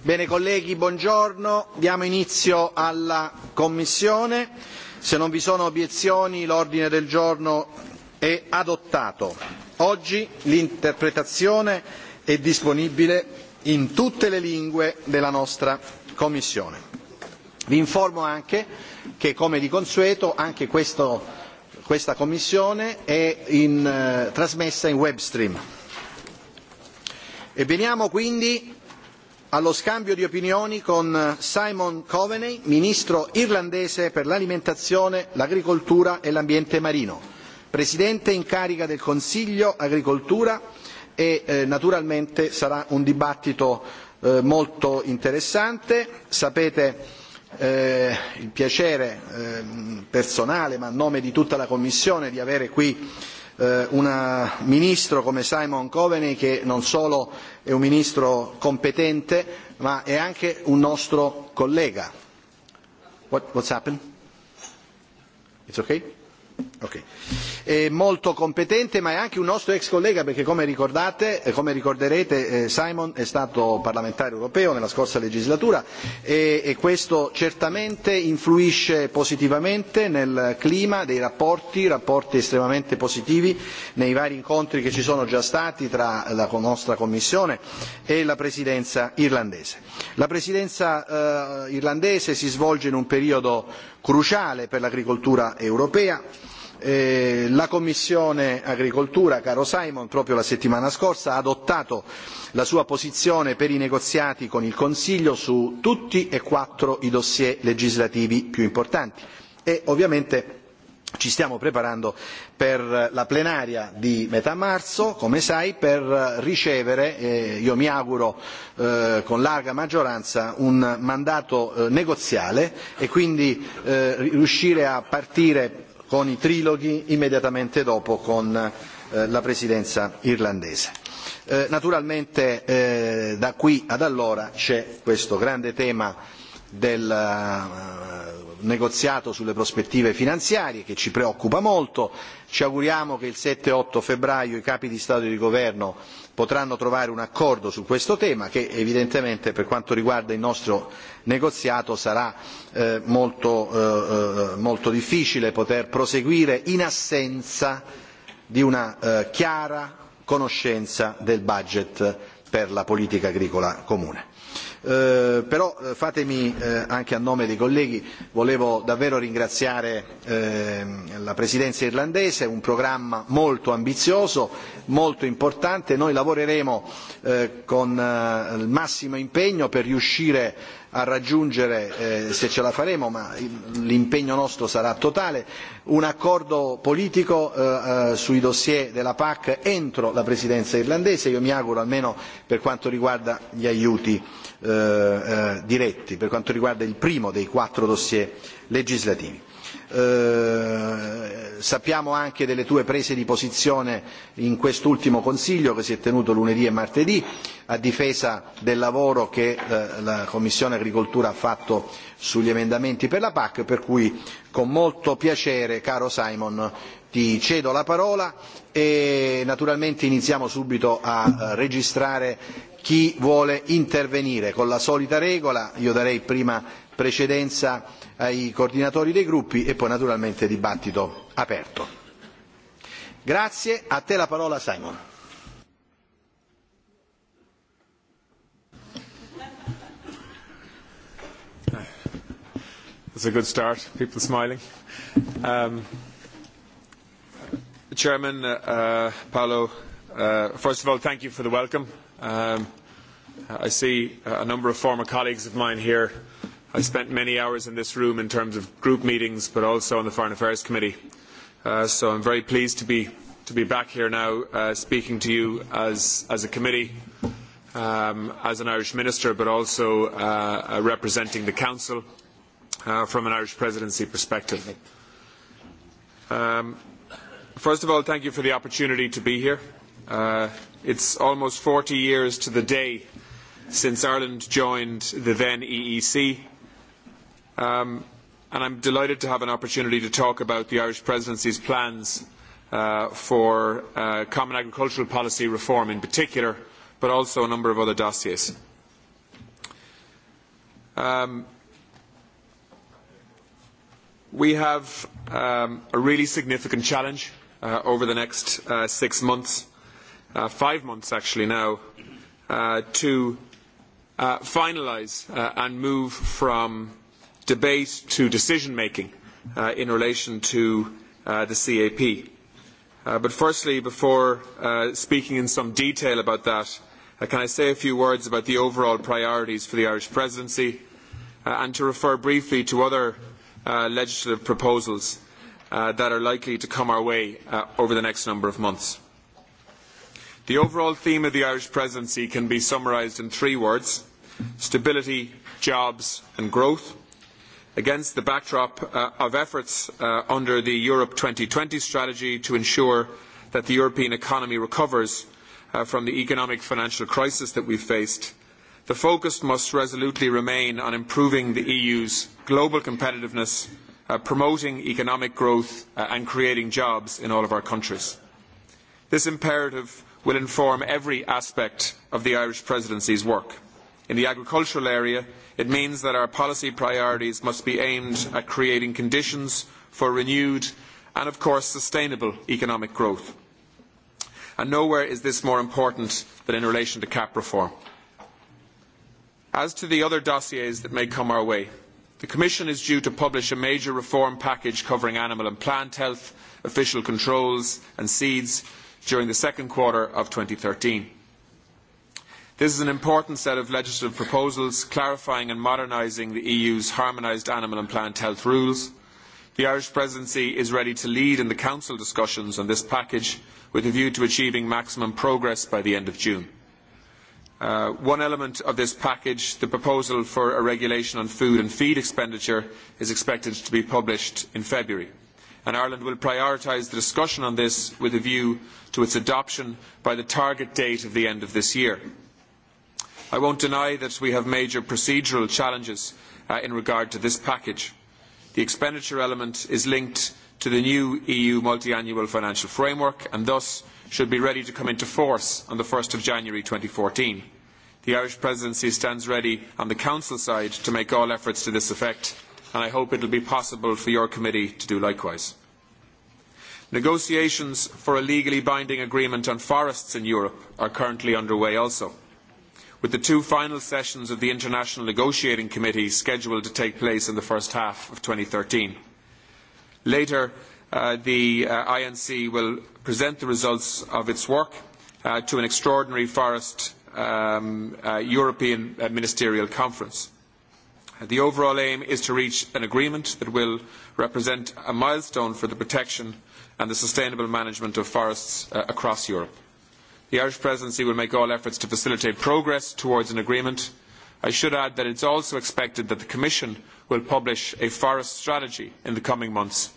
Bene colleghi, buongiorno. Diamo inizio alla Commissione. Se non vi sono obiezioni l'ordine del giorno è adottato. Oggi l'interpretazione è disponibile in tutte le lingue della nostra Commissione. Vi informo anche che, come di consueto, anche questo, questa Commissione è in, eh, trasmessa in web stream. E veniamo quindi allo scambio di opinioni con eh, Simon Coveney, ministro irlandese per l'alimentazione, l'agricoltura e l'ambiente marino, presidente in carica del Consiglio Agricoltura e eh, naturalmente sarà un dibattito eh, molto interessante. Sapete eh, il piacere eh, personale, ma a nome di tutta la Commissione, di avere qui Eh, un ministro come Simon Coveney che non solo è un ministro competente ma è anche un nostro collega. What, what's happened? It's okay? È molto competente ma è anche un nostro ex collega perché come, ricordate, eh, come ricorderete eh, Simon è stato parlamentare europeo nella scorsa legislatura e, e questo certamente influisce positivamente nel clima dei rapporti, rapporti estremamente positivi nei vari incontri che ci sono già stati tra la nostra Commissione e la Presidenza irlandese. La Presidenza eh, irlandese si svolge in un periodo cruciale per l'agricoltura europea. Eh, la Commissione Agricoltura, caro Simon, proprio la settimana scorsa ha adottato la sua posizione per i negoziati con il Consiglio su tutti e quattro i dossier legislativi più importanti e ovviamente ci stiamo preparando per la plenaria di metà marzo, come sai, per ricevere, eh, io mi auguro eh, con larga maggioranza, un mandato eh, negoziale e quindi eh, riuscire a partire con i triloghi immediatamente dopo con eh, la presidenza irlandese eh, naturalmente eh, da qui ad allora c'è questo grande tema del eh, negoziato sulle prospettive finanziarie che ci preoccupa molto. Ci auguriamo che il sette e otto febbraio i capi di Stato e di Governo potranno trovare un accordo su questo tema che evidentemente per quanto riguarda il nostro negoziato sarà eh, molto, eh, eh molto difficile poter proseguire in assenza di una eh, chiara conoscenza del budget per la politica agricola comune. Eh, però eh, fatemi eh, anche a nome dei colleghi, volevo davvero ringraziare eh, la presidenza irlandese, un programma molto ambizioso, molto importante. Noi lavoreremo eh, con eh, il massimo impegno per riuscire a raggiungere, eh, se ce la faremo, ma l'impegno nostro sarà totale, un accordo politico eh, eh, sui dossier della PAC entro la presidenza irlandese, io mi auguro almeno per quanto riguarda gli aiuti eh, eh diretti, per quanto riguarda il primo dei quattro dossier legislativi. Eh, sappiamo anche delle tue prese di posizione in quest'ultimo Consiglio che si è tenuto lunedì e martedì a difesa del lavoro che eh, la Commissione Agricoltura ha fatto sugli emendamenti per la PAC, per cui con molto piacere, caro Simon, ti cedo la parola e naturalmente iniziamo subito a eh, registrare chi vuole intervenire. Con la solita regola io darei prima precedenza ai coordinatori dei gruppi e poi naturalmente dibattito aperto. Grazie, a te la parola Simon. It's a good start, people smiling. Um, Chairman uh, uh Paolo, uh, first of all, thank you for the welcome. Um, I see a number of former colleagues of mine here I spent many hours in this room in terms of group meetings, but also on the Foreign Affairs Committee. Uh, so I am very pleased to be, to be back here now uh, speaking to you as, as a committee, um, as an Irish minister, but also uh, uh representing the Council uh, from an Irish presidency perspective. Um, first of all, thank you for the opportunity to be here. Uh, It is almost forty years to the day since Ireland joined the then EEC Um, and I'm delighted to have an opportunity to talk about the Irish Presidency's plans uh, for uh, common agricultural policy reform in particular, but also a number of other dossiers. Um, we have um, a really significant challenge uh, over the next uh, six months, uh, five months actually now, uh, to uh, finalise uh, and move from debate to decision making uh, in relation to uh, the CAP. Uh, but firstly, before uh, speaking in some detail about that, uh, can I say a few words about the overall priorities for the Irish presidency uh, and to refer briefly to other uh, legislative proposals uh, that are likely to come our way uh, over the next number of months. The overall theme of the Irish presidency can be summarised in three words stability, jobs and growth against the backdrop uh, of efforts uh, under the Europe twenty strategy to ensure that the European economy recovers uh, from the economic financial crisis that we have faced, the focus must resolutely remain on improving the EU's global competitiveness, uh, promoting economic growth uh, and creating jobs in all of our countries. This imperative will inform every aspect of the Irish presidency's work. In the agricultural area, it means that our policy priorities must be aimed at creating conditions for renewed and, of course, sustainable economic growth. And nowhere is this more important than in relation to CAP reform. As to the other dossiers that may come our way, the Commission is due to publish a major reform package covering animal and plant health, official controls and seeds during the second quarter of thirteen. This is an important set of legislative proposals clarifying and modernising the EU's harmonised animal and plant health rules. The Irish presidency is ready to lead in the council discussions on this package with a view to achieving maximum progress by the end of June. Uh, one element of this package, the proposal for a regulation on food and feed expenditure, is expected to be published in February. And Ireland will prioritise the discussion on this with a view to its adoption by the target date of the end of this year. I won't deny that we have major procedural challenges uh, in regard to this package. The expenditure element is linked to the new EU multiannual financial framework and thus should be ready to come into force on the 1st of January fourteen. The Irish presidency stands ready on the council side to make all efforts to this effect and I hope it will be possible for your committee to do likewise. Negotiations for a legally binding agreement on forests in Europe are currently underway also with the two final sessions of the International Negotiating Committee scheduled to take place in the first half of thirteen. Later, uh, the uh, INC will present the results of its work uh, to an extraordinary forest um, uh, European Ministerial Conference. The overall aim is to reach an agreement that will represent a milestone for the protection and the sustainable management of forests uh, across Europe. The Irish presidency will make all efforts to facilitate progress towards an agreement. I should add that it is also expected that the Commission will publish a forest strategy in the coming months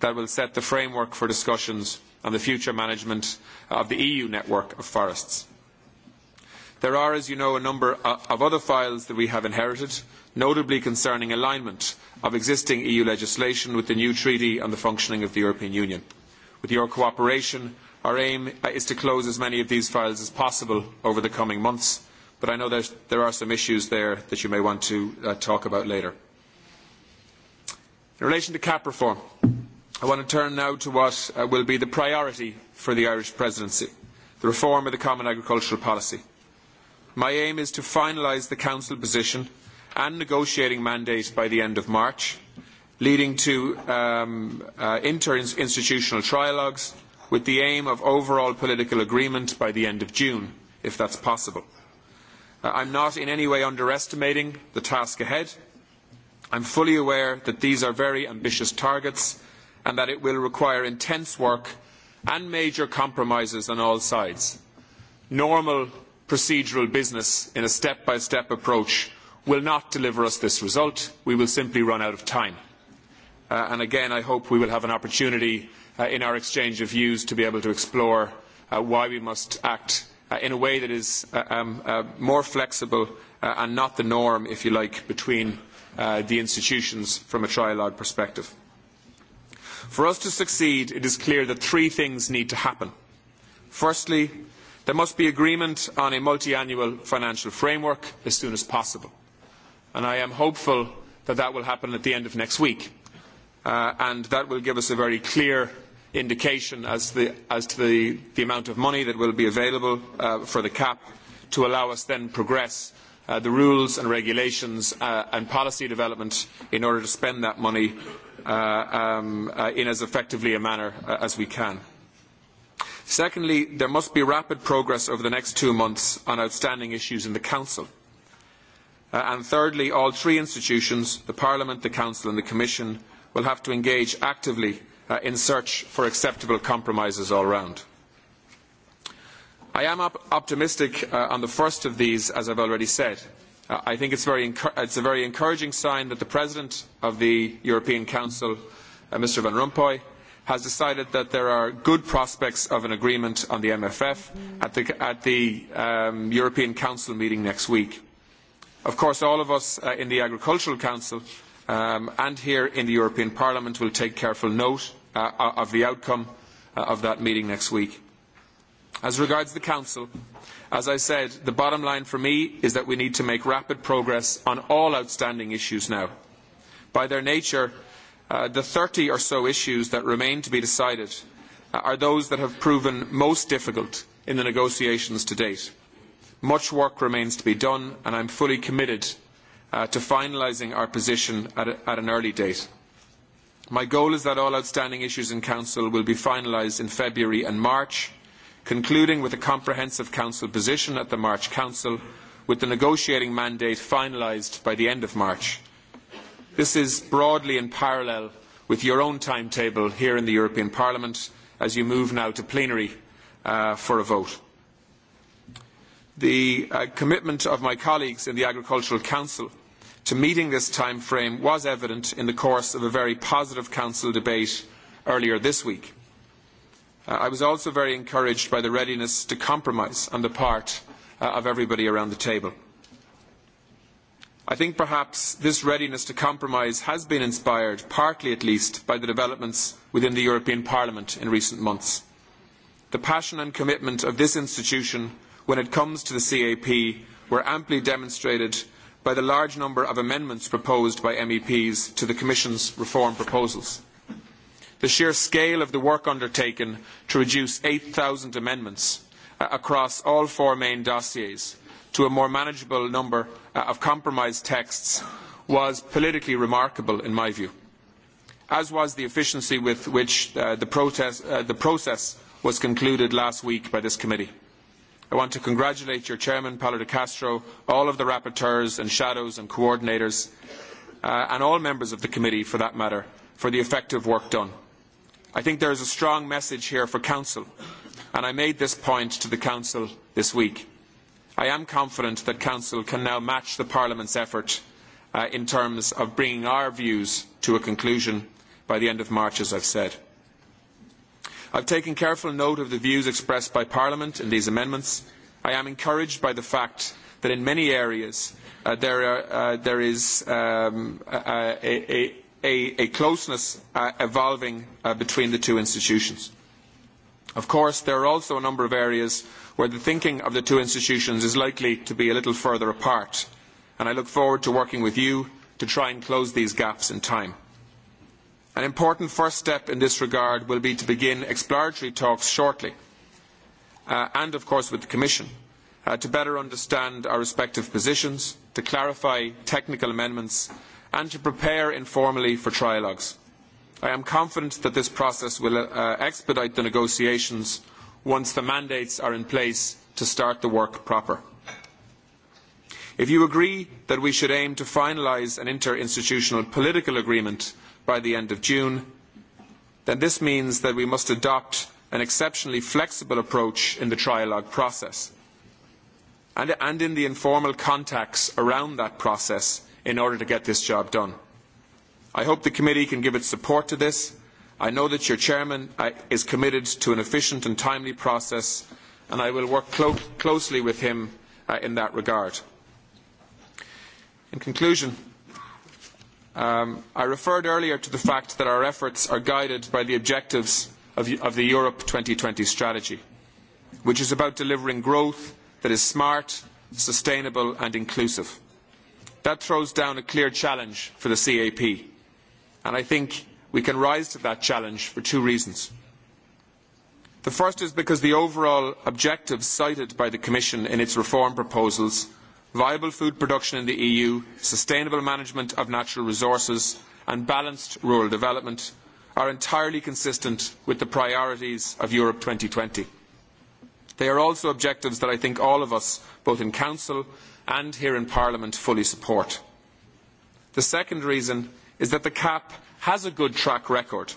that will set the framework for discussions on the future management of the EU network of forests. There are, as you know, a number of other files that we have inherited, notably concerning alignment of existing EU legislation with the new Treaty on the Functioning of the European Union. With your cooperation, Our aim is to close as many of these files as possible over the coming months, but I know that there are some issues there that you may want to uh, talk about later. In relation to cap reform, I want to turn now to what uh, will be the priority for the Irish presidency, the reform of the common agricultural policy. My aim is to finalise the council position and negotiating mandate by the end of March, leading to um, uh, interinstitutional trialogues with the aim of overall political agreement by the end of June, if that is possible. Uh, I am not in any way underestimating the task ahead. I am fully aware that these are very ambitious targets and that it will require intense work and major compromises on all sides. Normal procedural business in a step-by-step -step approach will not deliver us this result. We will simply run out of time. Uh, and again, I hope we will have an opportunity Uh, in our exchange of views to be able to explore uh, why we must act uh, in a way that is um, more flexible and not the norm, if you like, between the institutions from a trialogue perspective. For us to succeed, it is clear that three things need to happen. Firstly, there must be agreement on a multiannual financial framework as soon as possible. And I am hopeful that that will happen at the end of next week. Uh, and that will give us a very clear indication as, the, as to the, the, amount of money that will be available uh, for the cap to allow us then progress uh, the rules and regulations uh, and policy development in order to spend that money uh, um, uh, in as effectively a manner uh, as we can. Secondly, there must be rapid progress over the next two months on outstanding issues in the Council. and thirdly, all three institutions, the Parliament, the Council and the Commission, will have to engage actively uh, in search for acceptable compromises all round. I am op optimistic uh, on the first of these, as I have already said. Uh, I think it is a very encouraging sign that the President of the European Council, uh, Mr Van Rompuy, has decided that there are good prospects of an agreement on the MFF at the, at the um, European Council meeting next week. Of course, all of us uh, in the Agricultural Council um, and here in the European Parliament will take careful note Uh, uh, of the outcome uh, of that meeting next week. As regards the Council, as I said, the bottom line for me is that we need to make rapid progress on all outstanding issues now. By their nature, uh, the thirty or so issues that remain to be decided uh, are those that have proven most difficult in the negotiations to date. Much work remains to be done, and I am fully committed uh, to finalising our position at, a, at an early date. My goal is that all outstanding issues in Council will be finalised in February and March, concluding with a comprehensive Council position at the March Council, with the negotiating mandate finalised by the end of March. This is broadly in parallel with your own timetable here in the European Parliament as you move now to plenary uh, for a vote. The uh, commitment of my colleagues in the Agricultural Council to meeting this time frame was evident in the course of a very positive Council debate earlier this week. Uh, I was also very encouraged by the readiness to compromise on the part uh, of everybody around the table. I think perhaps this readiness to compromise has been inspired, partly at least, by the developments within the European Parliament in recent months. The passion and commitment of this institution when it comes to the CAP were amply demonstrated by the large number of amendments proposed by MEPs to the Commission's reform proposals. The sheer scale of the work undertaken to reduce 8,000 amendments uh, across all four main dossiers to a more manageable number uh, of compromise texts was politically remarkable in my view, as was the efficiency with which uh, the, protest, uh, the process was concluded last week by this committee. I want to congratulate your chairman, Paolo de Castro, all of the rapporteurs and shadows and coordinators, uh, and all members of the committee, for that matter, for the effective work done. I think there is a strong message here for Council, and I made this point to the Council this week. I am confident that Council can now match the Parliament's effort uh, in terms of bringing our views to a conclusion by the end of March, as I have said. I have taken careful note of the views expressed by Parliament in these amendments. I am encouraged by the fact that in many areas uh, there, are, uh, there, is um, a, a, a, closeness uh, evolving uh, between the two institutions. Of course, there are also a number of areas where the thinking of the two institutions is likely to be a little further apart, and I look forward to working with you to try and close these gaps in time. An important first step in this regard will be to begin exploratory talks shortly, uh, and of course with the Commission, uh, to better understand our respective positions, to clarify technical amendments, and to prepare informally for trialogues. I am confident that this process will uh, expedite the negotiations once the mandates are in place to start the work proper. If you agree that we should aim to finalise an interinstitutional political agreement by the end of June, then this means that we must adopt an exceptionally flexible approach in the trialogue process and, and in the informal contacts around that process in order to get this job done. I hope the committee can give its support to this. I know that your chairman uh, is committed to an efficient and timely process, and I will work clo closely with him uh, in that regard. In conclusion, Um, I referred earlier to the fact that our efforts are guided by the objectives of, of the Europe twenty strategy, which is about delivering growth that is smart, sustainable and inclusive. That throws down a clear challenge for the CAP, and I think we can rise to that challenge for two reasons. The first is because the overall objectives cited by the Commission in its reform proposals viable food production in the EU, sustainable management of natural resources and balanced rural development are entirely consistent with the priorities of Europe twenty. They are also objectives that I think all of us, both in Council and here in Parliament, fully support. The second reason is that the CAP has a good track record.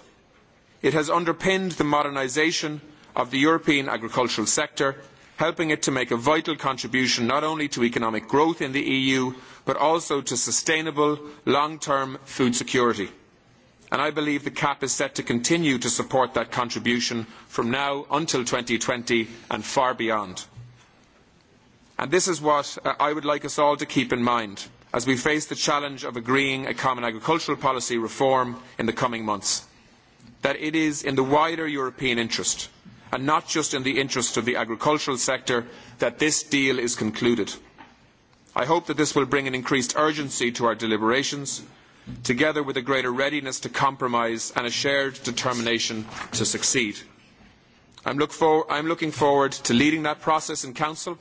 It has underpinned the modernisation of the European agricultural sector helping it to make a vital contribution not only to economic growth in the EU, but also to sustainable long-term food security. And I believe the CAP is set to continue to support that contribution from now until twenty and far beyond. And this is what uh, I would like us all to keep in mind as we face the challenge of agreeing a common agricultural policy reform in the coming months. That it is in the wider European interest and not just in the interest of the agricultural sector, that this deal is concluded. I hope that this will bring an increased urgency to our deliberations, together with a greater readiness to compromise and a shared determination to succeed. I am looking forward to leading that process in Council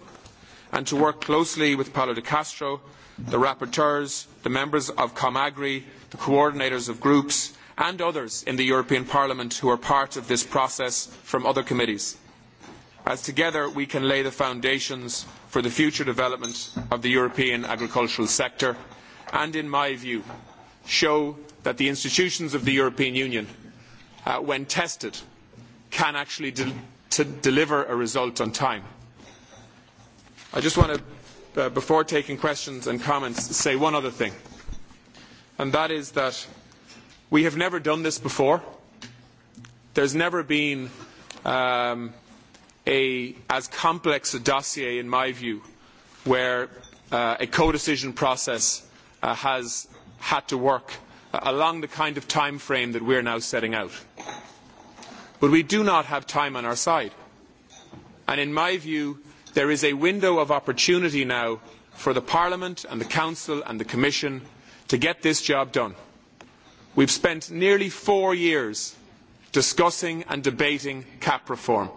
and to work closely with Paolo de Castro, the rapporteurs, the members of ComAgri, the coordinators of groups, and others in the European Parliament who are part of this process from other committees, as together we can lay the foundations for the future development of the European agricultural sector and, in my view, show that the institutions of the European Union, uh, when tested, can actually de deliver a result on time. I just want to, uh, before taking questions and comments, say one other thing, and that is that We have never done this before. There has never been um, a, as complex a dossier, in my view, where uh, a codecision process uh, has had to work along the kind of time frame that we are now setting out. But we do not have time on our side. And in my view, there is a window of opportunity now for the Parliament and the Council and the Commission to get this job done. We have spent nearly four years discussing and debating cap reform.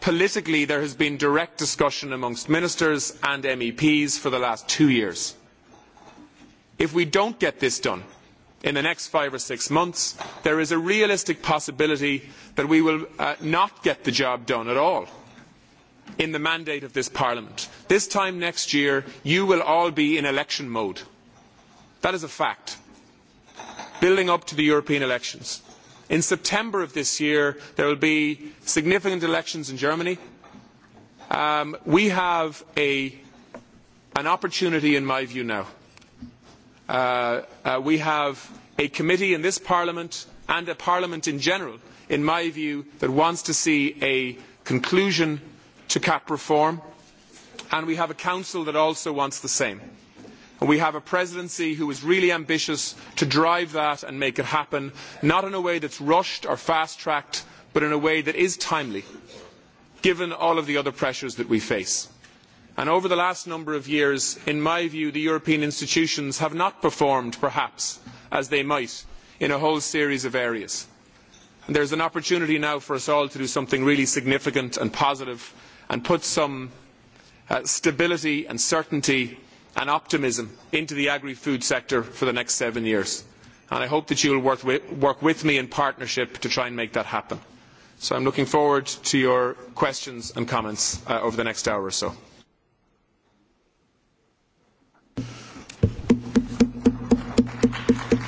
Politically, there has been direct discussion amongst ministers and MEPs for the last two years. If we do not get this done in the next five or six months, there is a realistic possibility that we will uh, not get the job done at all in the mandate of this Parliament. This time next year, you will all be in election mode. That is a fact building up to the European elections. In September of this year, there will be significant elections in Germany. Um, we have a, an opportunity, in my view, now. Uh, uh, we have a committee in this Parliament and a Parliament in general, in my view, that wants to see a conclusion to cap reform, and we have a Council that also wants the same. We have a presidency who is really ambitious to drive that and make it happen, not in a way that is rushed or fast tracked, but in a way that is timely, given all of the other pressures that we face. And over the last number of years, in my view, the European institutions have not performed, perhaps, as they might in a whole series of areas. There is an opportunity now for us all to do something really significant and positive and put some uh, stability and certainty and optimism into the agri-food sector for the next seven years. And I hope that you will work with, work with me in partnership to try and make that happen. So I am looking forward to your questions and comments uh, over the next hour or so.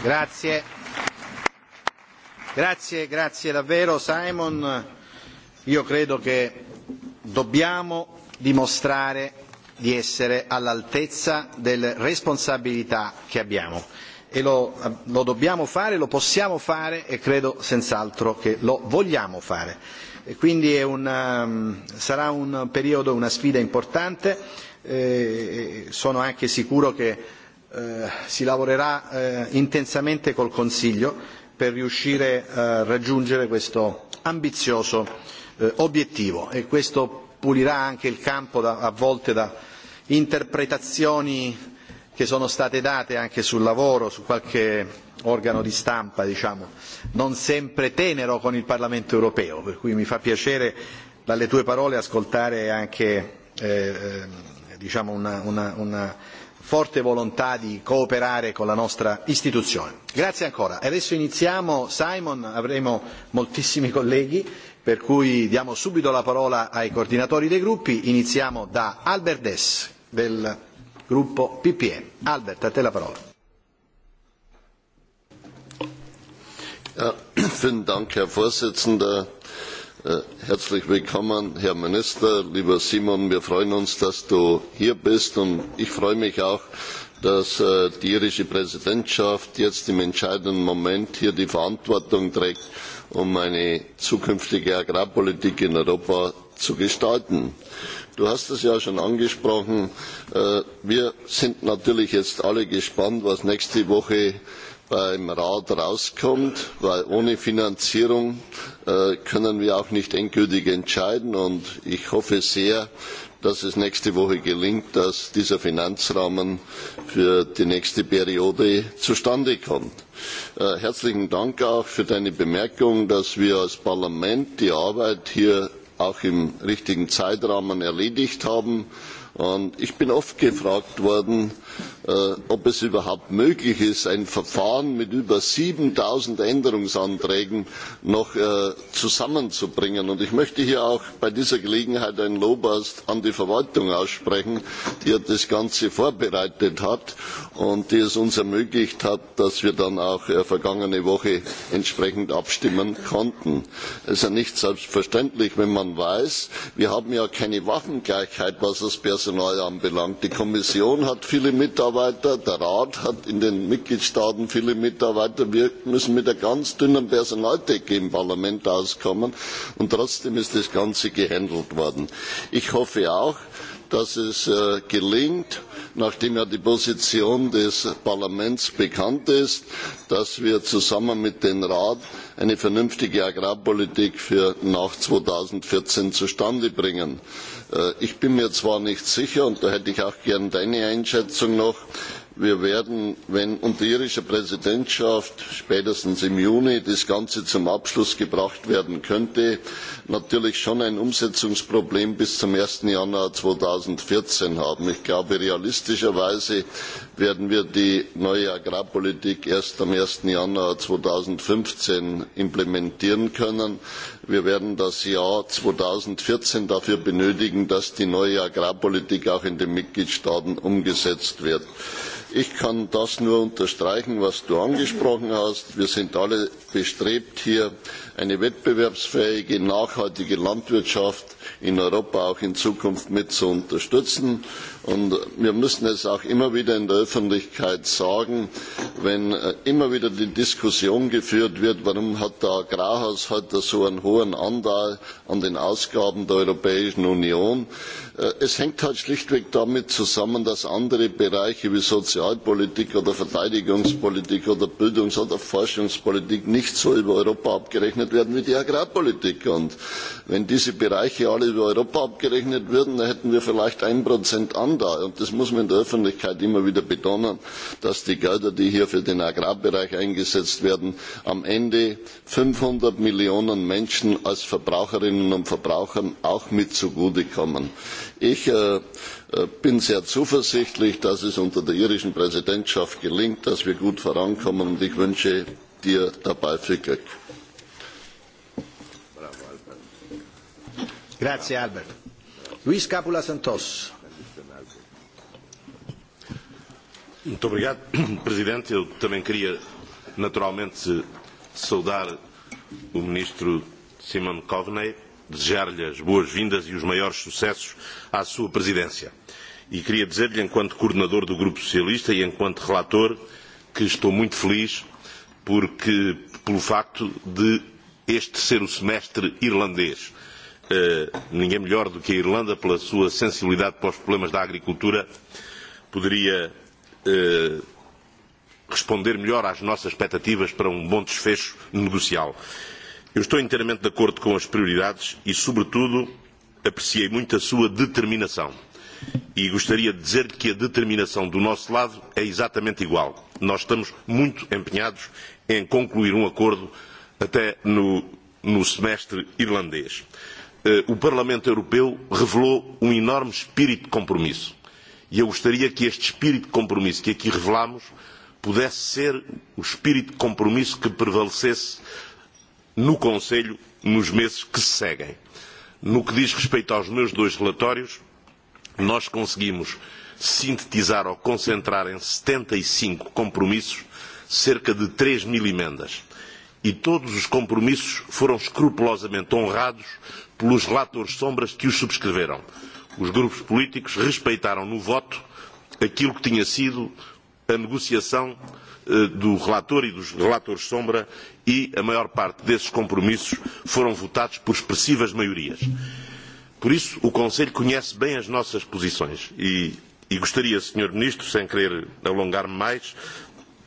Grazie. Grazie, grazie davvero Simon. Io credo che dobbiamo dimostrare di essere all'altezza delle responsabilità che abbiamo e lo, lo dobbiamo fare, lo possiamo fare e credo senz'altro che lo vogliamo fare. E quindi è un, um, sarà un periodo, una sfida importante, eh, sono anche sicuro che eh, si lavorerà eh, intensamente col Consiglio per riuscire a raggiungere questo ambizioso eh, obiettivo e questo pulirà anche il campo da, a volte da interpretazioni che sono state date anche sul lavoro, su qualche organo di stampa, diciamo, non sempre tenero con il Parlamento europeo, per cui mi fa piacere dalle tue parole ascoltare anche eh, eh diciamo una, una, una forte volontà di cooperare con la nostra istituzione. Grazie ancora. E adesso iniziamo, Simon, avremo moltissimi colleghi per cui diamo subito la parola ai coordinatori dei gruppi. Iniziamo da Albert Dess del gruppo PPE. Albert, a te la parola. vielen Dank, Herr Vorsitzender. Äh, herzlich willkommen, Herr Minister, lieber Simon. Wir freuen uns, dass du hier bist und ich freue mich auch, dass äh, die irische Präsidentschaft jetzt im entscheidenden Moment hier die Verantwortung trägt um eine zukünftige Agrarpolitik in Europa zu gestalten. Du hast es ja schon angesprochen. Äh, wir sind natürlich jetzt alle gespannt, was nächste Woche beim Rat rauskommt, weil ohne Finanzierung äh, können wir auch nicht endgültig entscheiden. Und ich hoffe sehr, dass es nächste Woche gelingt, dass dieser Finanzrahmen für die nächste Periode zustande kommt. Äh, herzlichen Dank auch für deine Bemerkung, dass wir als Parlament die Arbeit hier auch im richtigen Zeitrahmen erledigt haben. Und ich bin oft gefragt worden, Äh, ob es überhaupt möglich ist, ein Verfahren mit über 7000 Änderungsanträgen noch äh, zusammenzubringen. Und ich möchte hier auch bei dieser Gelegenheit ein Lob an die Verwaltung aussprechen, die er das Ganze vorbereitet hat und die es uns ermöglicht hat, dass wir dann auch äh, vergangene Woche entsprechend abstimmen konnten. Es ist ja nicht selbstverständlich, wenn man weiß, wir haben ja keine Waffengleichheit, was das Personal anbelangt. Die Kommission hat viele Mitarbeiter, Mitarbeiter. Der Rat hat in den Mitgliedstaaten viele Mitarbeiter. Wir müssen mit einer ganz dünnen Personaldecke im Parlament auskommen. Und trotzdem ist das Ganze gehandelt worden. Ich hoffe auch, dass es äh, gelingt, nachdem ja die Position des Parlaments bekannt ist, dass wir zusammen mit dem Rat eine vernünftige Agrarpolitik für nach 2014 zustande bringen. Äh, ich bin mir zwar nicht sicher, und da hätte ich auch gern deine Einschätzung noch, wir werden, wenn unter irischer Präsidentschaft spätestens im Juni das Ganze zum Abschluss gebracht werden könnte, natürlich schon ein Umsetzungsproblem bis zum 1. Januar 2014 haben. Ich glaube, realistischerweise werden wir die neue Agrarpolitik erst am 1. Januar 2015 implementieren können. Wir werden das Jahr 2014 dafür benötigen, dass die neue Agrarpolitik auch in den Mitgliedstaaten umgesetzt wird. Ich kann das nur unterstreichen, was du angesprochen hast. Wir sind alle bestrebt, hier eine wettbewerbsfähige, nachhaltige Landwirtschaft in Europa auch in Zukunft mit zu unterstützen. Und wir müssen es auch immer wieder in der Öffentlichkeit sagen, wenn äh, immer wieder die Diskussion geführt wird, warum hat der Agrarhaushalt so einen hohen Anteil an den Ausgaben der Europäischen Union, Äh, es hängt halt schlichtweg damit zusammen, dass andere Bereiche wie Sozialpolitik oder Verteidigungspolitik oder Bildungs- oder Forschungspolitik nicht so über Europa abgerechnet werden wie die Agrarpolitik. Und wenn diese Bereiche alle über Europa abgerechnet würden, dann hätten wir vielleicht ein Prozent Anteil. Und das muss man in der Öffentlichkeit immer wieder betonen, dass die Gelder, die hier für den Agrarbereich eingesetzt werden, am Ende 500 Millionen Menschen als Verbraucherinnen und Verbrauchern auch mit zugutekommen. Ich äh, äh, bin sehr zuversichtlich, dass es unter der irischen Präsidentschaft gelingt, dass wir gut vorankommen und ich wünsche dir dabei viel Glück. Grazie Albert. Luis Capula Santos. Muito obrigado, Presidente. Eu também queria, naturalmente, saudar o Ministro Simon Coveney desejar-lhe as boas-vindas e os maiores sucessos à sua presidência. E queria dizer-lhe, enquanto coordenador do Grupo Socialista e enquanto relator, que estou muito feliz porque, pelo facto de este ser o semestre irlandês. Uh, ninguém melhor do que a Irlanda, pela sua sensibilidade para os problemas da agricultura, poderia uh, responder melhor às nossas expectativas para um bom desfecho negocial. Eu estou inteiramente de acordo com as prioridades e, sobretudo, apreciei muito a sua determinação. E gostaria de dizer-lhe que a determinação do nosso lado é exatamente igual. Nós estamos muito empenhados em concluir um acordo até no, no semestre irlandês. Eh, o Parlamento Europeu revelou um enorme espírito de compromisso. E eu gostaria que este espírito de compromisso que aqui revelamos pudesse ser o espírito de compromisso que prevalecesse no Conselho nos meses que se seguem. No que diz respeito aos meus dois relatórios, nós conseguimos sintetizar ou concentrar em 75 e compromissos cerca de 3 mil emendas. E todos os compromissos foram escrupulosamente honrados pelos relatores sombras que os subscreveram. Os grupos políticos respeitaram no voto aquilo que tinha sido a negociação Eh, do relator e dos relatores sombra e a maior parte desses compromissos foram votados por expressivas maiorias. Por isso, o Conselho conhece bem as nossas posições e, e gostaria, Sr. Ministro, sem querer alongar-me mais,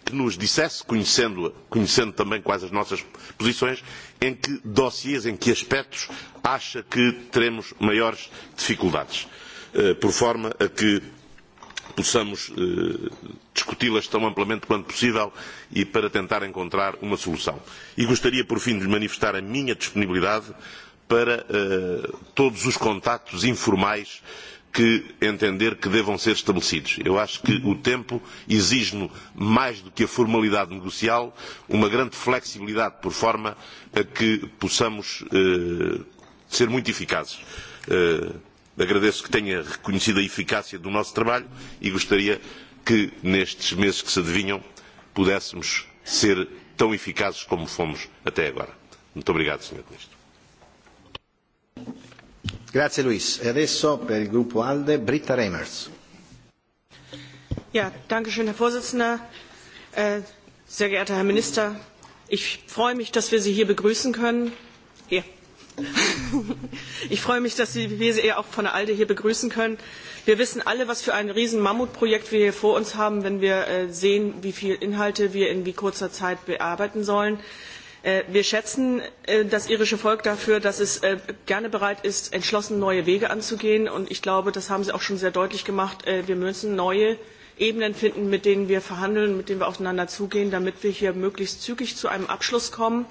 que nos dissesse, conhecendo, conhecendo também quais as nossas posições, em que dossiês, em que aspectos acha que teremos maiores dificuldades, eh, por forma a que possamos uh, discuti-las tão amplamente quanto possível e para tentar encontrar uma solução. E gostaria, por fim, de manifestar a minha disponibilidade para uh, todos os contactos informais que entender que devam ser estabelecidos. Eu acho que o tempo exige-no, mais do que a formalidade negocial, uma grande flexibilidade, por forma a que possamos uh, ser muito eficazes. Uh, Agradeço que tenha reconhecido a eficácia do nosso trabalho e gostaria que nestes meses que se adivinham pudéssemos ser tão eficazes como fomos até agora. Muito obrigado, Sr. Ministro. Grazie Luis. E adesso per il gruppo ALDE Britta Reimers. Ja, danke schön, Herr Vorsitzender. Eh, sehr geehrter Herr Minister, ich freue mich, dass wir Sie hier begrüßen können. Hier. Ich freue mich, dass Sie auch von der ALDE hier begrüßen können. Wir wissen alle, was für ein Riesen-Mammutprojekt wir hier vor uns haben, wenn wir äh, sehen, wie viele Inhalte wir in wie kurzer Zeit bearbeiten sollen. Äh, wir schätzen äh, das irische Volk dafür, dass es gerne bereit ist, entschlossen neue Wege anzugehen. Und ich glaube, das haben Sie auch schon sehr deutlich gemacht. Wir müssen neue Ebenen finden, mit denen wir verhandeln, mit denen wir aufeinander zugehen, damit wir hier möglichst zügig zu einem Abschluss kommen.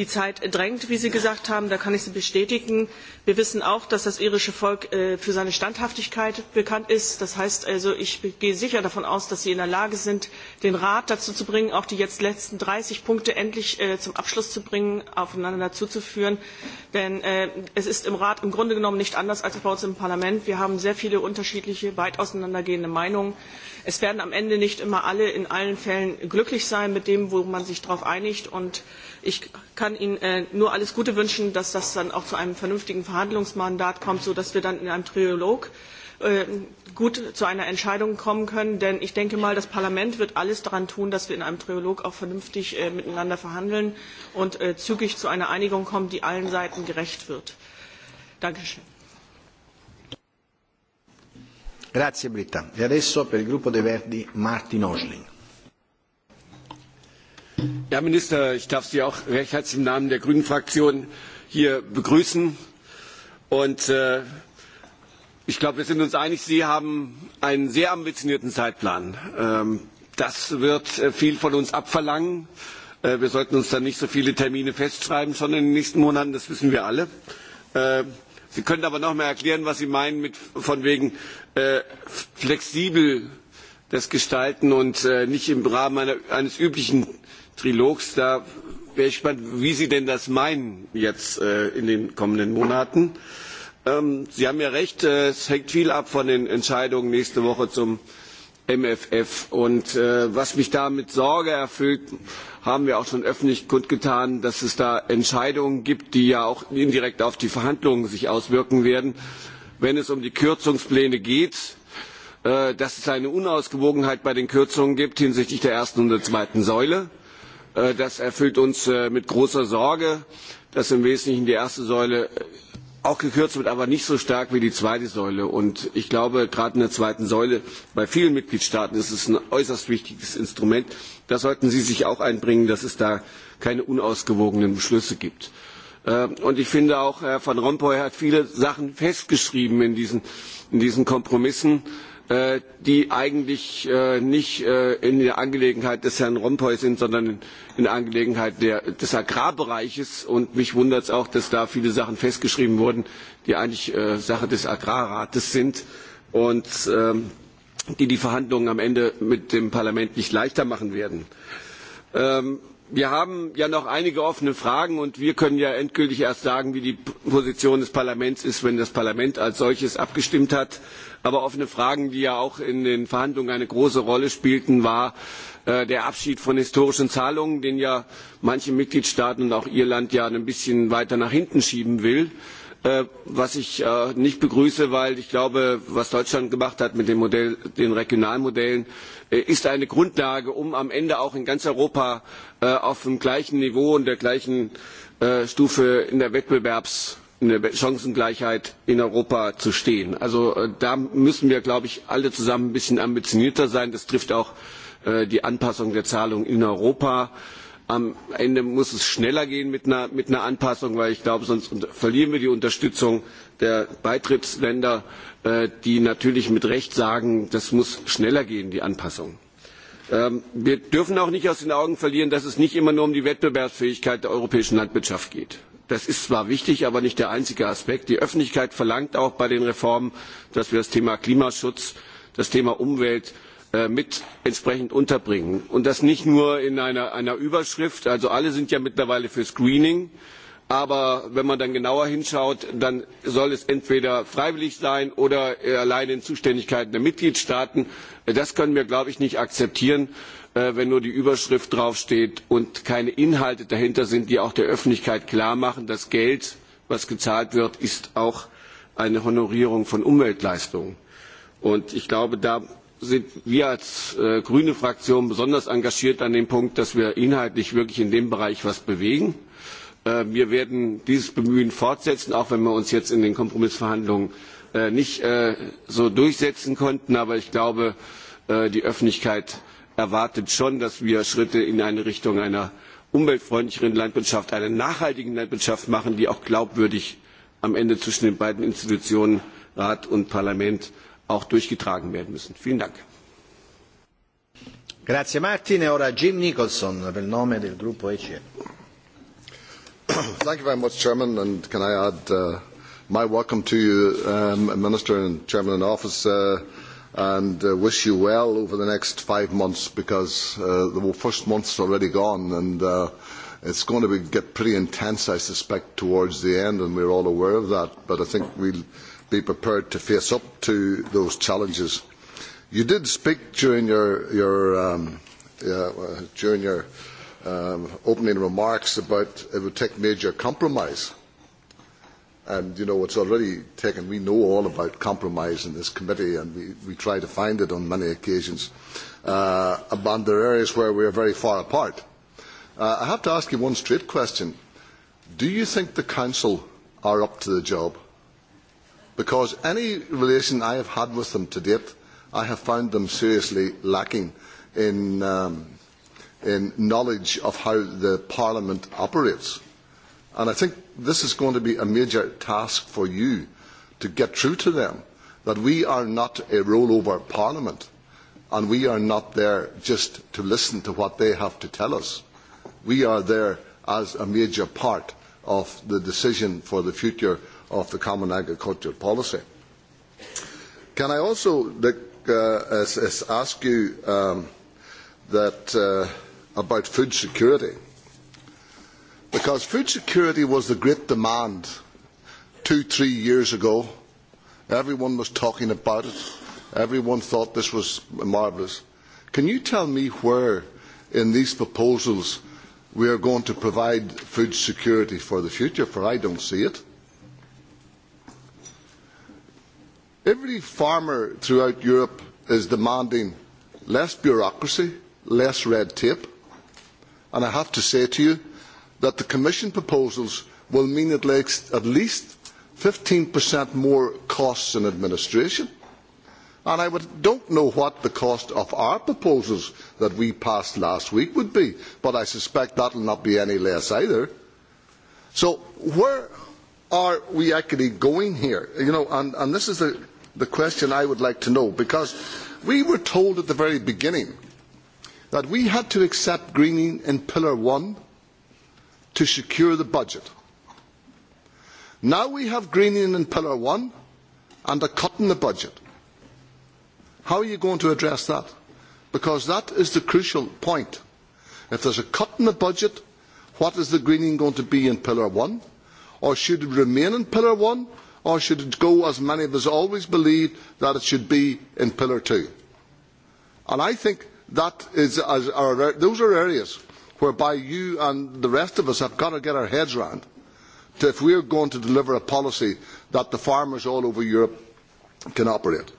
Die Zeit drängt, wie Sie gesagt haben, da kann ich Sie bestätigen. Wir wissen auch, dass das irische Volk äh, für seine Standhaftigkeit bekannt ist. Das heißt also, ich gehe sicher davon aus, dass Sie in der Lage sind, den Rat dazu zu bringen, auch die jetzt letzten dreißig Punkte endlich äh, zum Abschluss zu bringen, aufeinander zuzuführen. Denn äh, es ist im Rat im Grunde genommen nicht anders als bei uns im Parlament. Wir haben sehr viele unterschiedliche, weit auseinandergehende Meinungen. Es werden am Ende nicht immer alle in allen Fällen glücklich sein mit dem, wo man sich darauf einigt. Und ich kann Ihnen äh, nur alles Gute wünschen, dass das dann auch zu einem vernünftigen Verhandlungsmandat kommt, sodass wir dann in einem Trilog äh, gut zu einer Entscheidung kommen können. Denn ich denke mal, das Parlament wird alles daran tun, dass wir in einem Trilog auch vernünftig äh, miteinander verhandeln und äh, zügig zu einer Einigung kommen, die allen Seiten gerecht wird. Dankeschön. Grazie Britta. E adesso per il gruppo dei Verdi Martin Osling. Herr Minister, ich darf Sie auch recht herzlich im Namen der Grünen Fraktion hier begrüßen. Und äh, ich glaube, wir sind uns einig, Sie haben einen sehr ambitionierten Zeitplan. Ähm, das wird äh, viel von uns abverlangen. Äh, wir sollten uns dann nicht so viele Termine festschreiben, schon in den nächsten Monaten, das wissen wir alle. Äh, Sie können aber noch mal erklären, was Sie meinen mit von wegen äh, flexibel das gestalten und äh, nicht im Rahmen einer, eines üblichen Trilogs. Da wäre ich gespannt, wie Sie denn das meinen jetzt äh, in den kommenden Monaten. Ähm, Sie haben ja recht, äh, es hängt viel ab von den Entscheidungen nächste Woche zum MFF. Und äh, was mich da mit Sorge erfüllt, haben wir auch schon öffentlich kundgetan, dass es da Entscheidungen gibt, die ja auch indirekt auf die Verhandlungen sich auswirken werden. Wenn es um die Kürzungspläne geht, äh, dass es eine Unausgewogenheit bei den Kürzungen gibt hinsichtlich der ersten und der zweiten Säule Äh, das erfüllt uns äh, mit großer Sorge, dass im Wesentlichen die erste Säule äh, auch gekürzt wird, aber nicht so stark wie die zweite Säule. Und ich glaube, gerade in der zweiten Säule bei vielen Mitgliedstaaten ist es ein äußerst wichtiges Instrument. Da sollten Sie sich auch einbringen, dass es da keine unausgewogenen Beschlüsse gibt. Und ich finde auch, Herr Van Rompuy hat viele Sachen festgeschrieben in diesen, in diesen Kompromissen. Äh, die eigentlich äh, nicht äh, in der Angelegenheit des Herrn Rompuy sind, sondern in der Angelegenheit der, des Agrarbereiches. Und mich wundert es auch, dass da viele Sachen festgeschrieben wurden, die eigentlich Sache des Agrarrates sind und ähm, die die Verhandlungen am Ende mit dem Parlament nicht leichter machen werden. Ähm, wir haben ja noch einige offene Fragen und wir können ja endgültig erst sagen, wie die Position des Parlaments ist, wenn das Parlament als solches abgestimmt hat. Aber offene Fragen, die ja auch in den Verhandlungen eine große Rolle spielten, war äh, der Abschied von historischen Zahlungen, den ja manche Mitgliedstaaten und auch Irland ja ein bisschen weiter nach hinten schieben will. Äh, Äh, was ich äh, nicht begrüße, weil ich glaube, was Deutschland gemacht hat mit dem Modell, den Regionalmodellen, äh, ist eine Grundlage, um am Ende auch in ganz Europa auf dem gleichen Niveau und der gleichen Stufe in der Wettbewerbs eine Chancengleichheit in Europa zu stehen. Also da müssen wir, glaube ich, alle zusammen ein bisschen ambitionierter sein. Das trifft auch die Anpassung der Zahlungen in Europa. Äh, am Ende muss es schneller gehen mit einer, mit einer Anpassung, weil ich glaube, sonst verlieren wir die Unterstützung der Beitrittsländer, äh, die natürlich mit Recht sagen, das muss schneller gehen, die Anpassung. Ähm, wir dürfen auch nicht aus den Augen verlieren, dass es nicht immer nur um die Wettbewerbsfähigkeit der europäischen Landwirtschaft geht. Das ist zwar wichtig, aber nicht der einzige Aspekt. Die Öffentlichkeit verlangt auch bei den Reformen, dass wir das Thema Klimaschutz, das Thema Umwelt Äh, mit entsprechend unterbringen. Und das nicht nur in einer, einer Überschrift, also alle sind ja mittlerweile für Screening, aber wenn man dann genauer hinschaut, dann soll es entweder freiwillig sein oder äh, allein in Zuständigkeiten der Mitgliedstaaten. Äh, das können wir, glaube ich, nicht akzeptieren, wenn nur die Überschrift draufsteht und keine Inhalte dahinter sind, die auch der Öffentlichkeit klar machen, das Geld, das gezahlt wird, ist auch eine Honorierung von Umweltleistungen. Und ich glaube, da sind wir als äh, grüne Fraktion besonders engagiert an dem Punkt, dass wir inhaltlich wirklich in dem Bereich etwas bewegen. Äh, wir werden dieses Bemühen fortsetzen, auch wenn wir uns jetzt in den Kompromissverhandlungen äh, nicht äh, so durchsetzen konnten. Aber ich glaube, äh, die Öffentlichkeit erwartet schon, dass wir Schritte in eine Richtung einer umweltfreundlicheren Landwirtschaft, einer nachhaltigen Landwirtschaft machen, die auch glaubwürdig am Ende zwischen den beiden Institutionen Rat und Parlament auch durchgetragen werden müssen. Vielen Dank. Grazie Martin. E ora Jim Nicholson per nome del gruppo ECE. E. Thank you very much, Chairman, and can I add uh, my welcome to you, um, Minister and Chairman in Office, uh, and uh, wish you well over the next five months because uh, the first month's already gone and uh, it's going to be, get pretty intense, I suspect, towards the end, and we're all aware of that. But I think we'll be prepared to face up to those challenges. You did speak during your, your, um, uh, during your um, opening remarks about it would take major compromise. And, you know, it's already taken, we know all about compromise in this committee and we, we try to find it on many occasions. Uh, and the areas where we are very far apart. Uh, I have to ask you one straight question. Do you think the Council are up to the job? because any relation I have had with them to date, I have found them seriously lacking in, um, in knowledge of how the Parliament operates. And I think this is going to be a major task for you to get through to them that we are not a rollover Parliament and we are not there just to listen to what they have to tell us. We are there as a major part of the decision for the future of the common agricultural policy. Can I also uh, as, as ask you um, that, uh, about food security? Because food security was the great demand two, three years ago. Everyone was talking about it. Everyone thought this was marvellous. Can you tell me where in these proposals we are going to provide food security for the future? For I don't see it. Every farmer throughout Europe is demanding less bureaucracy, less red tape. And I have to say to you that the Commission proposals will mean at least, at least 15% more costs in administration. And I would, don't know what the cost of our proposals that we passed last week would be, but I suspect that will not be any less either. So where are we actually going here? You know, and, and this is the the question I would like to know, because we were told at the very beginning that we had to accept greening in Pillar one to secure the budget. Now we have greening in Pillar one and a cut in the budget. How are you going to address that? Because that is the crucial point. If there is a cut in the budget, what is the greening going to be in Pillar one, Or should it remain in Pillar one? or should it go, as many of us always believed, that it should be in Pillar two? And I think that is, as our, those are areas whereby you and the rest of us have got to get our heads round if we are going to deliver a policy that the farmers all over Europe can operate.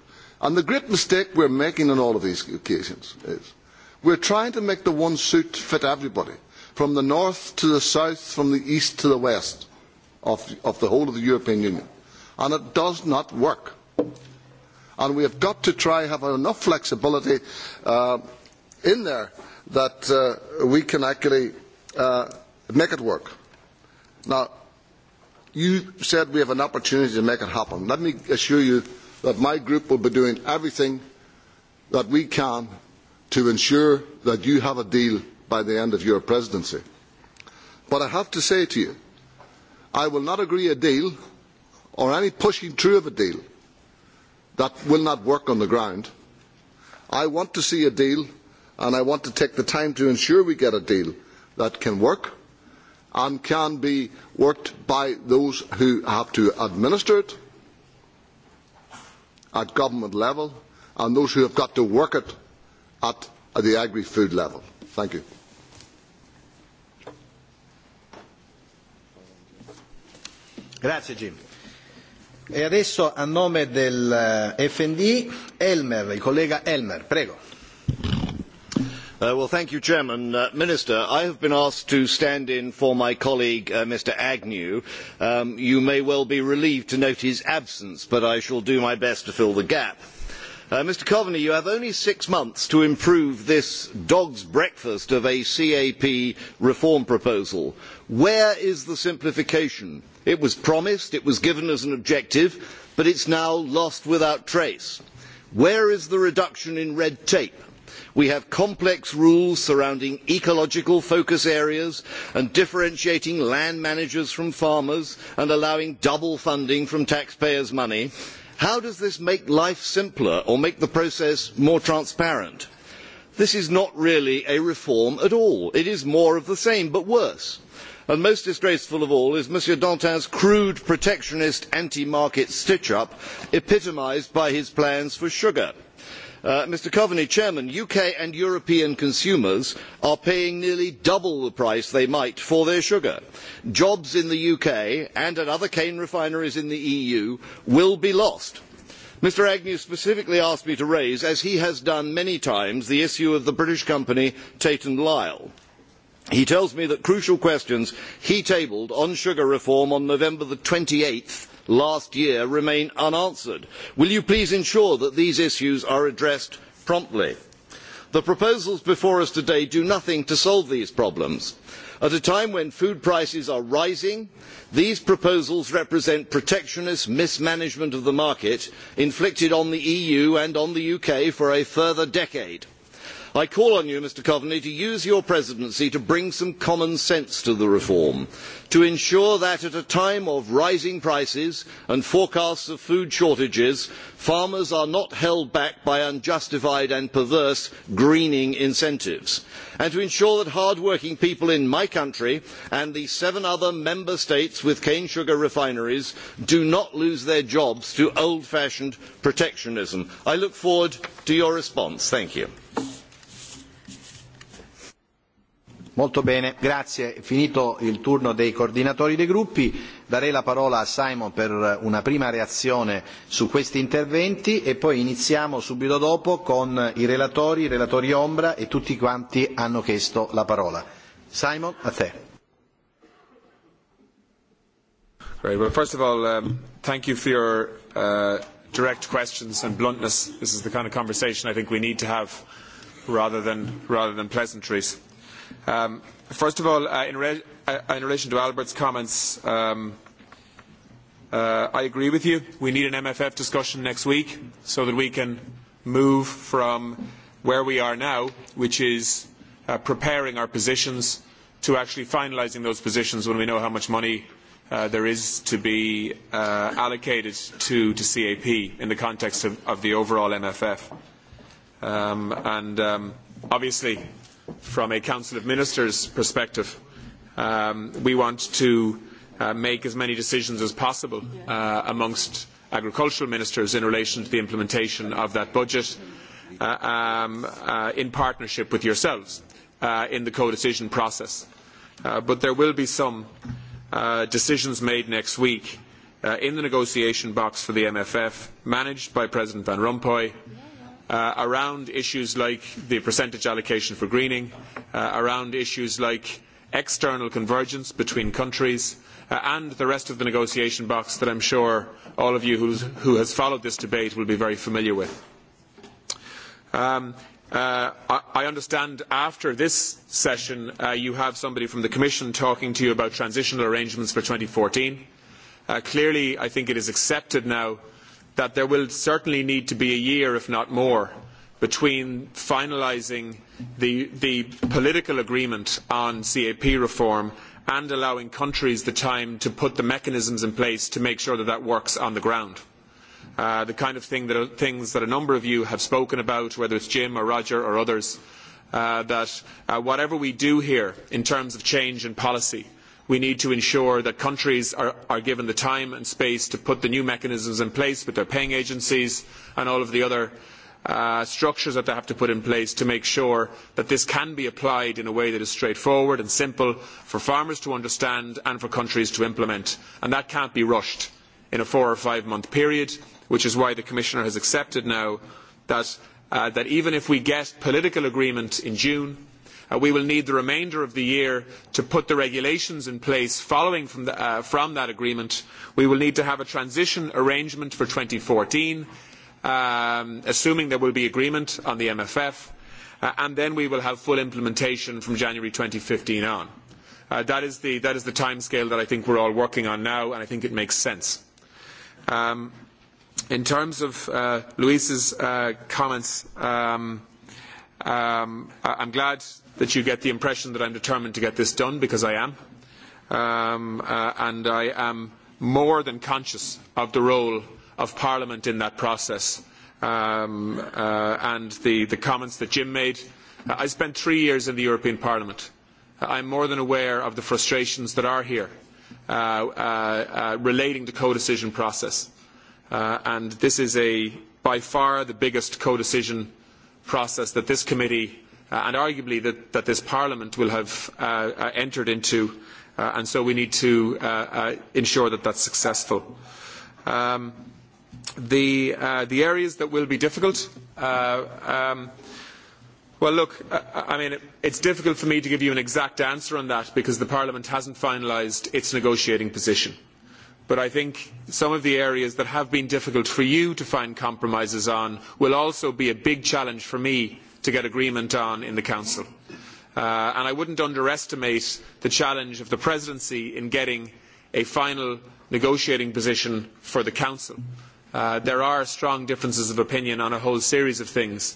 And the great mistake we are making on all of these occasions is we are trying to make the one suit fit everybody, from the north to the south, from the east to the west of, of the whole of the European Union and it does not work. And we have got to try have enough flexibility uh, in there that uh, we can actually uh, make it work. Now, you said we have an opportunity to make it happen. Let me assure you that my group will be doing everything that we can to ensure that you have a deal by the end of your presidency. But I have to say to you, I will not agree a deal or any pushing through of a deal that will not work on the ground. I want to see a deal and I want to take the time to ensure we get a deal that can work and can be worked by those who have to administer it at government level and those who have got to work it at the agri-food level. Thank you. Grazie Jim. E adesso a nome del eh, FND Elmer, il collega Elmer, prego. Uh, well, thank you, Chairman. Uh, Minister, I have been asked to stand in for my colleague, uh, Mr. Agnew. Um, you may well be relieved to note his absence, but I shall do my best to fill the gap. Uh, Mr Coveney, you have only six months to improve this dog's breakfast of a CAP reform proposal. Where is the simplification? It was promised, it was given as an objective, but it is now lost without trace. Where is the reduction in red tape? We have complex rules surrounding ecological focus areas and differentiating land managers from farmers and allowing double funding from taxpayers' money. How does this make life simpler or make the process more transparent? This is not really a reform at all. It is more of the same, but worse and most disgraceful of all is mr dantin's crude protectionist anti market stitch up epitomised by his plans for sugar. Uh, mr coveney chairman, uk and european consumers are paying nearly double the price they might for their sugar. jobs in the uk and at other cane refineries in the eu will be lost. mr agnew specifically asked me to raise as he has done many times the issue of the british company tate and lyle He tells me that crucial questions he tabled on sugar reform on November the 28th last year remain unanswered. Will you please ensure that these issues are addressed promptly? The proposals before us today do nothing to solve these problems. At a time when food prices are rising, these proposals represent protectionist mismanagement of the market inflicted on the EU and on the UK for a further decade I call on you, Mr Coveney, to use your presidency to bring some common sense to the reform, to ensure that at a time of rising prices and forecasts of food shortages, farmers are not held back by unjustified and perverse greening incentives, and to ensure that hard-working people in my country and the seven other member states with cane sugar refineries do not lose their jobs to old-fashioned protectionism. I look forward to your response. Thank you. Molto bene, grazie. Finito il turno dei coordinatori dei gruppi, darei la parola a Simon per una prima reazione su questi interventi e poi iniziamo subito dopo con i relatori, i relatori ombra e tutti quanti hanno chiesto la parola. Simon, a te. Right, well, first of all, um, thank you for your uh, direct questions and bluntness. This is the kind of conversation I think we need to have rather than, rather than pleasantries. Um, first of all, uh, in, re uh, in relation to Albert's comments, um, uh, I agree with you. We need an MFF discussion next week so that we can move from where we are now, which is uh, preparing our positions, to actually finalising those positions when we know how much money uh, there is to be uh, allocated to, to CAP in the context of, of the overall MFF. Um, and um, obviously, from a Council of Ministers perspective, um, we want to uh, make as many decisions as possible uh, amongst agricultural ministers in relation to the implementation of that budget uh, um, uh, in partnership with yourselves uh, in the codecision process. Uh, but there will be some decisions made next week in the negotiation box for the MFF managed by President Van Rompuy. Yeah uh, around issues like the percentage allocation for greening, uh, around issues like external convergence between countries, uh, and the rest of the negotiation box that I am sure all of you who have followed this debate will be very familiar with. Um, Uh, I understand after this session uh, you have somebody from the Commission talking to you about transitional arrangements for 2014. Uh, clearly, I think it is accepted now that there will certainly need to be a year, if not more, between finalising the, the political agreement on CAP reform and allowing countries the time to put the mechanisms in place to make sure that that works on the ground. Uh, the kind of thing that, things that a number of you have spoken about, whether it is Jim or Roger or others, uh, that uh, whatever we do here in terms of change in policy, We need to ensure that countries are, are given the time and space to put the new mechanisms in place with their paying agencies and all of the other uh, structures that they have to put in place to make sure that this can be applied in a way that is straightforward and simple for farmers to understand and for countries to implement. And that cannot be rushed in a four or five month period, which is why the Commissioner has accepted now that, uh, that even if we get political agreement in June, Uh, we will need the remainder of the year to put the regulations in place following from, the, uh, from that agreement. We will need to have a transition arrangement for fourteen, um, assuming there will be agreement on the MFF, uh, and then we will have full implementation from January fifteen on. Uh, that is the, that is the timescale that I think we are all working on now, and I think it makes sense. Um, in terms of uh, Luis's uh, comments, um, um, I am glad that you get the impression that I am determined to get this done, because I am. Um, uh, and I am more than conscious of the role of Parliament in that process. Um, uh, and the, the, comments that Jim made. I spent three years in the European Parliament. I am more than aware of the frustrations that are here uh, uh, uh, relating to codecision process. and this is a, by far the biggest codecision process that this committee Uh, and arguably that, that, this Parliament will have uh, uh, entered into, and so we need to ensure that that is successful. Um, the, the, areas that will be difficult, um, Well, look, I mean, it's difficult for me to give you an exact answer on that because the Parliament has not finalised its negotiating position. But I think some of the areas that have been difficult for you to find compromises on will also be a big challenge for me to get agreement on in the Council. Uh, and I would not underestimate the challenge of the presidency in getting a final negotiating position for the Council. Uh, there are strong differences of opinion on a whole series of things,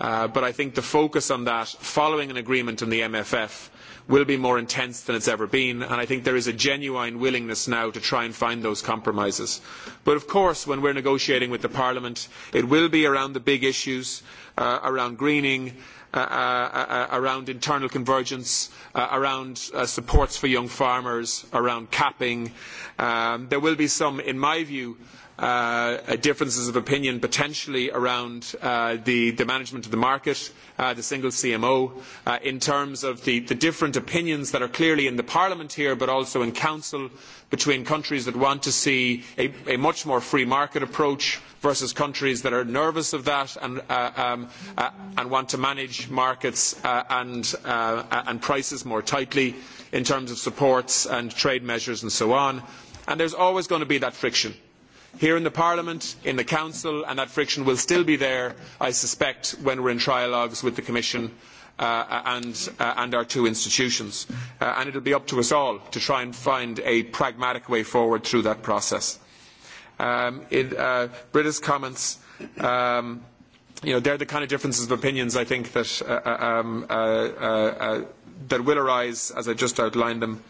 uh, but I think the focus on that following an agreement on the MFF will be more intense than it has ever been, and I think there is a genuine willingness now to try and find those compromises. But of course, when we are negotiating with Parliament, it will be around the big issues uh, around greening, uh, uh, uh, around internal convergence, uh, around uh, supports for young farmers, around capping. Um, there will be some, in my view, Uh, uh, differences of opinion potentially around uh, the, the, management of the market, uh, the single CMO, uh, in terms of the, the, different opinions that are clearly in Parliament here but also in Council between countries that want to see a, a much more free market approach versus countries that are nervous of that and, uh, um, and want to manage markets and, and, prices more tightly in terms of supports and trade measures and so on. And is always going to be that friction here in the Parliament, in the Council, and that friction will still be there, I suspect, when we are in trialogues with the Commission uh, and, uh, and, our two institutions. Uh, and it will be up to us all to try and find a pragmatic way forward through that process. Um, in, uh, Britta's comments, um, you know, they're the kind of differences of opinions I think that, uh, uh, um, that will arise as I just outlined them.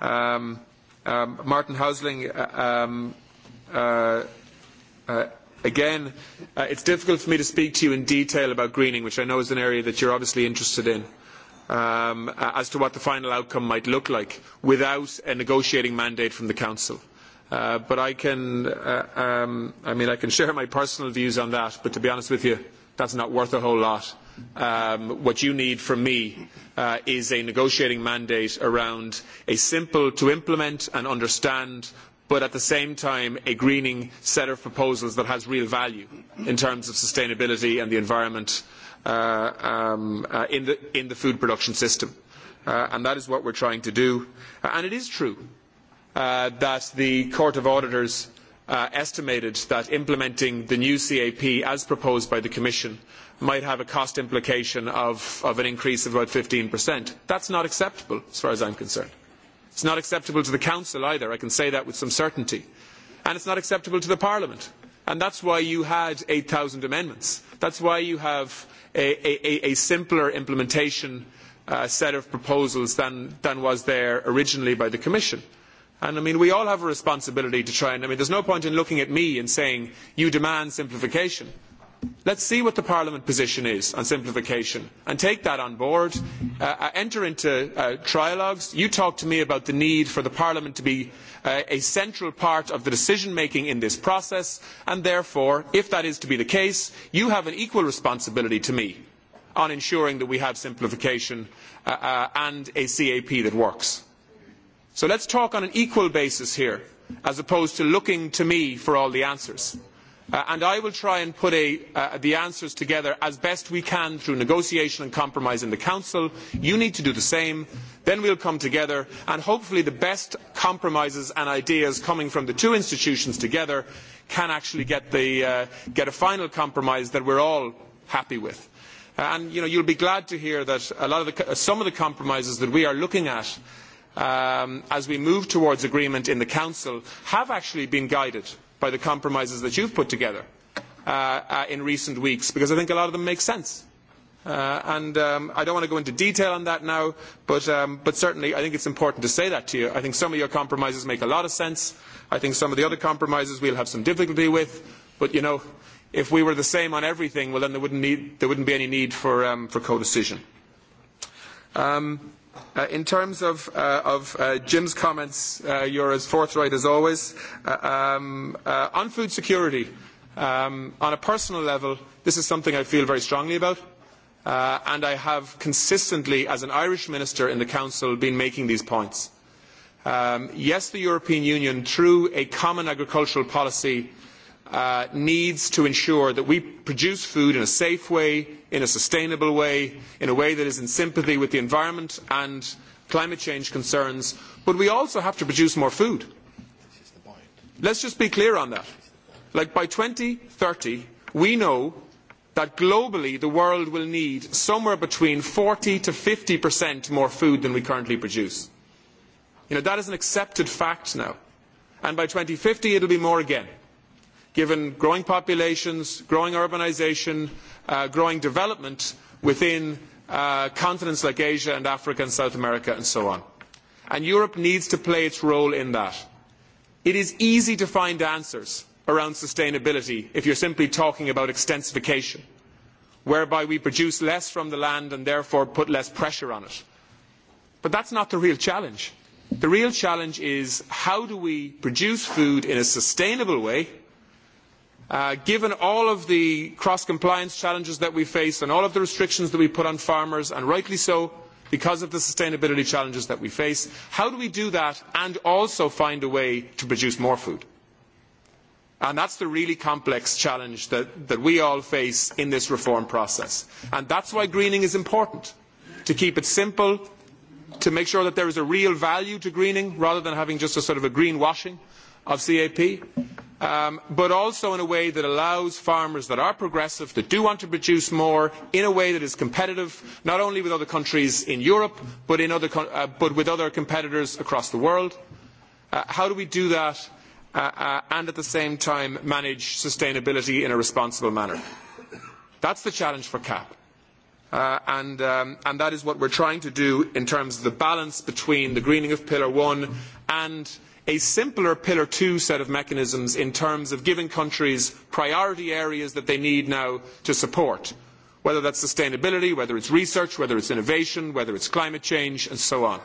Um, um, Martin Hausling um, Uh, uh, again, uh, it's difficult for me to speak to you in detail about greening, which I know is an area that you're obviously interested in, um, uh, as to what the final outcome might look like without a negotiating mandate from the Council. Uh, but I can, uh, um, I mean, I can share my personal views on that, but to be honest with you, that's not worth a whole lot. Um, what you need from me uh, is a negotiating mandate around a simple to implement and understand but at the same time a greening set of proposals that has real value in terms of sustainability and the environment uh, um, uh, in, the, in, the, food production system. Uh, and that is what we are trying to do. Uh, and it is true uh, that the Court of Auditors uh, estimated that implementing the new CAP as proposed by the Commission might have a cost implication of, of an increase of about 15%. That is not acceptable as far as I am concerned. It is not acceptable to the Council either, I can say that with some certainty. And it is not acceptable to Parliament. And that is why you had eight 8,000 amendments. That is why you have a, a, a simpler implementation uh, set of proposals than, than, was there originally by the Commission. And I mean, we all have a responsibility to try and, I mean, there's no point in looking at me and saying, you demand simplification Let us see what the Parliament position is on simplification and take that on board. Uh, uh enter into uh, trialogues. You talked to me about the need for the Parliament to be uh, a central part of the decision making in this process, and therefore, if that is to be the case, you have an equal responsibility to me on ensuring that we have simplification uh, uh, and a CAP that works. So let us talk on an equal basis here, as opposed to looking to me for all the answers. Uh, and I will try and put a, uh, the answers together as best we can through negotiation and compromise in the Council. You need to do the same. Then we will come together and hopefully the best compromises and ideas coming from the two institutions together can actually get, the, uh, get a final compromise that we are all happy with. Uh, and you will be glad to hear that of the, uh, some of the compromises that we are looking at um, as we move towards agreement in the Council have actually been guided by the compromises that you have put together uh, uh, in recent weeks, because I think a lot of them make sense. Uh, and um, I don't want to go into detail on that now, but, um, but certainly I think it is important to say that to you. I think some of your compromises make a lot of sense. I think some of the other compromises we will have some difficulty with, but you know, if we were the same on everything, well then there wouldn't, need, there wouldn't be any need for, um, for co-decision. Um, Uh, in terms of, uh, of uh, Jim's comments, uh, you're as forthright as always. Uh, um, uh, on food security, um, on a personal level, this is something I feel very strongly about. Uh, and I have consistently, as an Irish minister in the Council, been making these points. Um, yes, the European Union, through a common agricultural policy, uh, Uh, needs to ensure that we produce food in a safe way, in a sustainable way, in a way that is in sympathy with the environment and climate change concerns, but we also have to produce more food. Let us just be clear on that. Like by thirty, we know that globally the world will need somewhere between forty to 50% more food than we currently produce. You know, that is an accepted fact now. And by fifty it will be more again given growing populations, growing urbanisation, uh, growing development within uh, continents like Asia and Africa and South America and so on. And Europe needs to play its role in that. It is easy to find answers around sustainability if you are simply talking about extensification, whereby we produce less from the land and therefore put less pressure on it. But that is not the real challenge. The real challenge is how do we produce food in a sustainable way Uh, given all of the cross-compliance challenges that we face and all of the restrictions that we put on farmers, and rightly so, because of the sustainability challenges that we face, how do we do that and also find a way to produce more food? And that is the really complex challenge that, that, we all face in this reform process. And that is why greening is important, to keep it simple, to make sure that there is a real value to greening rather than having just a sort of a greenwashing of CAP, um, but also in a way that allows farmers that are progressive, that do want to produce more, in a way that is competitive, not only with other countries in Europe, but, in other, uh, but with other competitors across the world. Uh, how do we do that uh, uh and at the same time manage sustainability in a responsible manner? That is the challenge for CAP. Uh, and, um, and, that is what we are trying to do in terms of the balance between the greening of Pillar one and a simpler Pillar two set of mechanisms in terms of giving countries priority areas that they need now to support, whether that is sustainability, whether it is research, whether it is innovation, whether it is climate change, and so on,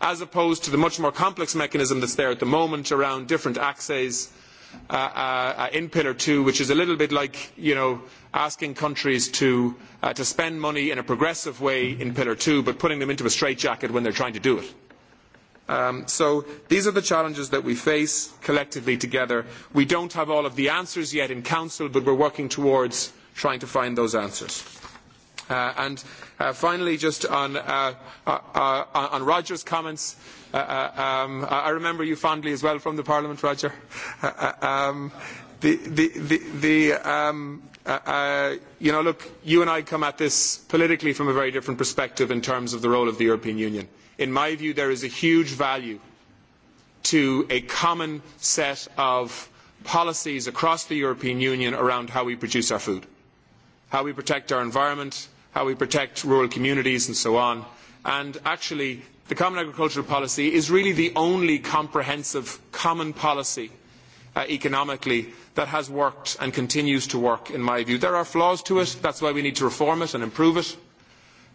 as opposed to the much more complex mechanism that is there at the moment around different axes uh, uh, uh, in Pillar two, which is a little bit like you know, asking countries to, uh, to spend money in a progressive way in Pillar two, but putting them into a straitjacket when they are trying to do it. Um, so these are the challenges that we face collectively together. We do not have all of the answers yet in Council, but we are working towards trying to find those answers. Uh, and uh, finally, just on, uh, uh, uh on Roger's comments, uh, um, I remember you fondly as well from the Parliament, Roger. Um, the, the, the, the um, you know, look, you and I come at this politically from a very different perspective in terms of the role of the European Union. In my view, there is a huge value to a common set of policies across the European Union around how we produce our food, how we protect our environment, how we protect rural communities and so on. And actually, the Common Agricultural Policy is really the only comprehensive common policy uh, economically that has worked and continues to work in my view. There are flaws to it, that is why we need to reform it and improve it.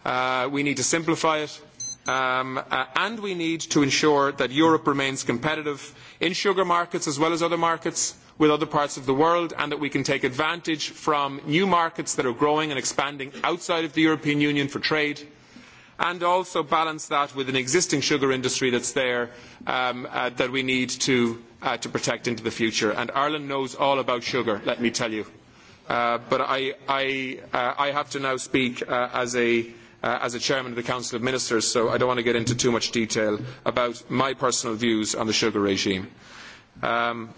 Uh, we need to simplify it. Um, uh, and we need to ensure that Europe remains competitive in sugar markets as well as other markets with other parts of the world and that we can take advantage from new markets that are growing and expanding outside of the European Union for trade and also balance that with an existing sugar industry that is there um, uh, that we need to, uh, to, protect into the future. And Ireland knows all about sugar, let me tell you. Uh, but I, I, uh, I, have to now speak uh, as a uh, as a chairman of the Council of Ministers, so I don't want to get into too much detail about my personal views on the sugar regime. Um,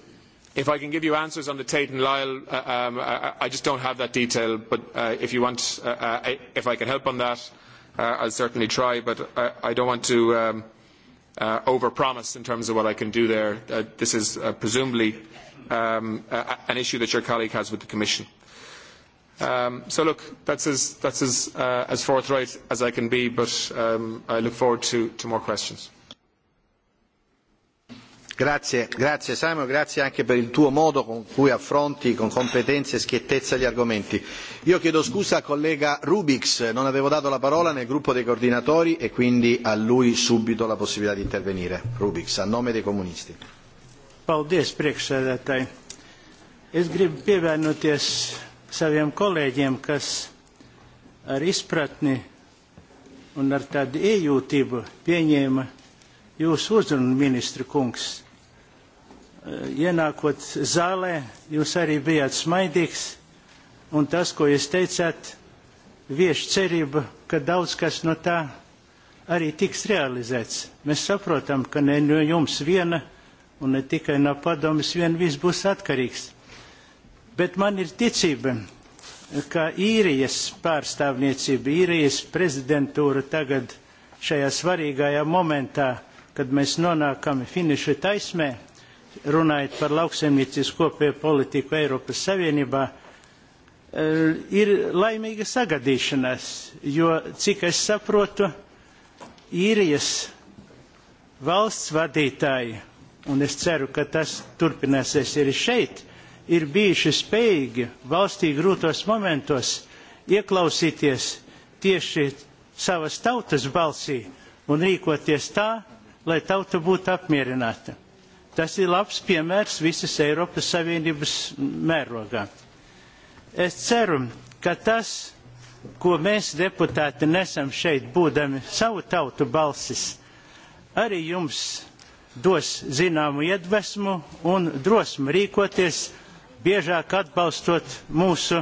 if I can give you answers on the Tate and Lyle, uh, um, I, I just don't have that detail, but uh, if you want, uh, uh, if I can help on that, uh, I'll certainly try, but I, I don't want to um, uh, overpromise in terms of what I can do there. Uh, this is uh, presumably um, uh, an issue that your colleague has with the Commission. Um, so look, that's as, that's as, uh, as forthright as I can be, but um, I look forward to, to more questions. Grazie, grazie Simon, grazie anche per il tuo modo con cui affronti con competenza e schiettezza gli argomenti. Io chiedo scusa al collega Rubix, non avevo dato la parola nel gruppo dei coordinatori e quindi a lui subito la possibilità di intervenire. Rubix, a nome dei comunisti. Paldies, priekšsēdētāji. Es gribu pievienoties saviem kolēģiem, kas ar izpratni un ar tādu iejūtību pieņēma jūsu uzrunu, ministra kungs. Eh, ienākot zālē, jūs arī bijāt smaidīgs, un tas, ko jūs teicāt, vieš cerība, ka daudz kas no tā arī tiks realizēts. Mēs saprotam, ka ne no jums viena, un ne tikai no padomis vien viss būs atkarīgs Bet man ir ticība, ka īrijas pārstāvniecība, īrijas prezidentūra tagad šajā svarīgajā momentā, kad mēs nonākam finišu taismē, runājot par lauksaimniecības kopējo politiku Eiropas Savienībā, eh, ir laimīga sagadīšanās, jo, cik es saprotu, īrijas valsts vadītāji, un es ceru, ka tas turpināsies arī šeit, ir bijuši spējīgi valstī grūtos momentos ieklausīties tieši savas tautas balsī un rīkoties tā, lai tauta būtu apmierināta. Tas ir labs piemērs visas Eiropas Savienības mērogā. Es ceru, ka tas, ko mēs deputāti nesam šeit būdami savu tautu balsis, arī jums dos zināmu iedvesmu un drosmu rīkoties biežāk atbalstot mūsu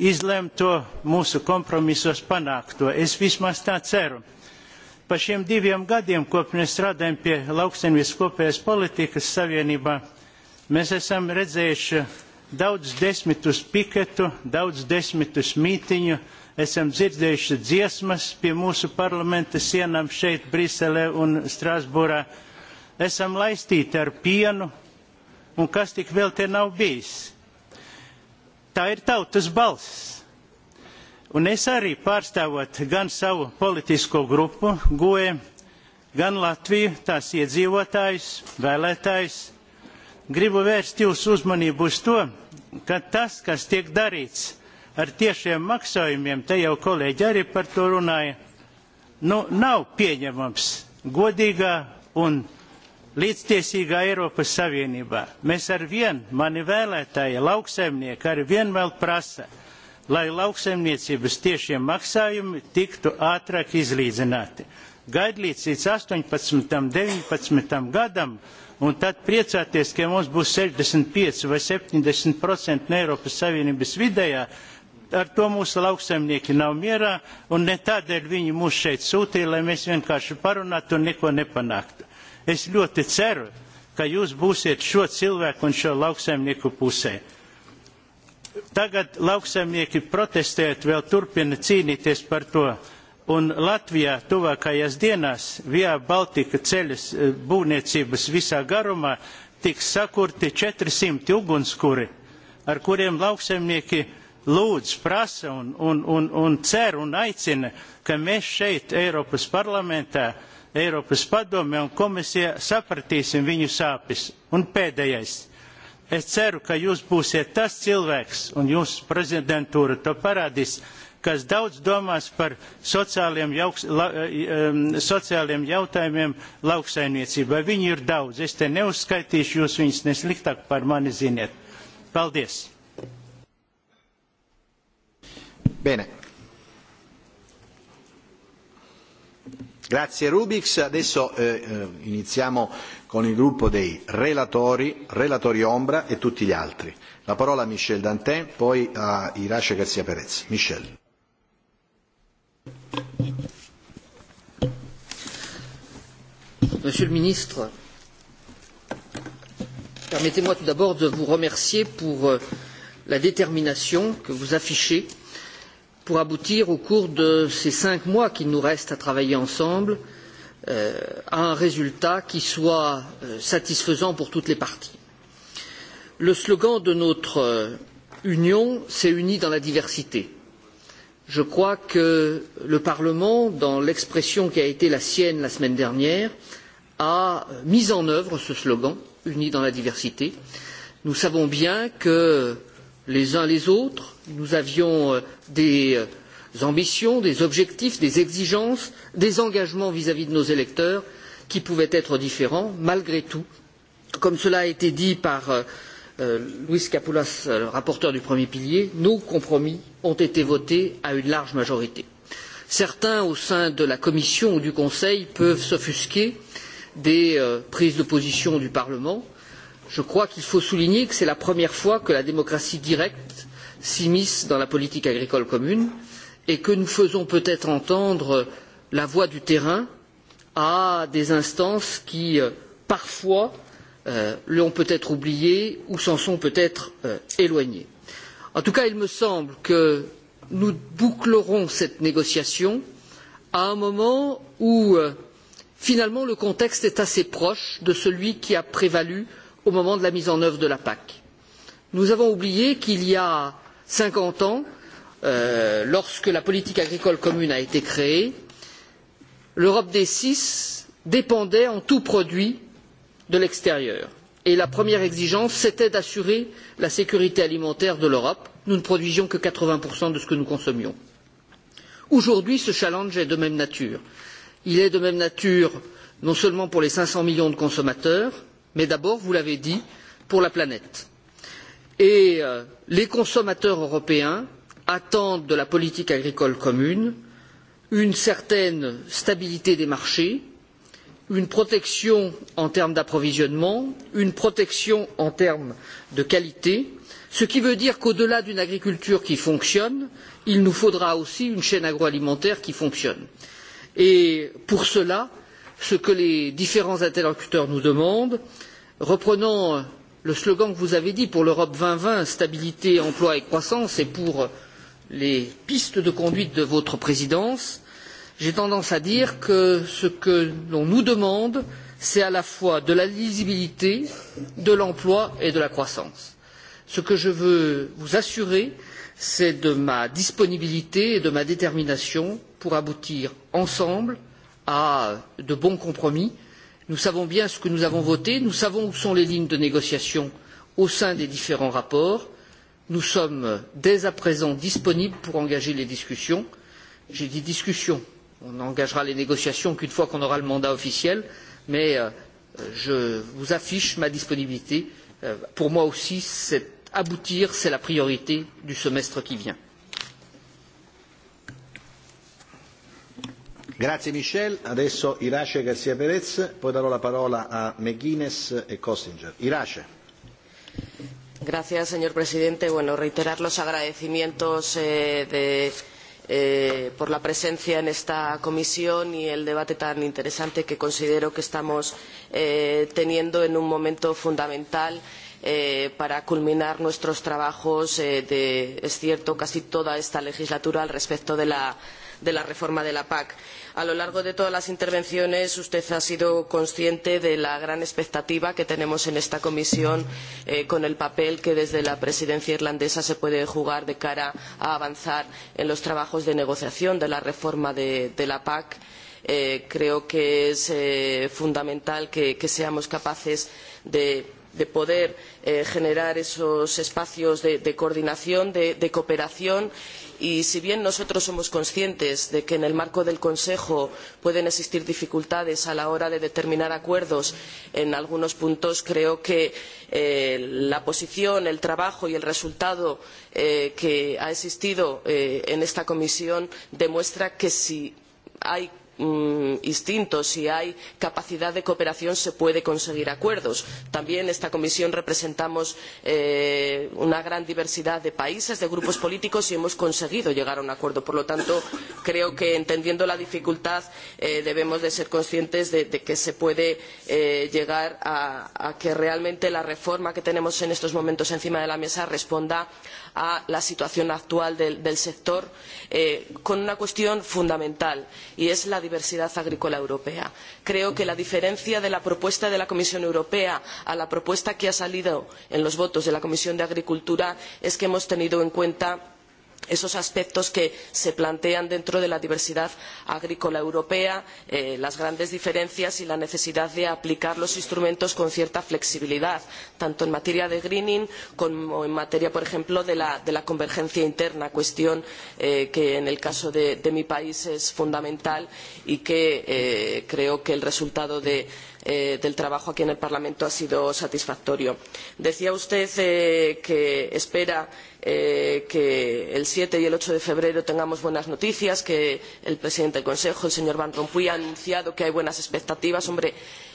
izlemto, mūsu kompromisos panākto. Es vismaz tā ceru. Pa šiem diviem gadiem, kopš mēs strādājam pie lauksaimniecības kopējās politikas savienībā, mēs esam redzējuši daudz desmitus piketu, daudz desmitus mītiņu, esam dzirdējuši dziesmas pie mūsu parlamenta sienām šeit, Briselē un Strasbūrā. Esam laistīti ar pienu, un kas tik vēl te nav bijis. Tā ir tautas balss. Un es arī pārstāvot gan savu politisko grupu, goe, gan Latviju, tās iedzīvotājs, vēlētājs, gribu vērst jūsu uzmanību uz to, ka tas, kas tiek darīts ar tiešiem maksājumiem, te jau kolēģi arī par to runāja, nu, nav pieņemams godīgā un līdztiesīga Eiropas Savienībā. Mēs ar vien, mani vēlētāji, lauksaimnieki ar vien vēl prasa, lai lauksaimniecības tiešie maksājumi tiktu ātrāk izlīdzināti. Gaidlīdz līdz 18. 19. gadam un tad priecāties, ka mums būs 65 vai 70% no Eiropas Savienības vidējā, ar to mūsu lauksaimnieki nav mierā, un ne tādēļ viņi mūs šeit sūtīja, lai mēs vienkārši parunātu un neko nepanāktu. Es ļoti ceru, ka jūs būsiet šo cilvēku un šo lauksaimnieku pusē. Tagad lauksaimnieki protestēt vēl turpina cīnīties par to, un Latvijā tuvākajās dienās Via Baltika ceļas eh, būvniecības visā garumā tiks sakurti 400 ugunskuri, ar kuriem lauksaimnieki lūdz, prasa un, un, un, un cer un aicina, ka mēs šeit Eiropas parlamentā Eiropas padome un komisija sapratīsim viņu sāpes. Un pēdējais. Es ceru, ka jūs būsiet tas cilvēks un jūsu prezidentūra to parādīs, kas daudz domās par sociāliem, jauks, la, eh, sociāliem jautājumiem lauksaimniecībā. Viņi ir daudz. Es te neuzskaitīšu, jūs viņus nesliktāk par mani ziniet. Paldies! Bene. Grazie Rubix, adesso eh, eh, iniziamo con il gruppo dei relatori, relatori Ombra e tutti gli altri. La parola a Michel Dantin, poi a Irace Garcia Perez. Michel. Monsieur le ministre, permettez-moi tout d'abord de vous remercier pour euh, la détermination que vous affichez pour aboutir au cours de ces cinq mois qu'il nous reste à travailler ensemble euh, à un résultat qui soit euh, satisfaisant pour toutes les parties. Le slogan de notre euh, union, c'est unis dans la diversité. Je crois que le Parlement, dans l'expression qui a été la sienne la semaine dernière, a mis en œuvre ce slogan, unis dans la diversité. Nous savons bien que les uns les autres. Nous avions euh, des euh, ambitions, des objectifs, des exigences, des engagements vis-à-vis -vis de nos électeurs qui pouvaient être différents. Malgré tout, comme cela a été dit par euh, Luis Capoulas, le rapporteur du premier pilier, nos compromis ont été votés à une large majorité. Certains au sein de la Commission ou du Conseil peuvent s'offusquer des prises de position du Parlement, Je crois qu'il faut souligner que c'est la première fois que la démocratie directe s'immisce dans la politique agricole commune et que nous faisons peut-être entendre la voix du terrain à des instances qui, euh, parfois, euh, l'ont peut-être oubliée ou s'en sont peut-être euh, éloignées. En tout cas, il me semble que nous bouclerons cette négociation à un moment où, euh, finalement, le contexte est assez proche de celui qui a prévalu euh, au moment de la mise en œuvre de la PAC. Nous avons oublié qu'il y a cinquante ans, euh, lorsque la politique agricole commune a été créée, l'Europe des six dépendait en tout produit de l'extérieur. Et la première exigence, c'était d'assurer la sécurité alimentaire de l'Europe. Nous ne produisions que quatre 80% de ce que nous consommions. Aujourd'hui, ce challenge est de même nature. Il est de même nature non seulement pour les cinq cents millions de consommateurs, mais d'abord, vous l'avez dit, pour la planète. Et euh, les consommateurs européens attendent de la politique agricole commune une certaine stabilité des marchés, une protection en termes d'approvisionnement, une protection en termes de qualité, ce qui veut dire qu'au delà d'une agriculture qui fonctionne, il nous faudra aussi une chaîne agroalimentaire qui fonctionne. Et pour cela, ce que les différents interlocuteurs nous demandent. Reprenant le slogan que vous avez dit pour l'Europe deux mille vingt, stabilité, emploi et croissance, et pour les pistes de conduite de votre présidence, j'ai tendance à dire que ce que l'on nous demande, c'est à la fois de la lisibilité, de l'emploi et de la croissance. Ce que je veux vous assurer, c'est de ma disponibilité et de ma détermination pour aboutir ensemble à de bons compromis. Nous savons bien ce que nous avons voté, nous savons où sont les lignes de négociation au sein des différents rapports. Nous sommes dès à présent disponibles pour engager les discussions. J'ai dit discussions. On n'engagera les négociations qu'une fois qu'on aura le mandat officiel, mais euh, je vous affiche ma disponibilité. Euh, pour moi aussi, aboutir, c'est la priorité du semestre qui vient. Grazie Michel, adesso Irace Garcia Perez, poi darò la parola a McGuinness e Costinger. Irace. Gracias, señor presidente. Bueno, reiterar los agradecimientos eh, de, eh, por la presencia en esta comisión y el debate tan interesante que considero que estamos eh, teniendo en un momento fundamental eh, para culminar nuestros trabajos eh, de, es cierto, casi toda esta legislatura al respecto de la de la reforma de la PAC. A lo largo de todas las intervenciones usted ha sido consciente de la gran expectativa que tenemos en esta comisión eh, con el papel que desde la presidencia irlandesa se puede jugar de cara a avanzar en los trabajos de negociación de la reforma de, de la PAC. Eh, creo que es eh, fundamental que, que seamos capaces de de poder eh, generar esos espacios de, de coordinación, de, de cooperación Y si bien nosotros somos conscientes de que en el marco del Consejo pueden existir dificultades a la hora de determinar acuerdos en algunos puntos, creo que eh, la posición, el trabajo y el resultado eh, que ha existido eh, en esta comisión demuestra que si hay Mm, instintos si hay capacidad de cooperación se puede conseguir acuerdos. También en esta comisión representamos eh, una gran diversidad de países, de grupos políticos y hemos conseguido llegar a un acuerdo. Por lo tanto, creo que entendiendo la dificultad eh, debemos de ser conscientes de, de que se puede eh, llegar a, a que realmente la reforma que tenemos en estos momentos encima de la mesa responda a la situación actual del, del sector eh, con una cuestión fundamental y es la diversidad agrícola europea. Creo que la diferencia de la propuesta de la Comisión Europea a la propuesta que ha salido en los votos de la Comisión de Agricultura es que hemos tenido en cuenta esos aspectos que se plantean dentro de la diversidad agrícola europea, eh, las grandes diferencias y la necesidad de aplicar los instrumentos con cierta flexibilidad, tanto en materia de greening como en materia, por ejemplo, de la, de la convergencia interna, cuestión eh, que en el caso de, de mi país es fundamental y que eh, creo que el resultado de, eh, del trabajo aquí en el Parlamento ha sido satisfactorio. Decía usted eh, que espera eh, que el 7 y el 8 de febrero tengamos buenas noticias, que el presidente del Consejo, el señor Van Rompuy, ha anunciado que hay buenas expectativas. Hombre,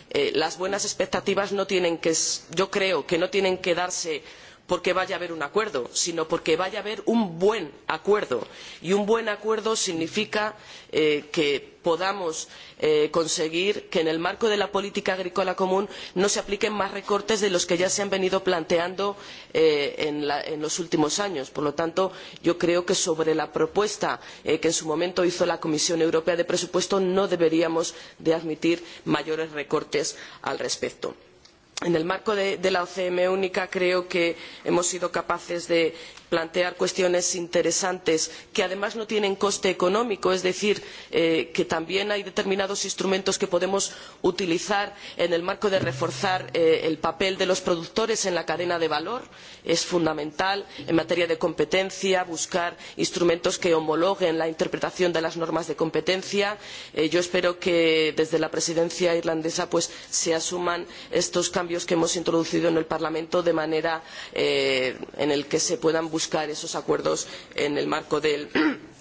eh, las buenas expectativas no tienen que, yo creo que no tienen que darse porque vaya a haber un acuerdo, sino porque vaya a haber un buen acuerdo. Y un buen acuerdo significa eh, que podamos eh, conseguir que en el marco de la política agrícola común no se apliquen más recortes de los que ya se han venido planteando eh, en, la, en, los últimos años. Por lo tanto, yo creo que sobre la propuesta eh, que en su momento hizo la Comisión Europea de Presupuesto no deberíamos de admitir mayores recortes al respecto. En el marco de, de la OCM única creo que hemos sido capaces de plantear cuestiones interesantes que además no tienen coste económico, es decir, eh, que también hay determinados instrumentos que podemos utilizar en el marco de reforzar eh, el papel de los productores en la cadena de valor. Es fundamental en materia de competencia buscar instrumentos que homologuen la interpretación de las normas de competencia. Eh, yo espero que desde la presidencia irlandesa pues, se asuman estos cambios que hemos introducido en el Parlamento de manera eh, en la que se puedan buscar buscar esos acuerdos en el marco del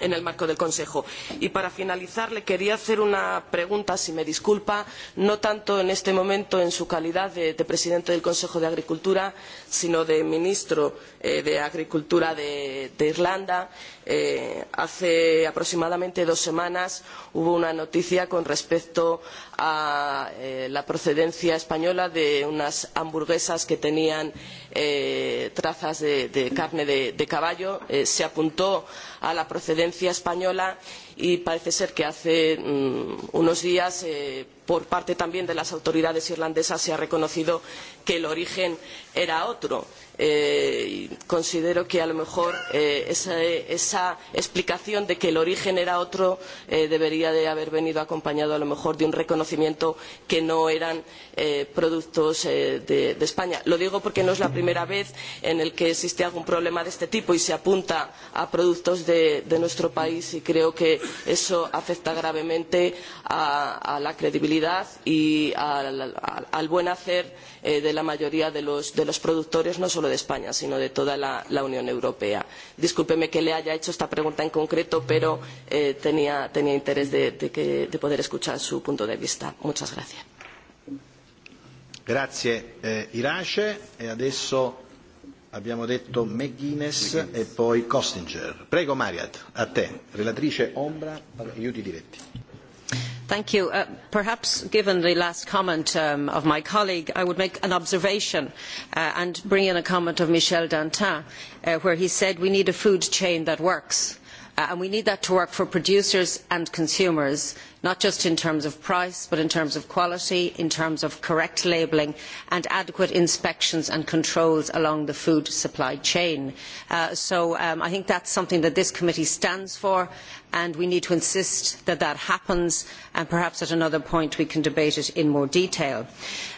en el marco del Consejo. Y para finalizar, le quería hacer una pregunta, si me disculpa, no tanto en este momento en su calidad de, de presidente del Consejo de Agricultura, sino de ministro eh, de Agricultura de, de Irlanda. Eh, hace aproximadamente dos semanas hubo una noticia con respecto a eh, la procedencia española de unas hamburguesas que tenían eh, trazas de, de, carne de, de caballo. Eh, se apuntó a la procedencia española y parece ser que hace mm, unos días eh, por parte también de las autoridades irlandesas se ha reconocido que el origen era otro. Eh, considero que a lo mejor eh, esa, esa, explicación de que el origen era otro eh, debería de haber venido acompañado a lo mejor de un reconocimiento que no eran eh, productos eh, de, de, España. Lo digo porque no es la primera vez en la que existe algún problema de este tipo y se apunta a productos de, de nuestro país y creo que eso afecta gravemente a, a la credibilidad calidad y al, al, al buen hacer eh, de la mayoría de los, de los productores, no solo de España, sino de toda la, la Unión Europea. Discúlpeme que le haya hecho esta pregunta en concreto, pero eh, tenía, tenía interés de, de, que, de poder escuchar su punto de vista. Muchas gracias. Grazie eh, Irace e adesso abbiamo detto McGuinness e poi Costinger. Prego Mariat, a te, relatrice Ombra, aiuti diretti. Thank you. Uh, perhaps given the last comment um, of my colleague, I would make an observation uh, and bring in a comment of Michel Dantin, uh, where he said we need a food chain that works. Uh, and we need that to work for producers and consumers not just in terms of price but in terms of quality, in terms of correct labelling and adequate inspections and controls along the food supply chain. Uh, so um, I think that is something that this committee stands for and we need to insist that that happens and perhaps at another point we can debate it in more detail.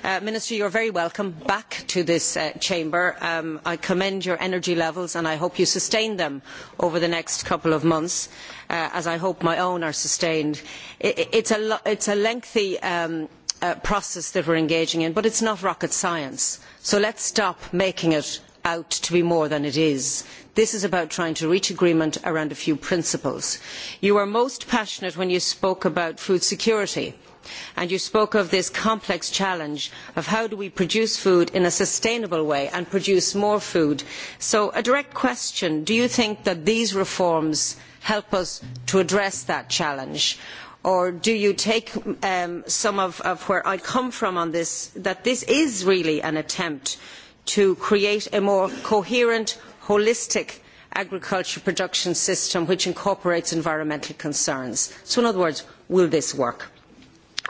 Uh, Minister, you are very welcome back to this uh, chamber. Um, I commend your energy levels and I hope you sustain them over the next couple of months. Uh, as I hope my own are sustained. It, is a lengthy um, uh, process that we are engaging in, but it is not rocket science. So let us stop making it out to be more than it is. This is about trying to reach agreement around a few principles. You were most passionate when you spoke about food security and you spoke of this complex challenge of how do we produce food in a sustainable way and produce more food. So a direct question, do you think that these reforms help us to address that challenge? Or do you take um, some of, of where I come from on this, that this is really an attempt to create a more coherent, holistic agriculture production system which incorporates environmental concerns? So in other words, will this work?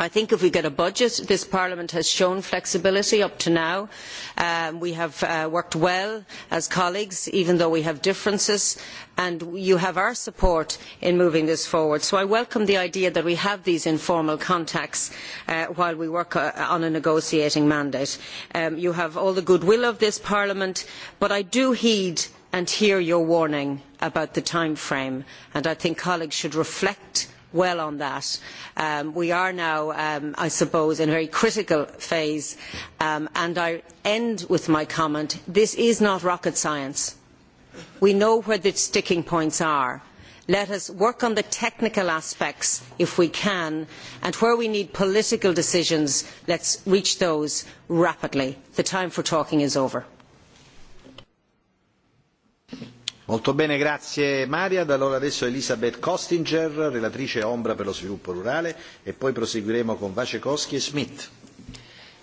I think if we get a budget, this Parliament has shown flexibility up to now. Um, we have uh, worked well as colleagues, even though we have differences, and you have our support in moving this forward. So I welcome the idea that we have these informal contacts uh, while we work uh, on a negotiating mandate. Um, you have all the goodwill of this Parliament, but I do heed and hear your warning about the time frame, and I think colleagues should reflect well on that. Um, we are now, um, I suppose, in a very critical phase, um, and I end with my comment, this is not rocket science. We know where the sticking points are. Let us work on the technical aspects if we can, and where we need political decisions, let us reach those rapidly. The time for talking is over. Molto bene, grazie Mariad. Allora adesso Elisabeth Kostinger, relatrice ombra per lo sviluppo rurale, e poi proseguiremo con Vacekowski e Smith.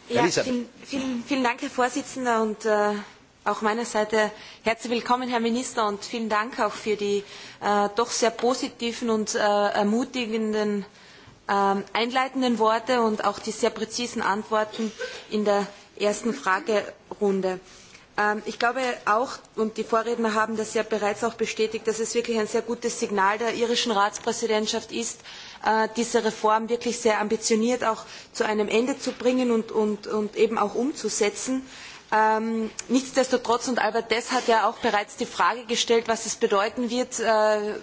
Ja, vielen, vielen, vielen Dank, Herr Vorsitzender, und äh, auch meiner Seite herzlich willkommen, Herr Minister, und vielen Dank auch für die äh, doch sehr positiven und äh, ermutigenden äh, einleitenden Worte und auch die sehr präzisen Antworten in der ersten Fragerunde. Ähm, ich glaube auch, und die Vorredner haben das ja bereits auch bestätigt, dass es wirklich ein sehr gutes Signal der irischen Ratspräsidentschaft ist, äh, diese Reform wirklich sehr ambitioniert auch zu einem Ende zu bringen und, und, und eben auch umzusetzen. Ähm, nichtsdestotrotz, und Albert Dess hat ja auch bereits die Frage gestellt, was es bedeuten wird. Äh,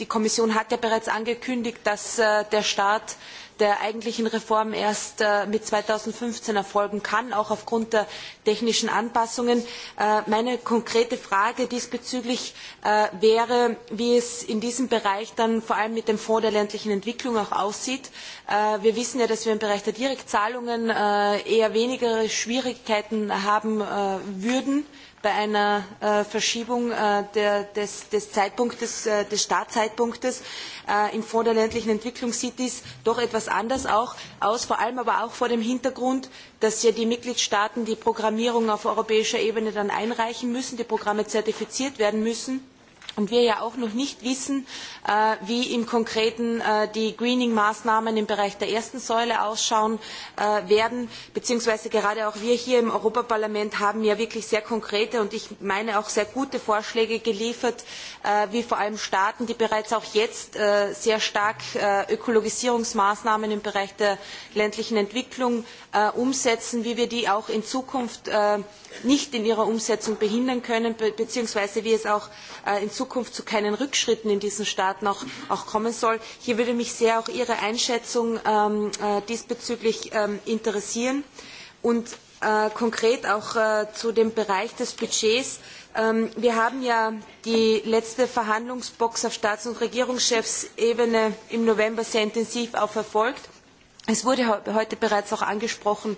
die Kommission hat ja bereits angekündigt, dass äh, der Staat der eigentlichen Reform erst äh, mit 2015 erfolgen kann, auch aufgrund der technischen Anpassungen. Äh, meine konkrete Frage diesbezüglich äh, wäre, wie es in diesem Bereich dann vor allem mit dem Fonds der ländlichen Entwicklung auch aussieht. wir wissen ja, dass wir im Bereich der Direktzahlungen eher weniger Schwierigkeiten haben würden bei einer äh, Verschiebung äh, der, des, des, Zeitpunktes, äh, des Startzeitpunktes äh, im Fonds der ländlichen Entwicklung sieht dies doch etwas anders auch aus, vor allem aber auch vor dem Hintergrund, dass ja die Mitgliedstaaten die Programmierung auf europäischer Ebene dann einreichen müssen, die Programme zertifiziert werden müssen und wir ja auch noch nicht wissen, äh, wie im Konkreten äh, die Greening-Maßnahmen im Bereich der ersten Säule ausschauen äh, werden, beziehungsweise gerade auch wir hier im Europaparlament haben ja wirklich sehr konkrete und ich meine auch sehr gute Vorschläge geliefert, äh, wie vor allem Staaten, die bereits auch jetzt äh, sehr stark äh, Ökologisierungsmaßnahmen im Bereich der ländlichen Entwicklung äh, umsetzen, wie wir die auch in Zukunft äh, nicht in ihrer Umsetzung behindern können, be beziehungsweise wie es auch äh, in Zukunft Zukunft zu keinen Rückschritten in diesen Staaten auch, auch kommen soll. Hier würde mich sehr auch Ihre Einschätzung ähm, äh, diesbezüglich ähm, interessieren. Und äh, konkret auch äh, zu dem Bereich des Budgets. Ähm, wir haben ja die letzte Verhandlungsbox auf Staats- und Regierungschefsebene im November sehr intensiv auch verfolgt. Es wurde heute bereits auch angesprochen,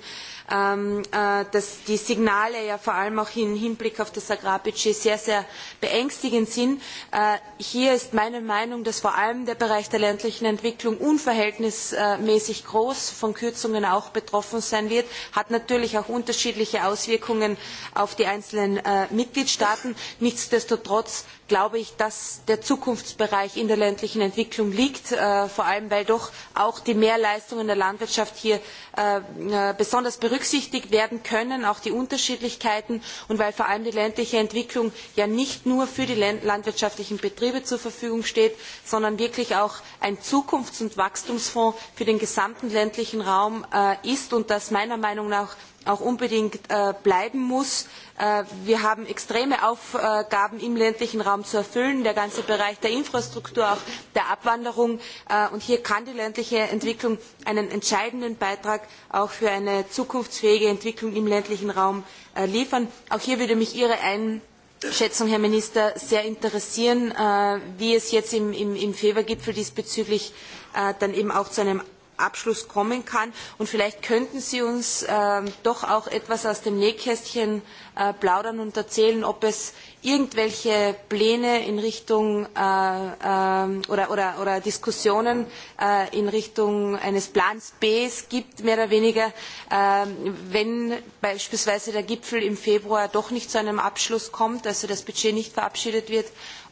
ähm, äh, dass die Signale ja vor allem auch im Hinblick auf das Agrarbudget sehr, sehr beängstigend sind. Äh, hier ist meine Meinung, dass vor allem der Bereich der ländlichen Entwicklung unverhältnismäßig groß von Kürzungen auch betroffen sein wird, hat natürlich auch unterschiedliche Auswirkungen auf die einzelnen äh, Mitgliedstaaten. Nichtsdestotrotz glaube ich, dass der Zukunftsbereich in der ländlichen Entwicklung liegt, äh, vor allem weil doch auch die Mehrleistungen der Landwirtschaft hier äh, äh besonders berücksichtigt berücksichtigt werden können, auch die Unterschiedlichkeiten und weil vor allem die ländliche Entwicklung ja nicht nur für die landwirtschaftlichen Betriebe zur Verfügung steht, sondern wirklich auch ein Zukunfts- und Wachstumsfonds für den gesamten ländlichen Raum äh, ist und das meiner Meinung nach auch unbedingt äh, bleiben muss. Äh, wir haben extreme Aufgaben im ländlichen Raum zu erfüllen, der ganze Bereich der Infrastruktur, auch der Abwanderung. Äh, und hier kann die ländliche Entwicklung einen entscheidenden Beitrag auch für eine zukunftsfähige Entwicklung im ländlichen Raum äh, liefern. Auch hier würde mich Ihre Einschätzung Schätzung, Herr Minister, sehr interessieren, äh, wie es jetzt im, im, im Febergipfel diesbezüglich äh, dann eben auch zu einem Abschluss kommen kann. Und vielleicht könnten Sie uns äh, doch auch etwas aus dem Nähkästchen äh, plaudern und erzählen, ob es irgendwelche Pläne in Richtung äh, äh, oder, oder, oder Diskussionen äh, in Richtung eines Plans B gibt, mehr oder weniger, äh, wenn beispielsweise der Gipfel im Februar doch nicht zu einem Abschluss kommt, also das Budget nicht verabschiedet wird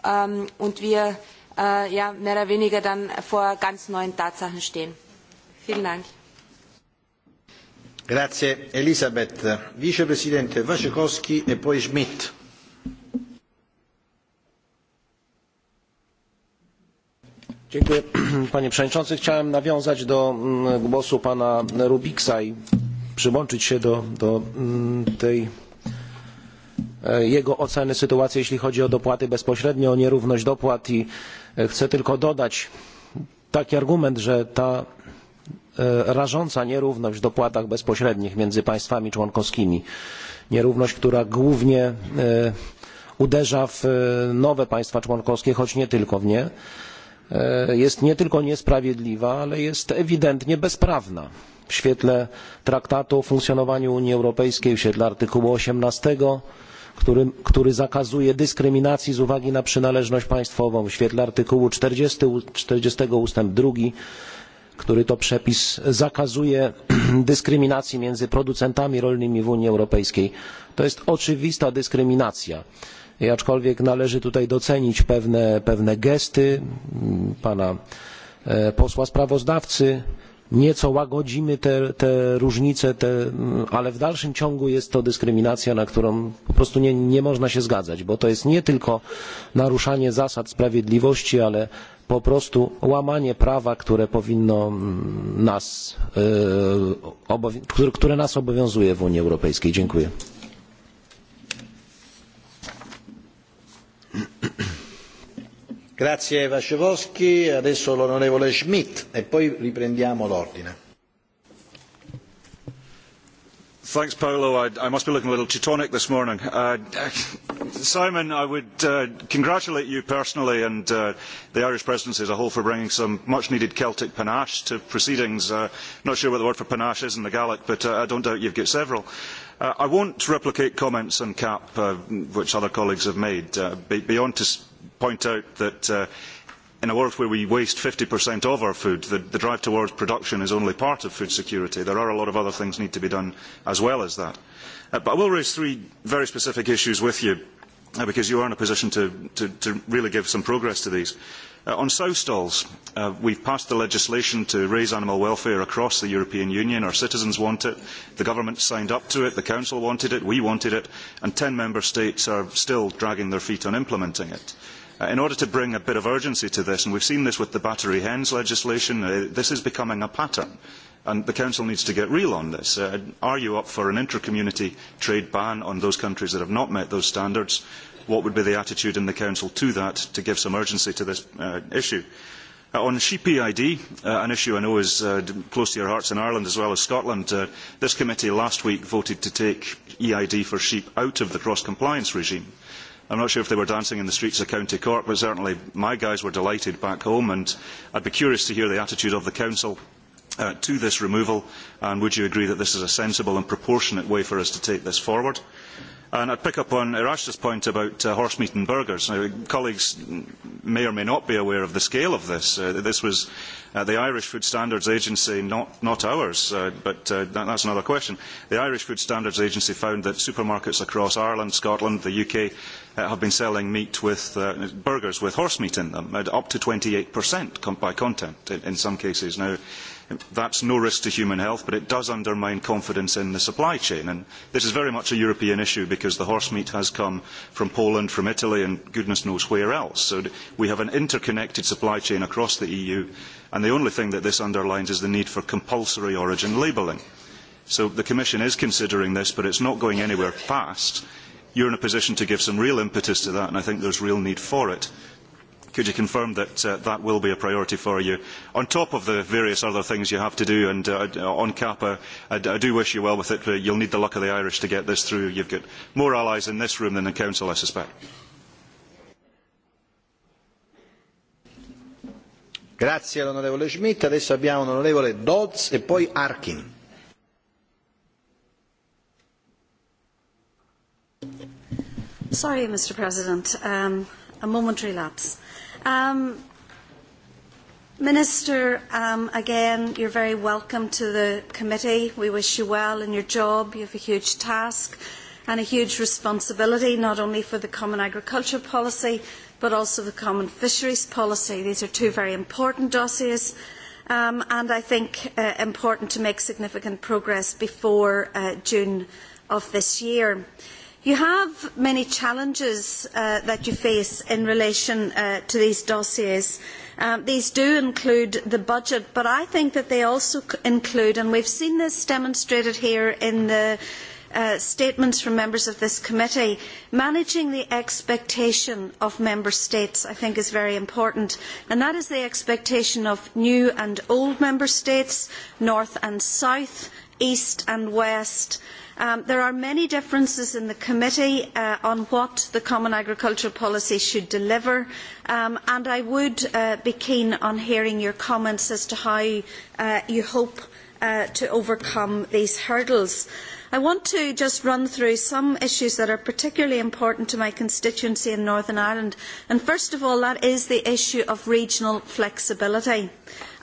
äh, und wir äh, ja, mehr oder weniger dann vor ganz neuen Tatsachen stehen. Grazie Elisabeth. Vicepresidente Wacekowski e poi Schmidt. Dziękuję, panie przewodniczący! Chciałem nawiązać do mm, głosu pana Rubiksa i przyłączyć się do, do mm, tej e, jego oceny sytuacji, jeśli chodzi o dopłaty bezpośrednie, o nierówność dopłat i e, chcę tylko dodać taki argument, że ta E, rażąca nierówność w dopłatach bezpośrednich między państwami członkowskimi. Nierówność, która głównie e, uderza w e, nowe państwa członkowskie, choć nie tylko w nie, jest nie tylko niesprawiedliwa, ale jest ewidentnie bezprawna. W świetle traktatu o funkcjonowaniu Unii Europejskiej, w świetle artykułu 18, który, który zakazuje dyskryminacji z uwagi na przynależność państwową, w świetle artykułu 40, 40 ustęp 2, który to przepis zakazuje dyskryminacji między producentami rolnymi w Unii Europejskiej. To jest oczywista dyskryminacja. I aczkolwiek należy tutaj docenić pewne, pewne gesty mm, pana e, posła sprawozdawcy, nieco łagodzimy te, te różnice, te, mm, ale w dalszym ciągu jest to dyskryminacja, na którą po prostu nie, nie można się zgadzać, bo to jest nie tylko naruszanie zasad sprawiedliwości, ale po prostu łamanie prawa, które powinno mm, nas, yy, e, które nas obowiązuje w Unii Europejskiej. Dziękuję. Grazie Vascevoschi, adesso l'onorevole Schmidt e poi riprendiamo l'ordine. Thanks, Paolo. I, I must be looking a little Teutonic this morning. Uh, Simon, I would uh, congratulate you personally and uh, the Irish presidency as a whole for bringing some much-needed Celtic panache to proceedings. Uh, not sure what the word for panache is in the Gaelic, but uh, I don't doubt you've got several. Uh, I won't replicate comments on CAP, uh, which other colleagues have made, uh, beyond to point out that uh, in a world where we waste 50% of our food, the, the drive towards production is only part of food security. There are a lot of other things that need to be done as well as that. Uh, but I will raise three very specific issues with you, uh, because you are in a position to, to, to really give some progress to these. Uh, on sow stalls, uh, we've passed the legislation to raise animal welfare across the European Union. Our citizens want it. The government signed up to it. The council wanted it. We wanted it. And ten member states are still dragging their feet on implementing it. Uh, in order to bring a bit of urgency to this, and we have seen this with the battery hens legislation, uh, this is becoming a pattern. And the Council needs to get real on this. Uh, are you up for an intra-community trade ban on those countries that have not met those standards? What would be the attitude in the Council to that to give some urgency to this uh, issue? Uh, on sheep EID, uh, an issue I know is uh, close to your hearts in Ireland as well as Scotland, uh, this committee last week voted to take EID for sheep out of the cross-compliance regime. I am not sure if they were dancing in the streets of County Cork, but certainly my guys were delighted back home, and I would be curious to hear the attitude of the Council uh, to this removal, and would you agree that this is a sensible and proportionate way for us to take this forward? And I'd pick up on Irash's point about uh, horse meat and burgers. Now, colleagues may or may not be aware of the scale of this. Uh, this was uh, the Irish Food Standards Agency, not, not ours, uh, but uh, that, that's another question. The Irish Food Standards Agency found that supermarkets across Ireland, Scotland, the UK uh, have been selling meat with, uh, burgers with horse meat in them, at up to 28% com by content in, in some cases. Now, That is no risk to human health, but it does undermine confidence in the supply chain. And this is very much a European issue because the horse meat has come from Poland, from Italy, and goodness knows where else. So we have an interconnected supply chain across the EU, and the only thing that this underlines is the need for compulsory origin labelling. So the Commission is considering this, but it is not going anywhere fast. You are in a position to give some real impetus to that, and I think there is real need for it could you confirm that uh, that will be a priority for you, on top of the various other things you have to do? And uh, uh on CAPA, I, I do wish you well with it. You'll need the luck of the Irish to get this through. You've got more allies in this room than in Council, I suspect. Grazie all'onorevole Schmidt. Adesso abbiamo l'onorevole Dodds e poi Arkin. Sorry, Mr. President. Um, a momentary lapse. Um, Minister, um, again, you're very welcome to the committee. We wish you well in your job. You have a huge task and a huge responsibility, not only for the Common Agriculture Policy, but also the Common Fisheries Policy. These are two very important dossiers, um, and I think uh, important to make significant progress before uh, June of this year. You have many challenges uh, that you face in relation uh, to these dossiers. Um, these do include the budget, but I think that they also include, and we have seen this demonstrated here in the uh, statements from members of this committee, managing the expectation of member states, I think, is very important. And that is the expectation of new and old member states, north and south, east and west. Um, there are many differences in the committee uh, on what the common agricultural policy should deliver um, and I would uh, be keen on hearing your comments as to how uh, you hope uh, to overcome these hurdles. I want to just run through some issues that are particularly important to my constituency in Northern Ireland. And first of all, that is the issue of regional flexibility.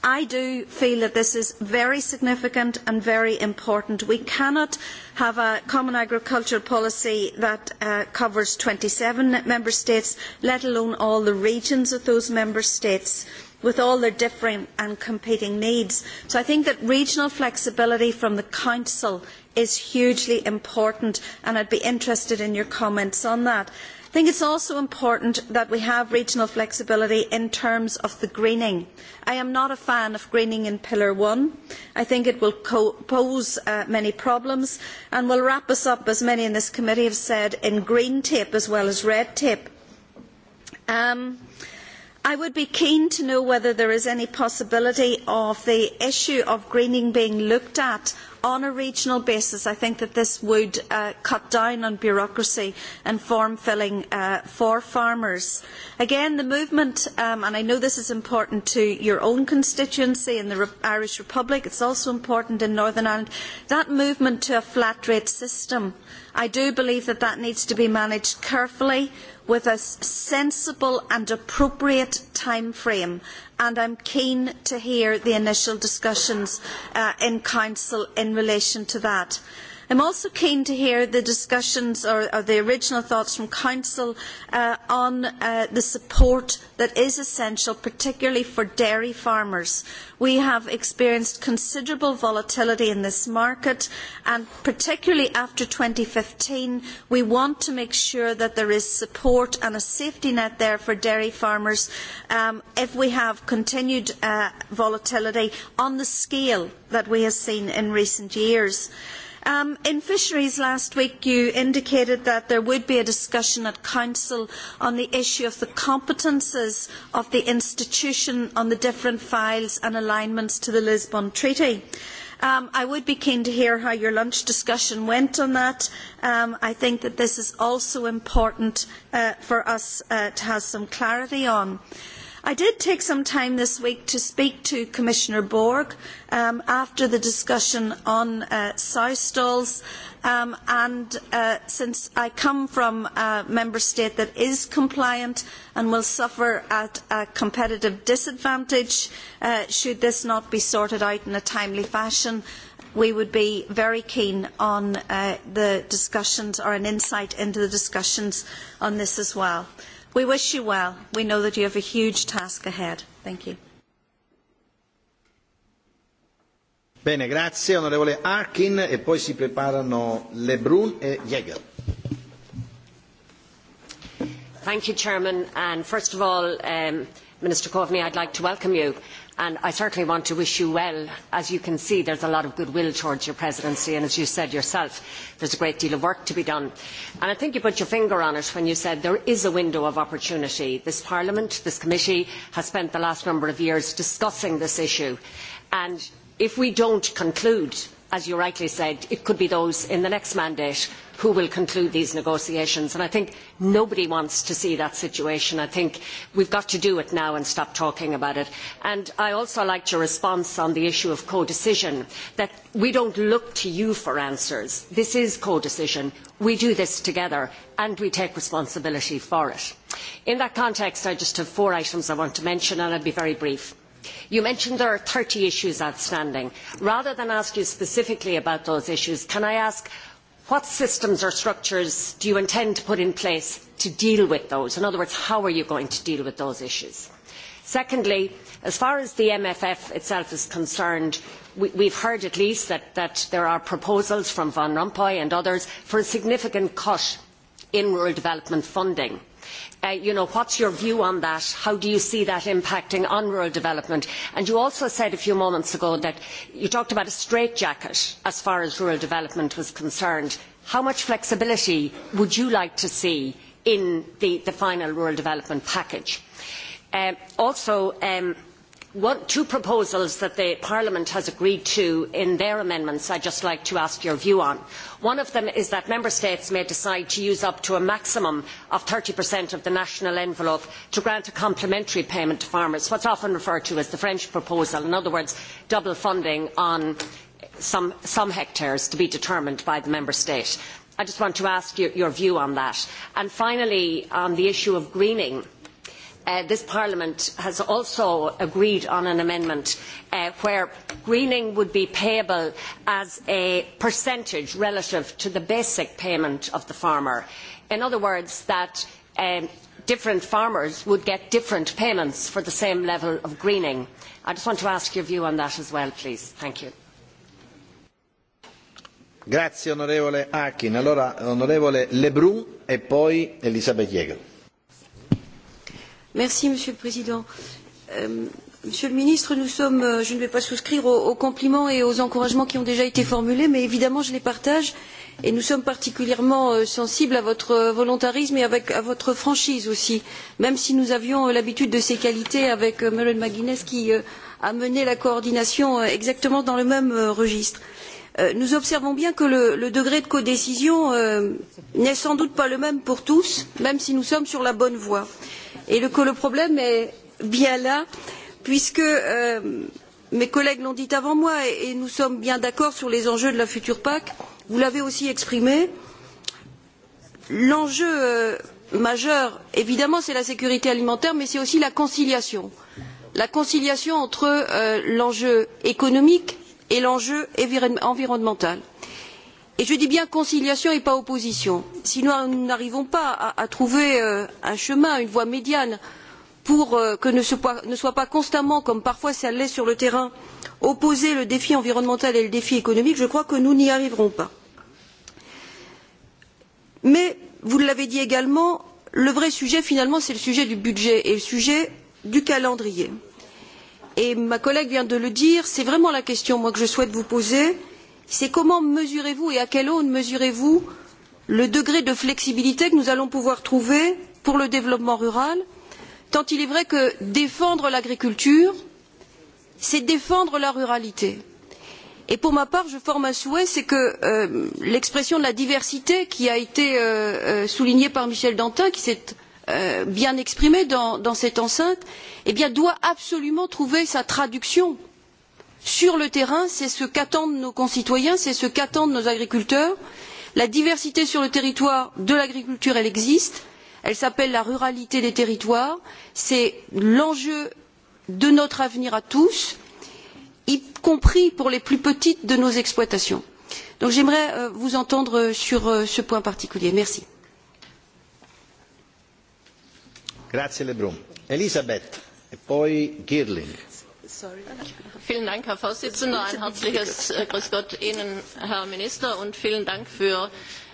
I do feel that this is very significant and very important. We cannot have a common agricultural policy that uh, covers twenty seven member states, let alone all the regions of those member states with all their differing and competing needs. So I think that regional flexibility from the Council is hugely important and I would be interested in your comments on that. I think it is also important that we have regional flexibility in terms of the greening. I am not a fan of greening in Pillar one. I think it will pose uh, many problems and will wrap us up, as many in this committee have said, in green tape as well as red tape. Um, I would be keen to know whether there is any possibility of the issue of greening being looked at on a regional basis, I think that this would uh, cut down on bureaucracy and form filling uh, for farmers. Again, the movement, um, and I know this is important to your own constituency in the Re Irish Republic, it is also important in Northern Ireland, that movement to a flat rate system. I do believe that that needs to be managed carefully with a sensible and appropriate time frame and I am keen to hear the initial discussions uh, in Council in relation to that. I am also keen to hear the discussions or, or the original thoughts from Council uh, on uh, the support that is essential, particularly for dairy farmers. We have experienced considerable volatility in this market, and particularly after fifteen, we want to make sure that there is support and a safety net there for dairy farmers um, if we have continued uh, volatility on the scale that we have seen in recent years. Um, in fisheries last week, you indicated that there would be a discussion at Council on the issue of the competences of the institution on the different files and alignments to the Lisbon Treaty. Um, I would be keen to hear how your lunch discussion went on that. Um, I think that this is also important uh, for us uh, to have some clarity on. Uh, I did take some time this week to speak to Commissioner Borg um, after the discussion on uh, sow stalls um, and uh, since I come from a member state that is compliant and will suffer at a competitive disadvantage uh, should this not be sorted out in a timely fashion, we would be very keen on uh, the discussions or an insight into the discussions on this as well. We wish you well. We know that you have a huge task ahead. Thank you. Bene, grazie onorevole Arkin e poi si preparano Lebrun e Jäger. Thank you, Chairman. And first of all, um, Minister Coveney, I'd like to welcome you. And I certainly want to wish you well. As you can see, there is a lot of goodwill towards your presidency, and as you said yourself, there is a great deal of work to be done. And I think you put your finger on it when you said there is a window of opportunity. This Parliament, this committee, has spent the last number of years discussing this issue. And if we do not conclude as you rightly said, it could be those in the next mandate who will conclude these negotiations. And I think nobody wants to see that situation. I think we have got to do it now and stop talking about it. And I also liked your response on the issue of codecision, that we do not look to you for answers. This is codecision. We do this together and we take responsibility for it. In that context, I just have four items I want to mention and I will be very brief. You mentioned there are thirty issues outstanding. Rather than ask you specifically about those issues, can I ask what systems or structures do you intend to put in place to deal with those? In other words, how are you going to deal with those issues? Secondly, as far as the MFF itself is concerned, we, have heard at least that, that, there are proposals from Van Rompuy and others for a significant cut in rural development funding. Uh, you know, what's your view on that? How do you see that impacting on rural development? And you also said a few moments ago that you talked about a straitjacket as far as rural development was concerned. How much flexibility would you like to see in the, the final rural development package? Uh, also, um, one, two proposals that Parliament has agreed to in their amendments I would just like to ask your view on. One of them is that Member States may decide to use up to a maximum of 30% of the national envelope to grant a complementary payment to farmers, what is often referred to as the French proposal, in other words, double funding on some, some hectares to be determined by the Member State. I just want to ask you, your view on that. And finally, on the issue of greening uh, this Parliament has also agreed on an amendment uh, where greening would be payable as a percentage relative to the basic payment of the farmer. In other words, that um, different farmers would get different payments for the same level of greening. I just want to ask your view on that as well, please. Thank you. Grazie onorevole Akin. Allora onorevole Lebrun e poi Elisabeth Jäger. Merci, Monsieur le Président. Euh, Monsieur le Ministre, nous sommes, euh, je ne vais pas souscrire aux, aux compliments et aux encouragements qui ont déjà été formulés, mais évidemment, je les partage et nous sommes particulièrement euh, sensibles à votre euh, volontarisme et avec, à votre franchise aussi, même si nous avions l'habitude de ces qualités avec Meron McGuinness qui a mené la coordination exactement dans le même registre. Nous observons bien que le, le degré de codécision n'est sans doute pas le même pour tous, même si nous sommes sur la bonne voie. Euh, Et le, que le problème est bien là, puisque euh, mes collègues l'ont dit avant moi et, et nous sommes bien d'accord sur les enjeux de la future PAC. Vous l'avez aussi exprimé. L'enjeu euh, majeur, évidemment, c'est la sécurité alimentaire, mais c'est aussi la conciliation. La conciliation entre euh, l'enjeu économique et l'enjeu environnemental. Et je dis bien conciliation et pas opposition. Sinon, nous n'arrivons pas à, à trouver euh, un chemin, une voie médiane pour euh, que ne, se, ne soit pas constamment, comme parfois ça l'est sur le terrain, opposé le défi environnemental et le défi économique. Je crois que nous n'y arriverons pas. Mais, vous l'avez dit également, le vrai sujet finalement, c'est le sujet du budget et le sujet du calendrier. Et ma collègue vient de le dire, c'est vraiment la question moi, que je souhaite vous poser c'est comment mesurez vous et à quelle aune mesurez vous le degré de flexibilité que nous allons pouvoir trouver pour le développement rural, tant il est vrai que défendre l'agriculture, c'est défendre la ruralité. Et pour ma part, je forme un souhait, c'est que euh, l'expression de la diversité qui a été euh, euh soulignée par Michel Dantin, qui s'est euh, bien exprimé dans, dans cette enceinte, eh bien, doit absolument trouver sa traduction sur le terrain, c'est ce qu'attendent nos concitoyens, c'est ce qu'attendent nos agriculteurs. La diversité sur le territoire de l'agriculture, elle existe. Elle s'appelle la ruralité des territoires. C'est l'enjeu de notre avenir à tous, y compris pour les plus petites de nos exploitations. Donc j'aimerais euh, vous entendre euh, sur euh, ce point particulier. Merci. Grazie Lebron. Elisabeth et poi Girling. Vielen Dank, Herr Vorsitzender. Ein herzliches äh, Grüß Gott Ihnen, Herr Minister, und vielen Dank für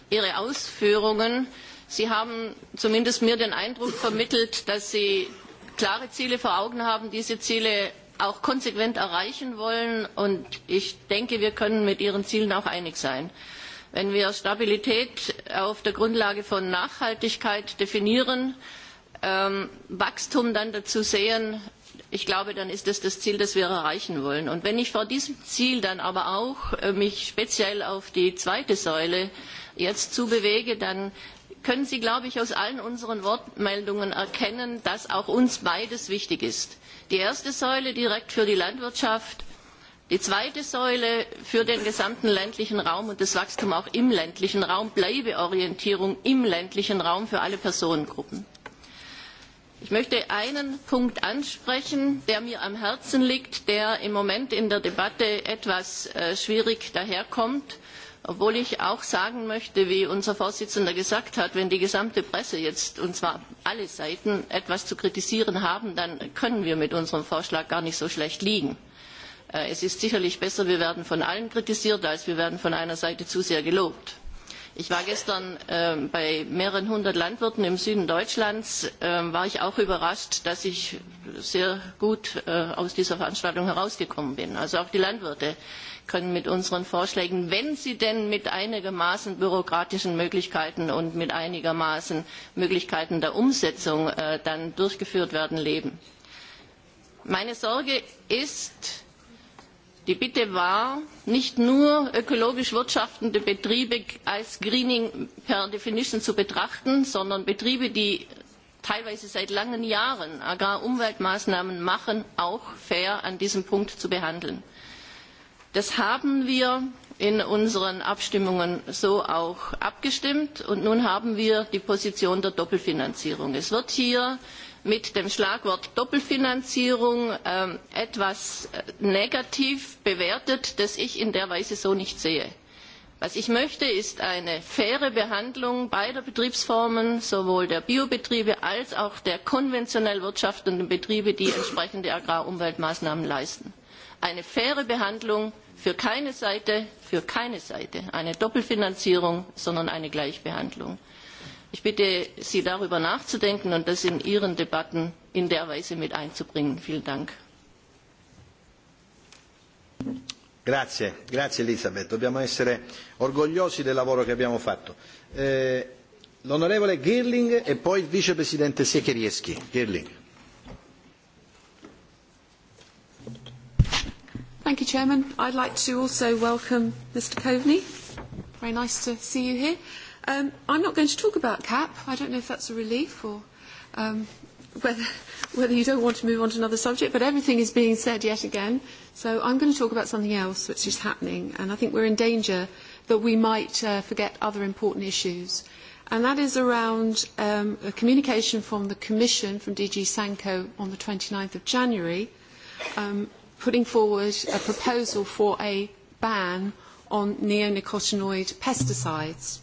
Ihre Ausführungen. Sie haben zumindest mir den Eindruck vermittelt, dass Sie klare Ziele vor Augen haben, diese Ziele auch konsequent erreichen wollen. Und ich denke, wir können mit Ihren Zielen auch einig sein. Wenn wir Stabilität auf der Grundlage von Nachhaltigkeit definieren, ähm, Wachstum dann dazu sehen, ich glaube, dann ist das das Ziel, das wir erreichen wollen. Und wenn ich vor diesem Ziel dann aber auch äh, mich speziell auf die zweite Säule jetzt zubewege, dann können Sie, glaube ich, aus allen unseren Wortmeldungen erkennen, dass auch uns beides wichtig ist. Die erste Säule direkt für die Landwirtschaft, die zweite Säule für den gesamten ländlichen Raum und das Wachstum auch im ländlichen Raum, Bleibeorientierung im ländlichen Raum für alle Personengruppen. Ich möchte einen Punkt ansprechen, der mir am Herzen liegt, der im Moment in der Debatte etwas äh, schwierig daherkommt, obwohl ich auch sagen möchte, wie unser Vorsitzender gesagt hat, wenn die gesamte Presse jetzt, und zwar alle Seiten, etwas zu kritisieren haben, dann können wir mit unserem Vorschlag gar nicht so schlecht liegen. Äh, es ist sicherlich besser, wir werden von allen kritisiert, als wir werden von einer Seite zu sehr gelobt. Ich war gestern äh, bei mehreren hundert Landwirten im Süden Deutschlands, äh, war ich auch überrascht, dass ich sehr gut äh, aus dieser Veranstaltung herausgekommen bin. Also auch die Landwirte können mit unseren Vorschlägen, wenn sie denn mit einigermaßen bürokratischen Möglichkeiten und mit einigermaßen Möglichkeiten der Umsetzung äh, dann durchgeführt werden, leben. Meine Sorge ist, Die Bitte war, nicht nur ökologisch wirtschaftende Betriebe als Greening per Definition zu betrachten, sondern Betriebe, die teilweise seit langen Jahren Agrarumweltmaßnahmen machen, auch fair an diesem Punkt zu behandeln. Das haben wir in unseren Abstimmungen so auch abgestimmt und nun haben wir die Position der Doppelfinanzierung. Es wird hier mit dem Schlagwort Doppelfinanzierung ähm, etwas äh, negativ bewertet, das ich in der Weise so nicht sehe. Was ich möchte, ist eine faire Behandlung beider Betriebsformen, sowohl der Biobetriebe als auch der konventionell wirtschaftenden Betriebe, die entsprechende Agrarumweltmaßnahmen leisten. Eine faire Behandlung für keine Seite, für keine Seite, eine Doppelfinanzierung, sondern eine Gleichbehandlung. Ich bitte Sie darüber nachzudenken und das in Ihren Debatten in der Weise mit einzubringen. Vielen Dank. Grazie, grazie Elisabeth. Dobbiamo essere orgogliosi del lavoro che abbiamo fatto. Eh, L'onorevole Girling e poi il vicepresidente Secherieschi. Girling. Thank you, Chairman. I'd like to also welcome Mr. Coveney. Very nice to see you here. Um, I'm not going to talk about CAP. I don't know if that's a relief or um, whether, whether you don't want to move on to another subject, but everything is being said yet again. So I'm going to talk about something else which is happening, and I think we're in danger that we might uh, forget other important issues. And that is around um, a communication from the Commission, from DG Sanko, on the 29th of January, um, putting forward a proposal for a ban on neonicotinoid pesticides.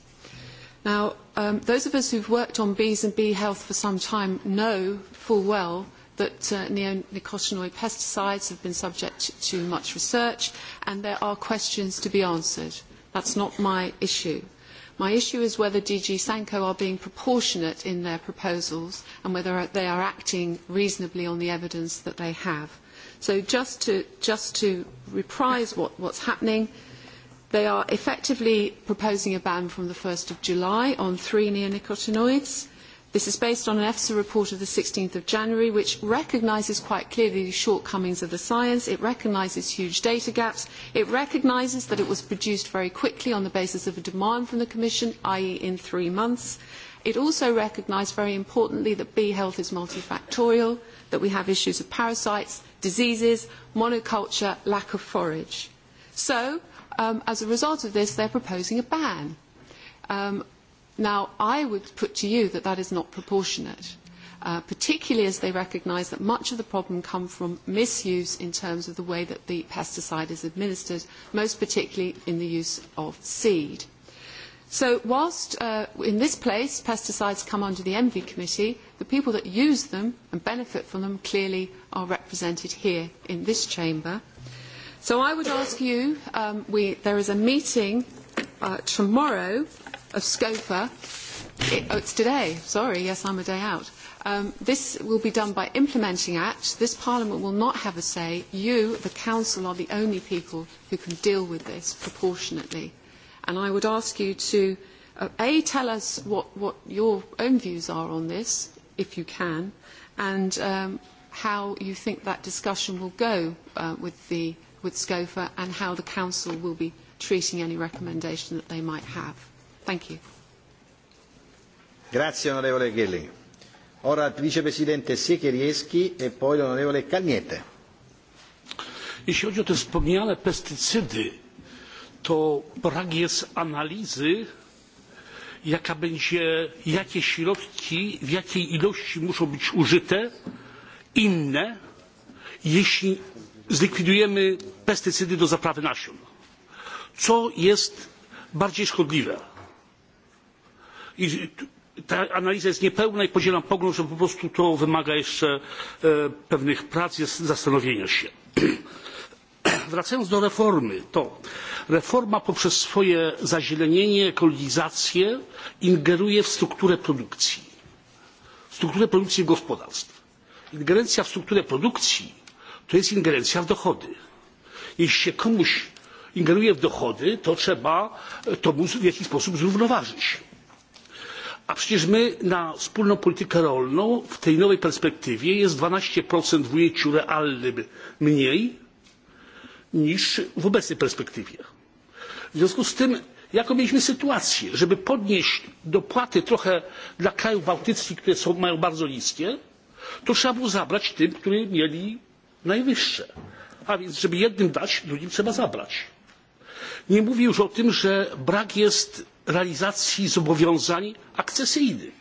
Now, um, those of us who've worked on bees and bee health for some time know full well that uh, neonicotinoid pesticides have been subject to much research and there are questions to be answered. That's not my issue. My issue is whether DG Sanko are being proportionate in their proposals and whether they are acting reasonably on the evidence that they have. So just to, just to reprise what, what's happening, They are effectively proposing a ban from the 1st of July on three neonicotinoids. This is based on an EFSA report of the 16th of January, which recognises quite clearly the shortcomings of the science. It recognises huge data gaps. It recognises that it was produced very quickly on the basis of a demand from the Commission, i.e. in three months. It also recognised very importantly that bee health is multifactorial, that we have issues of parasites, diseases, monoculture, lack of forage. So Um, as a result of this, they're proposing a ban. Um, now, I would put to you that that is not proportionate. Uh, particularly as they recognise that much of the problem comes from misuse in terms of the way that the pesticide is administered, most particularly in the use of seed. So whilst uh, in this place pesticides come under the Envy Committee, the people that use them and benefit from them clearly are represented here in this chamber. So I would ask you, um, we, there is a meeting uh, tomorrow of SCOFA. It, oh, it's today, sorry, yes, I'm a day out. Um, this will be done by implementing Act. This Parliament will not have a say. You, the Council, are the only people who can deal with this proportionately. And I would ask you to, uh, A, tell us what, what your own views are on this, if you can, and um, how you think that discussion will go uh, with the with SCOFA and how the Council will be treating any recommendation that they might have. Thank you. Grazie onorevole Gelli. Ora il vicepresidente Siekierski e poi l'onorevole Calniete. Jeśli chodzi o te wspomniane pestycydy, to brak jest analizy, jaka będzie, jakie środki, w jakiej ilości muszą być użyte, inne, jeśli zlikwidujemy pestycydy do zaprawy nasion, co jest bardziej szkodliwe. I ta analiza jest niepełna i podzielam pogląd, że po prostu to wymaga jeszcze e, pewnych prac, i zastanowienia się. Wracając do reformy, to reforma poprzez swoje zazielenienie, ekologizację ingeruje w strukturę produkcji, w strukturę produkcji gospodarstw. Ingerencja w strukturę produkcji to jest ingerencja w dochody. Jeśli się komuś ingeruje w dochody, to trzeba e, to w jakiś sposób zrównoważyć. A przecież my na wspólną politykę rolną w tej nowej perspektywie jest 12% w ujęciu realnym mniej niż w obecnej perspektywie. W związku z tym, jaką mieliśmy sytuację, żeby podnieść dopłaty trochę dla krajów bałtyckich, które są, mają bardzo niskie, to trzeba było zabrać tym, którzy mieli najwyższe. A więc, żeby jednym dać, drugim trzeba zabrać. Nie mówię już o tym, że brak jest realizacji zobowiązań akcesyjnych.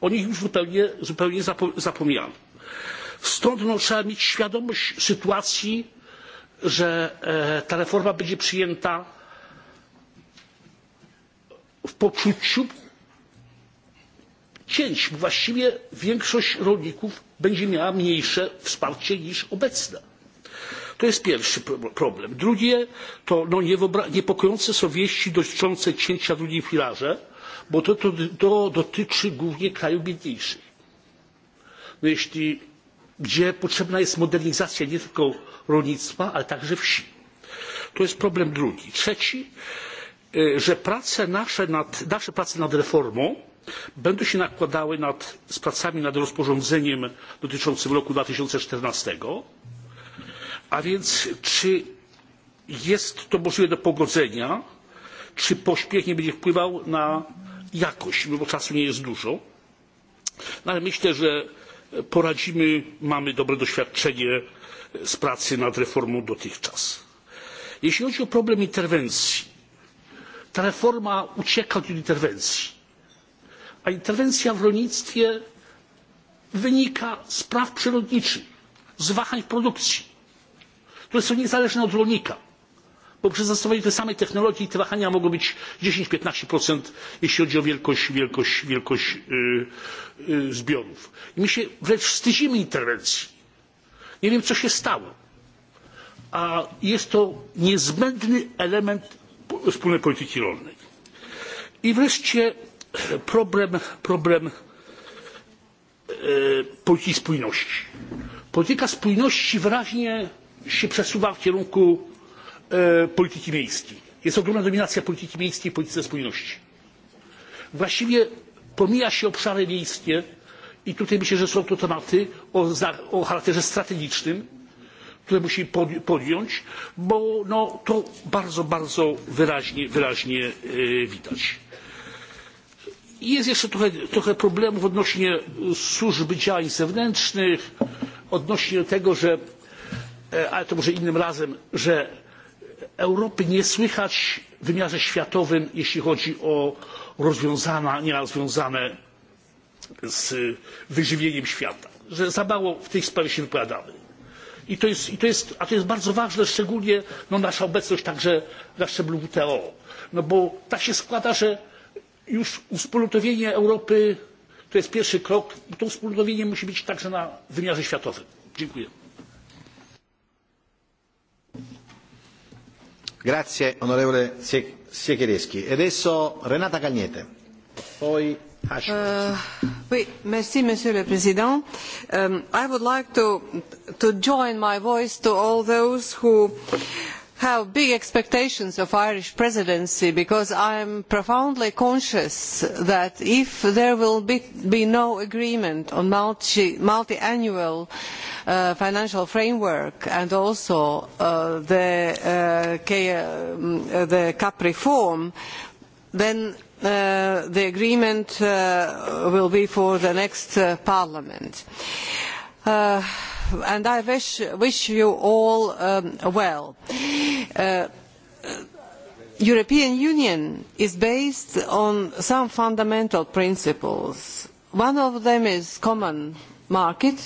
O nich już zupełnie, zupełnie zapomniano. Stąd no, trzeba mieć świadomość sytuacji, że e, ta reforma będzie przyjęta w poczuciu cięć, bo właściwie większość rolników będzie miała mniejsze wsparcie niż obecne. To jest pierwszy problem. Drugie to no, niepokojące są wieści dotyczące cięcia w drugim filarze, bo to, to, to dotyczy głównie krajów biedniejszych. No, jeśli, gdzie potrzebna jest modernizacja nie tylko rolnictwa, ale także wsi. To jest problem drugi. Trzeci, e, że prace nasze, nad, nasze prace nad reformą będą się nakładały nad, z pracami nad rozporządzeniem dotyczącym roku dwa tysiące czternaście a więc czy jest to możliwe do pogodzenia czy pośpiech nie będzie wpływał na jakość bo czasu nie jest dużo no ale myślę że poradzimy mamy dobre doświadczenie z pracy nad reformą dotychczas. jeśli chodzi o problem interwencji ta reforma ucieka od interwencji a interwencja w rolnictwie wynika z praw przyrodniczych, z wahań produkcji, które są niezależne od rolnika, bo przy zastosowaniu tej samej technologii te wahania mogą być 10-15%, jeśli chodzi o wielkość, wielkość, wielkość yy, yy, zbiorów. I my się wręcz wstydzimy interwencji. Nie wiem, co się stało. A jest to niezbędny element wspólnej polityki rolnej. I wreszcie problem, problem e, polityki spójności. Polityka spójności wyraźnie się przesuwa w kierunku e, polityki miejskiej. Jest ogromna dominacja polityki miejskiej w polityce spójności. Właściwie pomija się obszary miejskie i tutaj myślę, że są to tematy o, o charakterze strategicznym, które musimy podjąć, bo no, to bardzo, bardzo wyraźnie, wyraźnie e, widać. Jest jeszcze trochę, trochę problemów odnośnie e, służby działań zewnętrznych, odnośnie tego, że, e, ale to może innym razem, że Europy nie słychać w wymiarze światowym, jeśli chodzi o rozwiązania, nierozwiązane z wyżywieniem świata. Że za mało w tej sprawie się wypowiadamy. I to jest, i to jest, a to jest bardzo ważne, szczególnie no, nasza obecność także na szczeblu WTO. No bo tak się składa, że już uspólnotowienie Europy to jest pierwszy krok. To uspólnotowienie musi być także na wymiarze światowym. Dziękuję. Grazie onorevole Siekierski. E adesso Renata Cagnete. Poi Uh, oui, merci, Monsieur le Président. Um, I would like to, to join my voice to all those who have big expectations of the Irish presidency because I am profoundly conscious that if there will be, be no agreement on multi, multiannual uh, financial framework and also uh, the, uh, K, uh, the CAP reform, then uh, the agreement uh, will be for the next parliament and I wish, wish you all um, well. Uh, European Union is based on some fundamental principles. One of them is common market,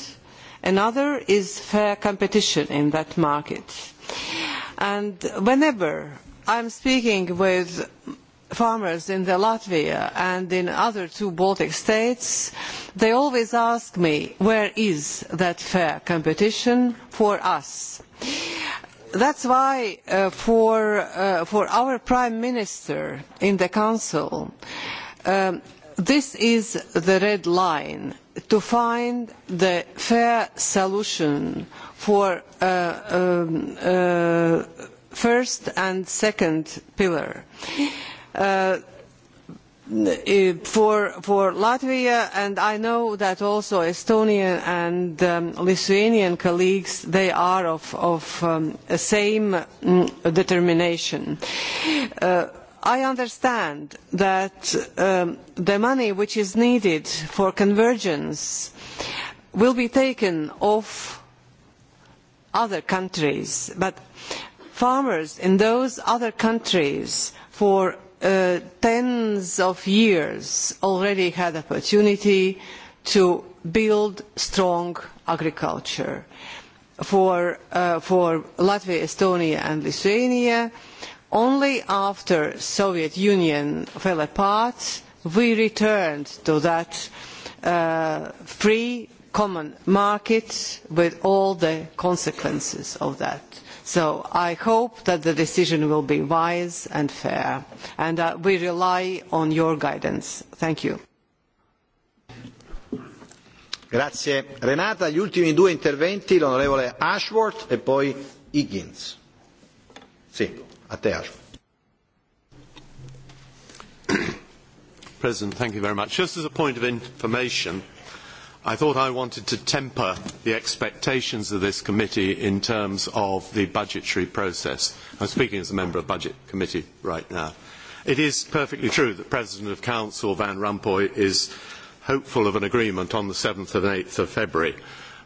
another is fair competition in that market. And whenever I am speaking with farmers in Latvia and in other two Baltic states, they always ask me, where is that fair competition for us? That is why uh, for, uh, for, our Prime Minister in the Council, um, this is the red line to find the fair solution for uh, um, uh, first and second pillar. Uh, for, for Latvia, and I know that also Estonian and um, Lithuanian colleagues, they are of, of um, same mm, determination. Uh, I understand that um, the money which is needed for convergence will be taken off other countries, but farmers in those other countries for uh, tens of years already had opportunity to build strong agriculture. For, uh, for Latvia, Estonia and Lithuania, only after the Soviet Union fell apart, we returned to that uh, free common market with all the consequences of that. So I hope that the decision will be wise and fair, and uh, we rely on your guidance. Thank you. Grazie Renata. Gli ultimi due interventi, l'onorevole Ashworth e poi Higgins. Sì, a te Ashworth. President, thank you very much. Just as a point of information, I thought I wanted to temper the expectations of this committee in terms of the budgetary process. I am speaking as a member of the Budget Committee right now. It is perfectly true that President of Council Van Rompuy is hopeful of an agreement on the 7th and 8th of February.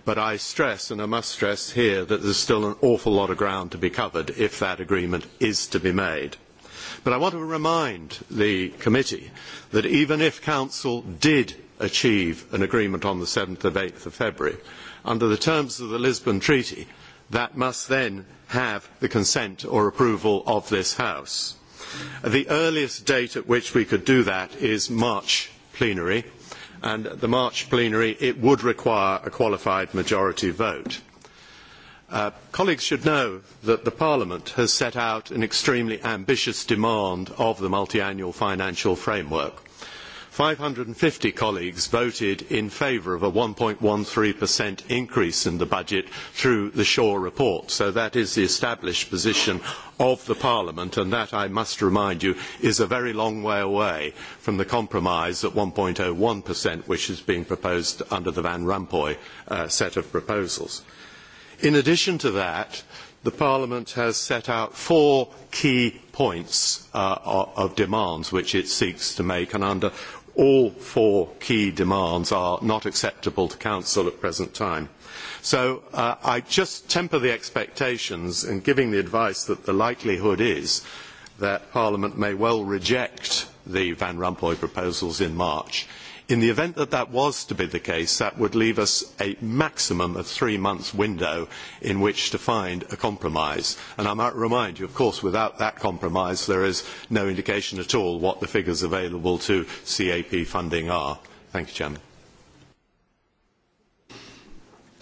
But I stress, and I must stress here, that there is still an awful lot of ground to be covered if that agreement is to be made. But I want to remind the committee that even if Council did achieve an agreement on the 7th of 8th of February, under the terms of the Lisbon Treaty, that must then have the consent or approval of this House. The earliest date at which we could do that is March plenary, and at the March plenary it would require a qualified majority vote. Uh, colleagues should know that the Parliament has set out an extremely ambitious demand of the multiannual financial framework. Five hundred and fifty colleagues voted in favour of a one 1.13% increase in the budget through the Shaw report. So that is the established position of the Parliament, and that, I must remind you, is a very long way away from the compromise at one 1.01%, which is being proposed under the Van Rompuy uh, set of proposals. In addition to that, Parliament has set out four key points uh, of demands which it seeks to make, and under all four key demands are not acceptable to Council at present time. So uh, I just temper the expectations in giving the advice that the likelihood is that Parliament may well reject the Van Rompuy proposals in March In the event that that was to be the case, that would leave us a maximum of three months window in which to find a compromise. And I might remind you, of course, without that compromise, there is no indication at all what the figures available to CAP funding are. Thank you, Chairman.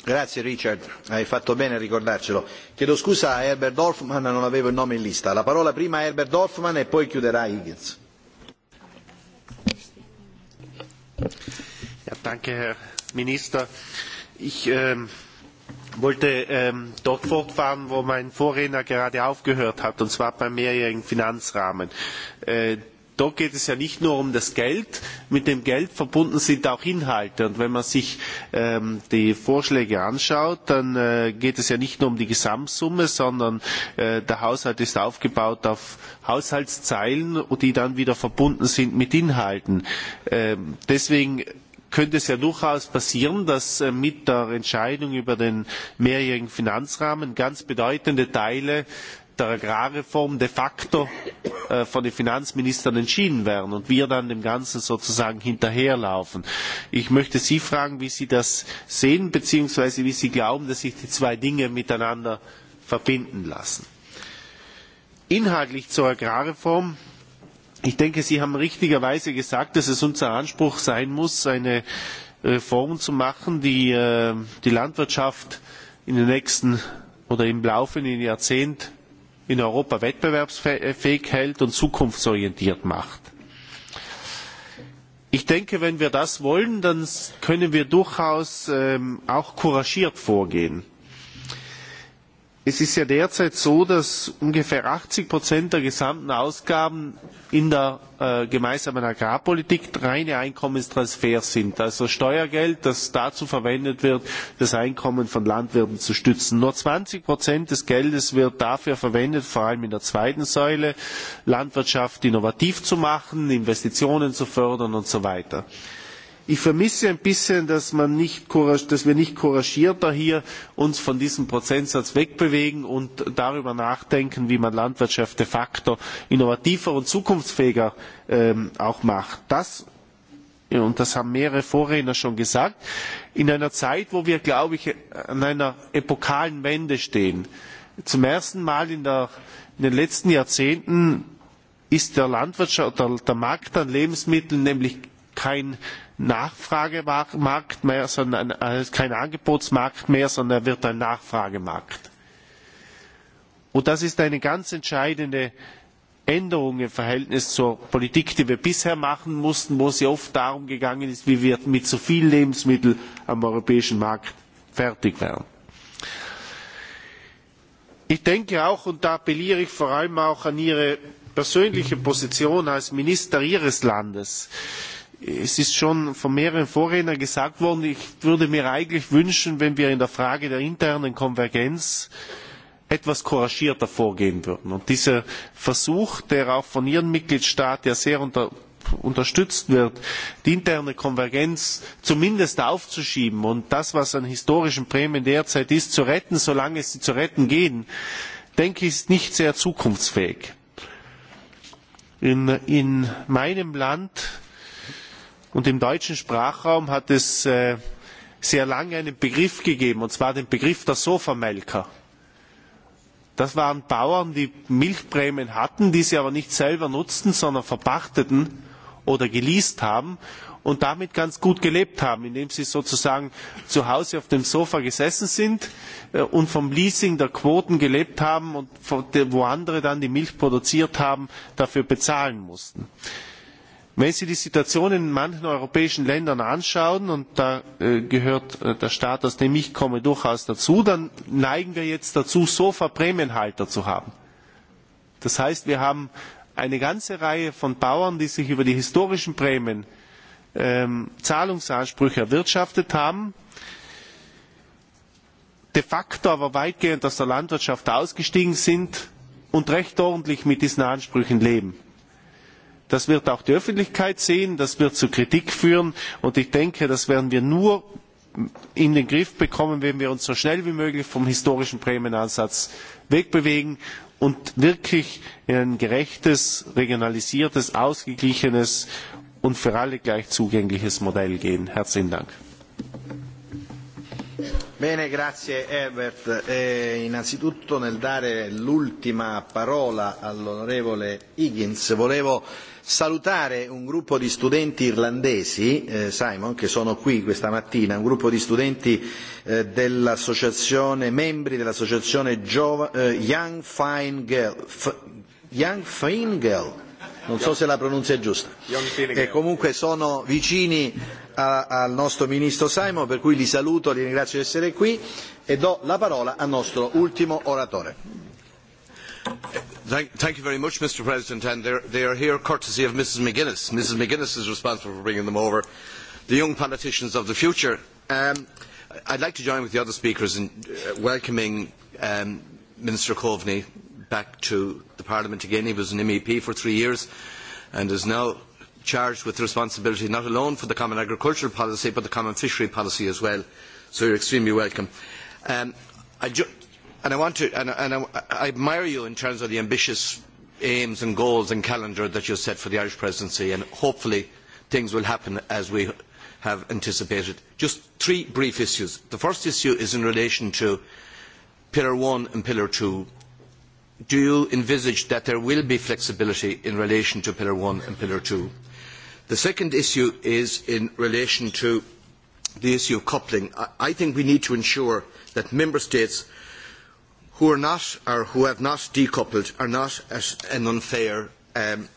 Grazie Richard, hai fatto bene a ricordarcelo. Chiedo scusa a Herbert Dorfman, non avevo il nome in lista. La parola prima a Herbert Dorfman e poi chiuderà Higgins. Ja, danke, Herr Minister. Ich ähm, wollte ähm, dort fortfahren, wo mein Vorredner gerade aufgehört hat, und zwar beim mehrjährigen Finanzrahmen. Äh, da geht es ja nicht nur um das Geld. Mit dem Geld verbunden sind auch Inhalte. Und wenn man sich ähm, die Vorschläge anschaut, dann äh, geht es ja nicht nur um die Gesamtsumme, sondern äh, der Haushalt ist aufgebaut auf Haushaltszeilen, die dann wieder verbunden sind mit Inhalten. Ähm, deswegen könnte es ja durchaus passieren, dass äh, mit der Entscheidung über den mehrjährigen Finanzrahmen ganz bedeutende Teile der Agrarreform de facto äh, von den Finanzministern entschieden werden und wir dann dem Ganzen sozusagen hinterherlaufen. Ich möchte Sie fragen, wie Sie das sehen, beziehungsweise wie Sie glauben, dass sich die zwei Dinge miteinander verbinden lassen. Inhaltlich zur Agrarreform. Ich denke, Sie haben richtigerweise gesagt, dass es unser Anspruch sein muss, eine Reform zu machen, die äh, die Landwirtschaft in den nächsten oder im laufenden Jahrzehnt in Europa wettbewerbsfähig hält und zukunftsorientiert macht. Ich denke, wenn wir das wollen, dann können wir durchaus ähm, auch couragiert vorgehen. Es ist ja derzeit so, dass ungefähr 80 Prozent der gesamten Ausgaben in der äh, gemeinsamen Agrarpolitik reine Einkommenstransfers sind. Also Steuergeld, das dazu verwendet wird, das Einkommen von Landwirten zu stützen. Nur 20 Prozent des Geldes wird dafür verwendet, vor allem in der zweiten Säule, Landwirtschaft innovativ zu machen, Investitionen zu fördern und so weiter. Ich vermisse ein bisschen, dass, man nicht, dass wir nicht couragierter hier uns von diesem Prozentsatz wegbewegen und darüber nachdenken, wie man Landwirtschaft de facto innovativer und zukunftsfähiger ähm, auch macht. Das und das haben mehrere Vorredner schon gesagt, in einer Zeit, wo wir, glaube ich, an einer epokalen Wende stehen. Zum ersten Mal in, der, in den letzten Jahrzehnten ist der Landwirtschaft, der, der Markt an Lebensmitteln nämlich kein Nachfragemarkt mehr, sondern also äh, kein Angebotsmarkt mehr, sondern wird ein Nachfragemarkt. Und das ist eine ganz entscheidende Änderung im Verhältnis zur Politik, die wir bisher machen mussten, wo es ja oft darum gegangen ist, wie wir mit so viel Lebensmittel am europäischen Markt fertig werden. Ich denke auch, und da appelliere ich vor allem auch an Ihre persönliche Position als Minister Ihres Landes, äh, Es ist schon von mehreren Vorrednern gesagt worden, ich würde mir eigentlich wünschen, wenn wir in der Frage der internen Konvergenz etwas couragierter vorgehen würden. Und dieser Versuch, der auch von Ihrem Mitgliedstaat ja sehr unter, unterstützt wird, die interne Konvergenz zumindest aufzuschieben und das, was an historischen Prämien derzeit ist, zu retten, solange sie zu retten gehen, denke ich, ist nicht sehr zukunftsfähig. In, in meinem Land Und im deutschen Sprachraum hat es äh, sehr lange einen Begriff gegeben, und zwar den Begriff der Sofamelker. Das waren Bauern, die Milchprämien hatten, die sie aber nicht selber nutzten, sondern verpachteten oder geleast haben und damit ganz gut gelebt haben, indem sie sozusagen zu Hause auf dem Sofa gesessen sind äh, und vom Leasing der Quoten gelebt haben und wo andere dann die Milch produziert haben, dafür bezahlen mussten. Wenn Sie die Situation in manchen europäischen Ländern anschauen, und da äh, gehört äh, der Staat, aus dem ich komme, durchaus dazu, dann neigen wir jetzt dazu, Sofa-Prämienhalter zu haben. Das heißt, wir haben eine ganze Reihe von Bauern, die sich über die historischen Prämien ähm, Zahlungsansprüche erwirtschaftet haben, de facto aber weitgehend aus der Landwirtschaft ausgestiegen sind und recht ordentlich mit diesen Ansprüchen leben. Das wird auch die Öffentlichkeit sehen, das wird zu Kritik führen und ich denke, das werden wir nur in den Griff bekommen, wenn wir uns so schnell wie möglich vom historischen Prämienansatz wegbewegen und wirklich in ein gerechtes, regionalisiertes, ausgeglichenes und für alle gleich zugängliches Modell gehen. Herzlichen Dank. Bene, grazie Herbert. Eh, innanzitutto nel dare l'ultima parola all'onorevole Higgins volevo salutare un gruppo di studenti irlandesi, eh, Simon, che sono qui questa mattina, un gruppo di studenti eh, dell'associazione, membri dell'associazione Giova, eh, Young Fine Girl, F, Young Fine Girl non so se la pronuncia è giusta. E comunque sono vicini a, al nostro ministro Simon, per cui li saluto, li ringrazio di essere qui e do la parola al nostro ultimo oratore. Thank, thank you very much, Mr. President, and they are here courtesy of Mrs. McGuinness. Mrs. McGuinness is responsible for bringing them over, the young politicians of the future. Um, I'd like to join with the other speakers in uh, welcoming um, Minister Coveney, back to the Parliament again. He was an MEP for three years and is now charged with responsibility not alone for the common agricultural policy but the common fishery policy as well. So you are extremely welcome. Um, I and I want to, and, and I, I admire you in terms of the ambitious aims and goals and calendar that you have set for the Irish presidency and hopefully things will happen as we have anticipated. Just three brief issues. The first issue is in relation to Pillar one and Pillar two do you envisage that there will be flexibility in relation to Pillar one and Pillar two? The second issue is in relation to the issue of coupling. I think we need to ensure that Member States who are not or who have not decoupled are not at an unfair um,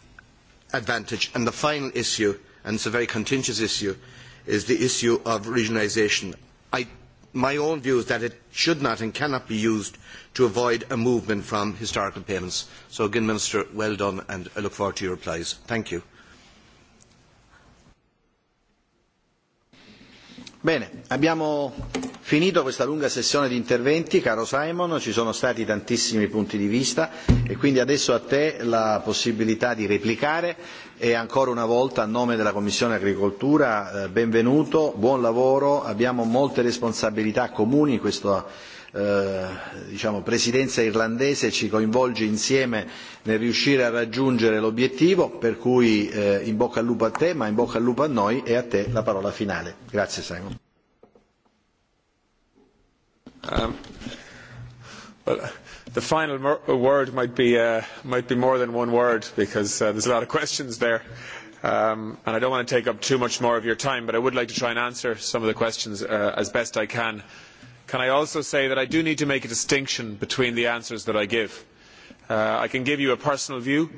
advantage. And the final issue, and it is a very contentious issue, is the issue of regionalisation. I my own view is that it should not and cannot be used to avoid a movement from historical payments. So again, Minister, well done and I look forward to your replies. Thank you. Bene, abbiamo finito questa lunga sessione di interventi, caro Simon, ci sono stati tantissimi punti di vista e quindi adesso a te la possibilità di replicare e ancora una volta a nome della Commissione Agricoltura eh, benvenuto, buon lavoro, abbiamo molte responsabilità comuni in questa eh, diciamo, presidenza irlandese ci coinvolge insieme nel riuscire a raggiungere l'obiettivo, per cui eh, in bocca al lupo a te, ma in bocca al lupo a noi e a te la parola finale. Grazie Simon. Um, the final uh, word might be, uh, might be more than one word because uh, there's a lot of questions there. Um, and I don't want to take up too much more of your time, but I would like to try and answer some of the questions uh, as best I can. Can I also say that I do need to make a distinction between the answers that I give? Uh, I can give you a personal view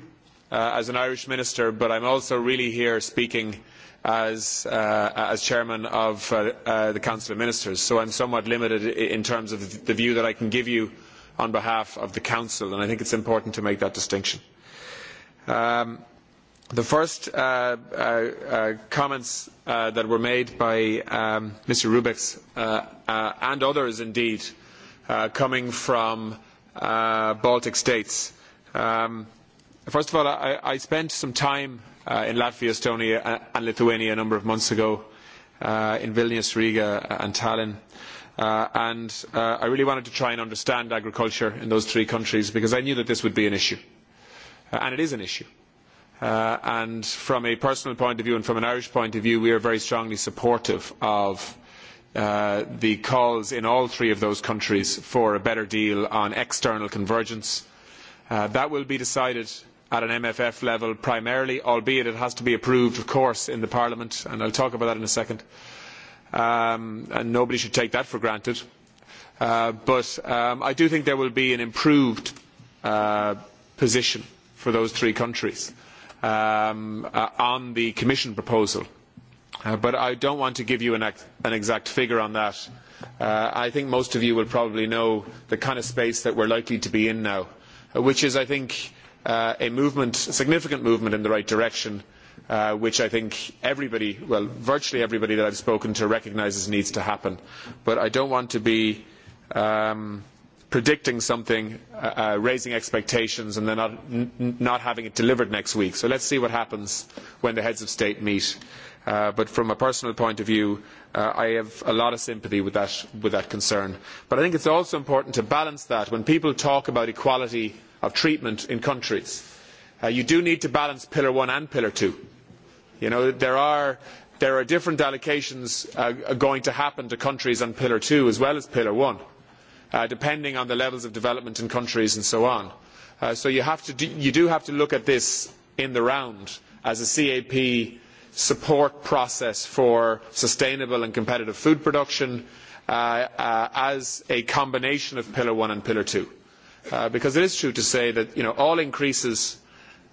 uh, as an Irish minister, but I am also really here speaking as, uh, as chairman of uh, uh, the Council of Ministers, so I am somewhat limited in terms of the view that I can give you on behalf of the Council, and I think it is important to make that distinction. Um, the first uh, uh, uh comments uh, that were made by um, Mr. Rubix uh, and others indeed coming from Baltic states. Um, first of all, I, I spent some time in Latvia, Estonia and Lithuania a number of months ago in Vilnius, Riga and Tallinn. Uh, and uh, I really wanted to try and understand agriculture in those three countries because I knew that this would be an issue. Uh, and it is an issue. Uh, and from a personal point of view and from an Irish point of view, we are very strongly supportive of uh, the calls in all three of those countries for a better deal on external convergence. Uh, that will be decided at an MFF level primarily, albeit it has to be approved, of course, in the Parliament, and I will talk about that in a second. Uh, um, and nobody should take that for granted. Uh, but um, I do think there will be an improved uh, position for those three countries um, uh, on the Commission proposal. Uh, but I don't want to give you an, an exact figure on that. Uh, I think most of you will probably know the kind of space that we're likely to be in now, which is, I think, uh, a movement, a significant movement in the right direction, Uh, which I think everybody, well, virtually everybody that I have spoken to recognises needs to happen. But I don't want to be um, predicting something, uh, uh, raising expectations, and then not, not having it delivered next week. So let us see what happens when the heads of state meet. Uh, but from a personal point of view, uh, I have a lot of sympathy with that, with that concern. But I think it is also important to balance that when people talk about equality of treatment in countries. Uh, you do need to balance pillar one and pillar two. You know, there are there are different allocations uh, going to happen to countries on Pillar Two as well as Pillar One, uh, depending on the levels of development in countries and so on. Uh, so you, have to do, you do have to look at this in the round as a CAP support process for sustainable and competitive food production uh, uh, as a combination of Pillar One and Pillar Two, uh, because it is true to say that you know, all increases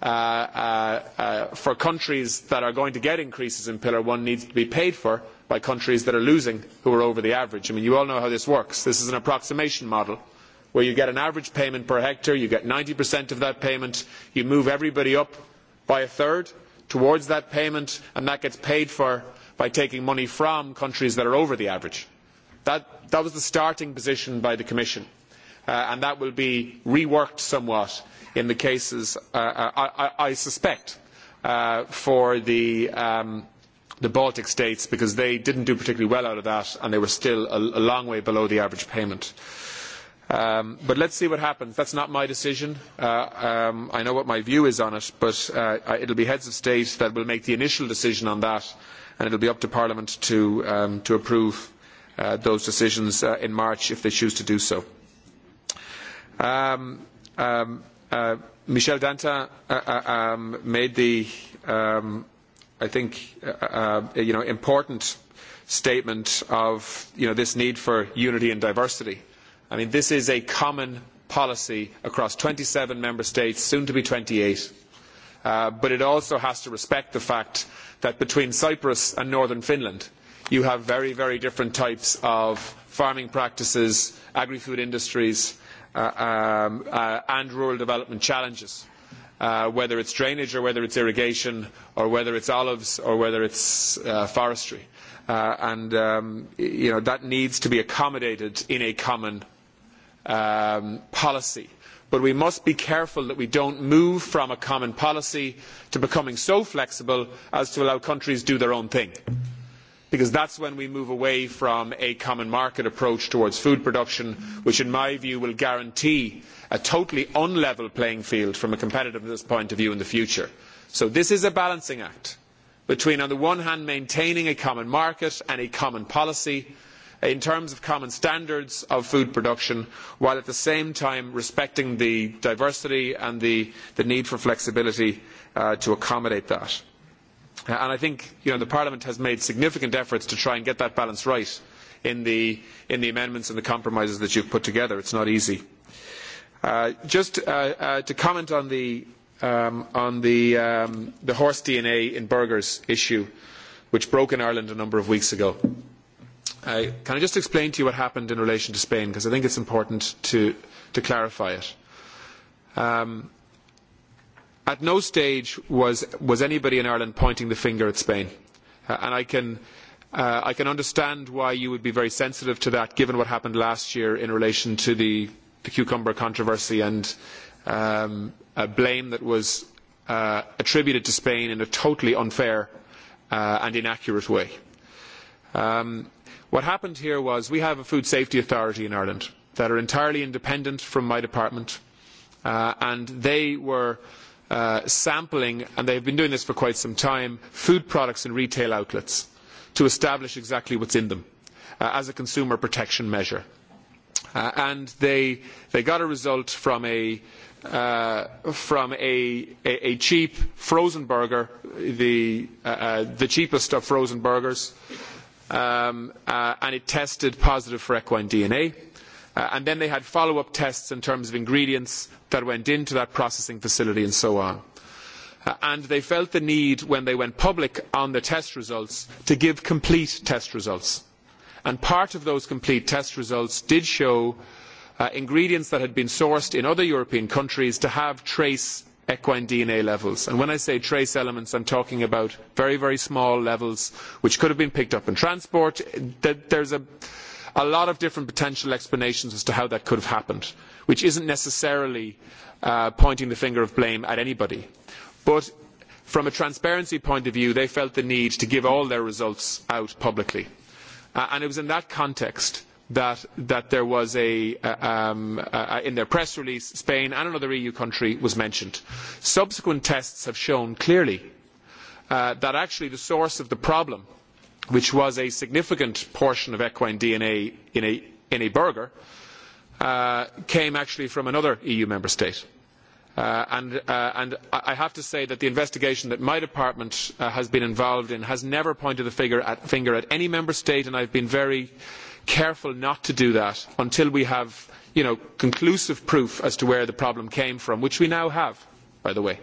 Uh, uh, uh, for countries that are going to get increases in Pillar one needs to be paid for by countries that are losing who are over the average. I mean, you all know how this works. This is an approximation model where you get an average payment per hectare, you get 90% of that payment, you move everybody up by a third towards that payment, and that gets paid for by taking money from countries that are over the average. That, that was the starting position by the Commission. Uh, and that will be reworked somewhat in the cases uh, uh, I, I, I, suspect for the, um, the Baltic states because they did not do particularly well out of that and they were still a, a long way below the average payment. Um, but let's see what happens. That's not my decision. Uh, um, I know what my view is on it, but uh, it'll be heads of state that will make the initial decision on that, and it'll be up to Parliament to, um, to approve uh, those decisions uh, in March if they choose to do so. Um, um, uh, Michel Danta uh, uh, um, made the, um, I think, uh, uh, you know, important statement of you know, this need for unity and diversity. I mean, this is a common policy across twenty seven member states, soon to be twenty eight. Uh, but it also has to respect the fact that between Cyprus and northern Finland, you have very, very different types of farming practices, agri-food industries, Uh, um, uh, and rural development challenges. Uh, whether it is drainage or whether it is irrigation or whether it is olives or whether it is uh, forestry. Uh, and um, you know, that needs to be accommodated in a common um, policy. But we must be careful that we do not move from a common policy to becoming so flexible as to allow countries to do their own thing because that is when we move away from a common market approach towards food production, which in my view will guarantee a totally unlevel playing field from a competitiveness point of view in the future. So this is a balancing act between on the one hand maintaining a common market and a common policy in terms of common standards of food production while at the same time respecting the diversity and the, the need for flexibility uh, to accommodate that. Uh, and I think you know, the Parliament has made significant efforts to try and get that balance right in the, in the amendments and the compromises that you have put together. It is not easy. Uh, just uh, uh, to comment on the, um, on the, um, the horse DNA in burgers issue, which broke in Ireland a number of weeks ago. Uh, can I just explain to you what happened in relation to Spain, because I think it is important to, to, clarify it. Um, At no stage was, was anybody in Ireland pointing the finger at Spain. Uh, and I can, uh, I can understand why you would be very sensitive to that given what happened last year in relation to the, the cucumber controversy and um, a blame that was uh, attributed to Spain in a totally unfair uh, and inaccurate way. Um, what happened here was we have a food safety authority in Ireland that are entirely independent from my department uh, and they were uh, sampling, and they have been doing this for quite some time, food products in retail outlets to establish exactly what is in them uh, as a consumer protection measure. Uh, and they, they got a result from a, uh, from a, a, a cheap frozen burger, the, uh, uh, the cheapest of frozen burgers, um, uh, and it tested positive for equine DNA. Uh, and then they had follow-up tests in terms of ingredients that went into that processing facility and so on. Uh, and they felt the need when they went public on the test results to give complete test results. And part of those complete test results did show uh, ingredients that had been sourced in other European countries to have trace equine DNA levels. And when I say trace elements, I am talking about very, very small levels which could have been picked up in transport. There's a a lot of different potential explanations as to how that could have happened, which is not necessarily uh, pointing the finger of blame at anybody. But from a transparency point of view, they felt the need to give all their results out publicly. Uh, and it was in that context that, that there was a, uh, um, uh, in their press release, Spain and another EU country was mentioned. Subsequent tests have shown clearly uh, that actually the source of the problem which was a significant portion of equine DNA in a, in a burger, uh, came actually from another EU member state. Uh, and, uh, and I have to say that the investigation that my department uh, has been involved in has never pointed the finger at, finger at any member state, and I have been very careful not to do that until we have you know, conclusive proof as to where the problem came from, which we now have, by the way.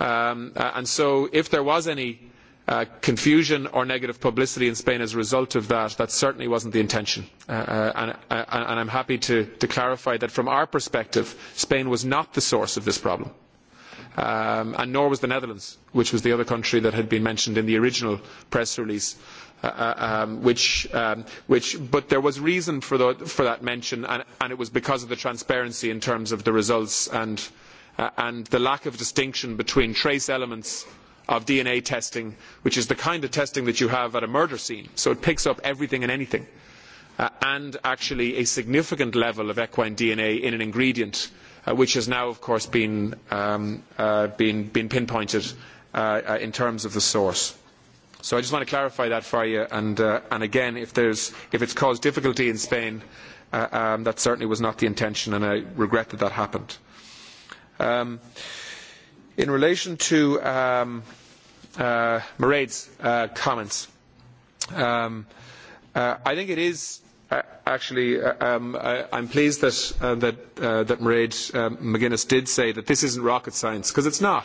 Um, uh, and so if there was any Uh, confusion or negative publicity in Spain as a result of that, that certainly wasn't the intention. Uh, uh, uh, and, and I'm happy to, to clarify that from our perspective, Spain was not the source of this problem. Um, and nor was the Netherlands, which was the other country that had been mentioned in the original press release. Uh, um, which, um, which, but there was reason for, the, for that mention, and, and, it was because of the transparency in terms of the results and, uh, and the lack of distinction between trace elements of DNA testing, which is the kind of testing that you have at a murder scene. So it picks up everything and anything. Uh, and actually a significant level of equine DNA in an ingredient, uh, which has now, of course, been, um, uh, been, been pinpointed uh, uh, in terms of the source. So I just want to clarify that for you. And, uh, and again, if, there's, if it's caused difficulty in Spain, um, that certainly was not the intention, and I regret that that happened. Um, In relation to um, uh, Mairead's uh, comments, um, uh, I think it is uh, actually uh, um, I, I'm pleased that uh, that uh, that Mairead um, McGuinness did say that this isn't rocket science because it's not.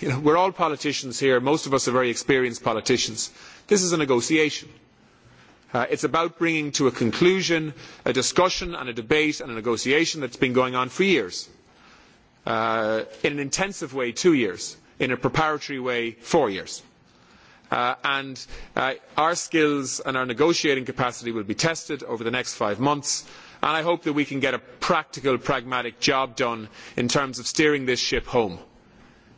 You know, we're all politicians here. Most of us are very experienced politicians. This is a negotiation. Uh, it's about bringing to a conclusion a discussion and a debate and a negotiation that's been going on for years. Uh, in an intensive way, two years. In a preparatory way, four years. Uh, and uh, our skills and our negotiating capacity will be tested over the next five months. And I hope that we can get a practical, pragmatic job done in terms of steering this ship home.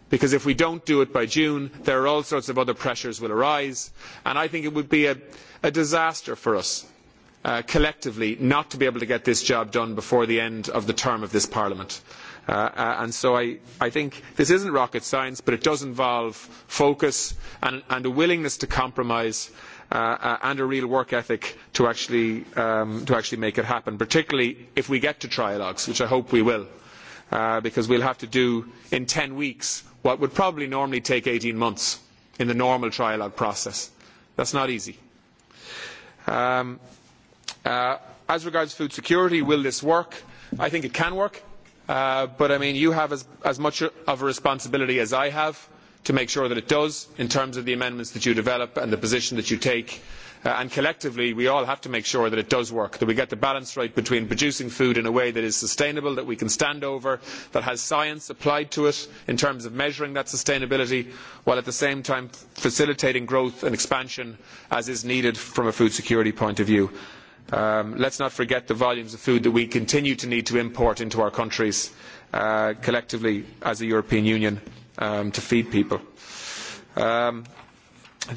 Because if we do not do it by June, there are all sorts of other pressures that will arise. And I think it would be a, a disaster for us uh, collectively not to be able to get this job done before the end of the term of this Parliament. Uh, uh, and so I, I think this isn't rocket science, but it does involve focus and, and a willingness to compromise uh, uh, and a real work ethic to actually, um, to actually make it happen, particularly if we get to trialogues, which I hope we will, uh, because we'll have to do in 10 weeks what would probably normally take 18 months in the normal trialogue process. That's not easy. Um, uh, as regards food security, will this work? I think it can work. Uh, but I mean, you have as, as much of a responsibility as I have to make sure that it does in terms of the amendments that you develop and the position that you take. Uh, and collectively, we all have to make sure that it does work, that we get the balance right between producing food in a way that is sustainable, that we can stand over, that has science applied to it in terms of measuring that sustainability, while at the same time facilitating growth and expansion as is needed from a food security point of view. Um, Let us not forget the volumes of food that we continue to need to import into our countries uh, collectively as a European Union um, to feed people. Um,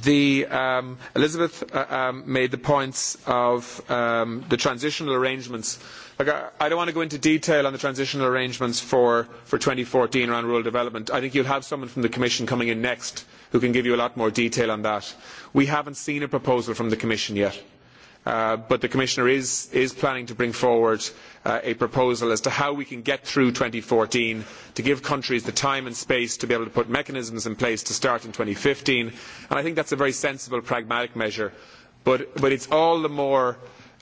the, um, Elizabeth uh, um, made the points of um, the transitional arrangements. Like I, I don't want to go into detail on the transitional arrangements for, for fourteen around rural development. I think you will have someone from the Commission coming in next who can give you a lot more detail on that. We have not seen a proposal from the Commission yet. Uh, but the Commissioner is, is, planning to bring forward uh, a proposal as to how we can get through fourteen to give countries the time and space to be able to put mechanisms in place to start in fifteen, And I think that is a very sensible, pragmatic measure. But, but it is all the more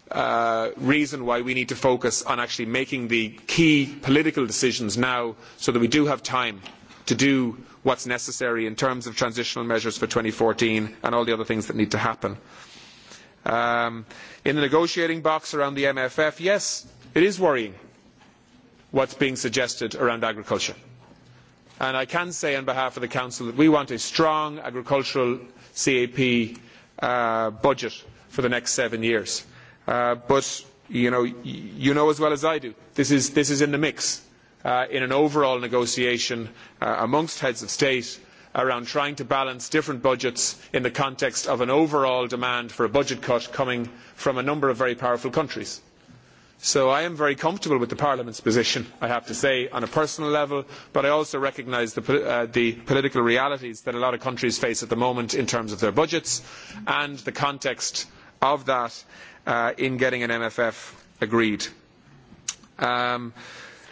uh, reason why we need to focus on actually making the key political decisions now so that we do have time to do what is necessary in terms of transitional measures for fourteen and all the other things that need to happen. Um, in the negotiating box around the MFF, yes, it is worrying what is being suggested around agriculture. And I can say on behalf of the Council that we want a strong agricultural CAP uh, budget for the next seven years. Uh, but you know, you know as well as I do, this is, this is in the mix uh, in an overall negotiation uh, amongst heads of state around trying to balance different budgets in the context of an overall demand for a budget cut coming from a number of very powerful countries. So I am very comfortable with Parliament's position, I have to say, on a personal level, but I also recognise the, uh, the, political realities that a lot of countries face at the moment in terms of their budgets and the context of that uh, in getting an MFF agreed. Um,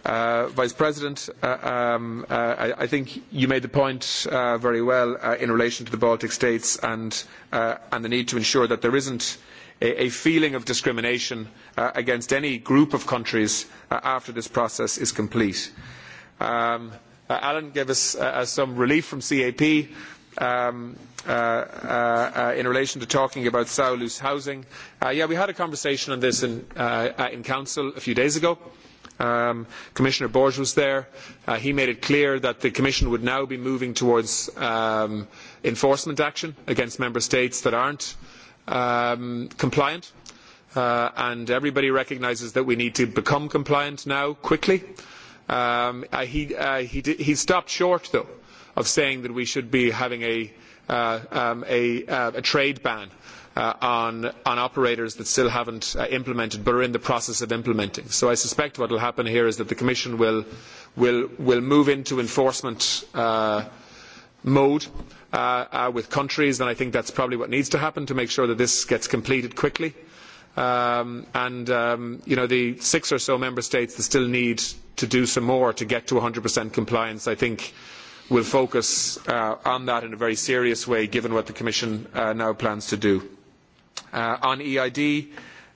Uh, Vice President, uh, um, uh, I, I, think you made the point uh, very well uh, in relation to the Baltic states and, uh, and, the need to ensure that there is not a, a feeling of discrimination against any group of countries after this process is complete. Um, Alan gave us some relief from CAP. Um, uh, uh, in relation to talking about Luce housing. Uh, yeah, we had a conversation on this in, in Council a few days ago. Um, Commissioner Borges was there. Uh, he made it clear that the Commission would now be moving towards um, enforcement action against member states that are not um, compliant. Uh, and everybody recognises that we need to become compliant now quickly. Um, uh, he, uh, he, he stopped short, though, of saying that we should be having a, uh, um, a, uh, a trade ban uh, on, on, operators that still have not uh, implemented but are in the process of implementing. So I suspect what will happen here is that the Commission will, will, will move into enforcement uh, mode uh, uh, with countries, and I think that is probably what needs to happen to make sure that this gets completed quickly. Um, and um, you know, the six or so member states that still need to do some more to get to one 100% compliance, I think will focus uh, on that in a very serious way given what the Commission now plans to do. Uh, on EID,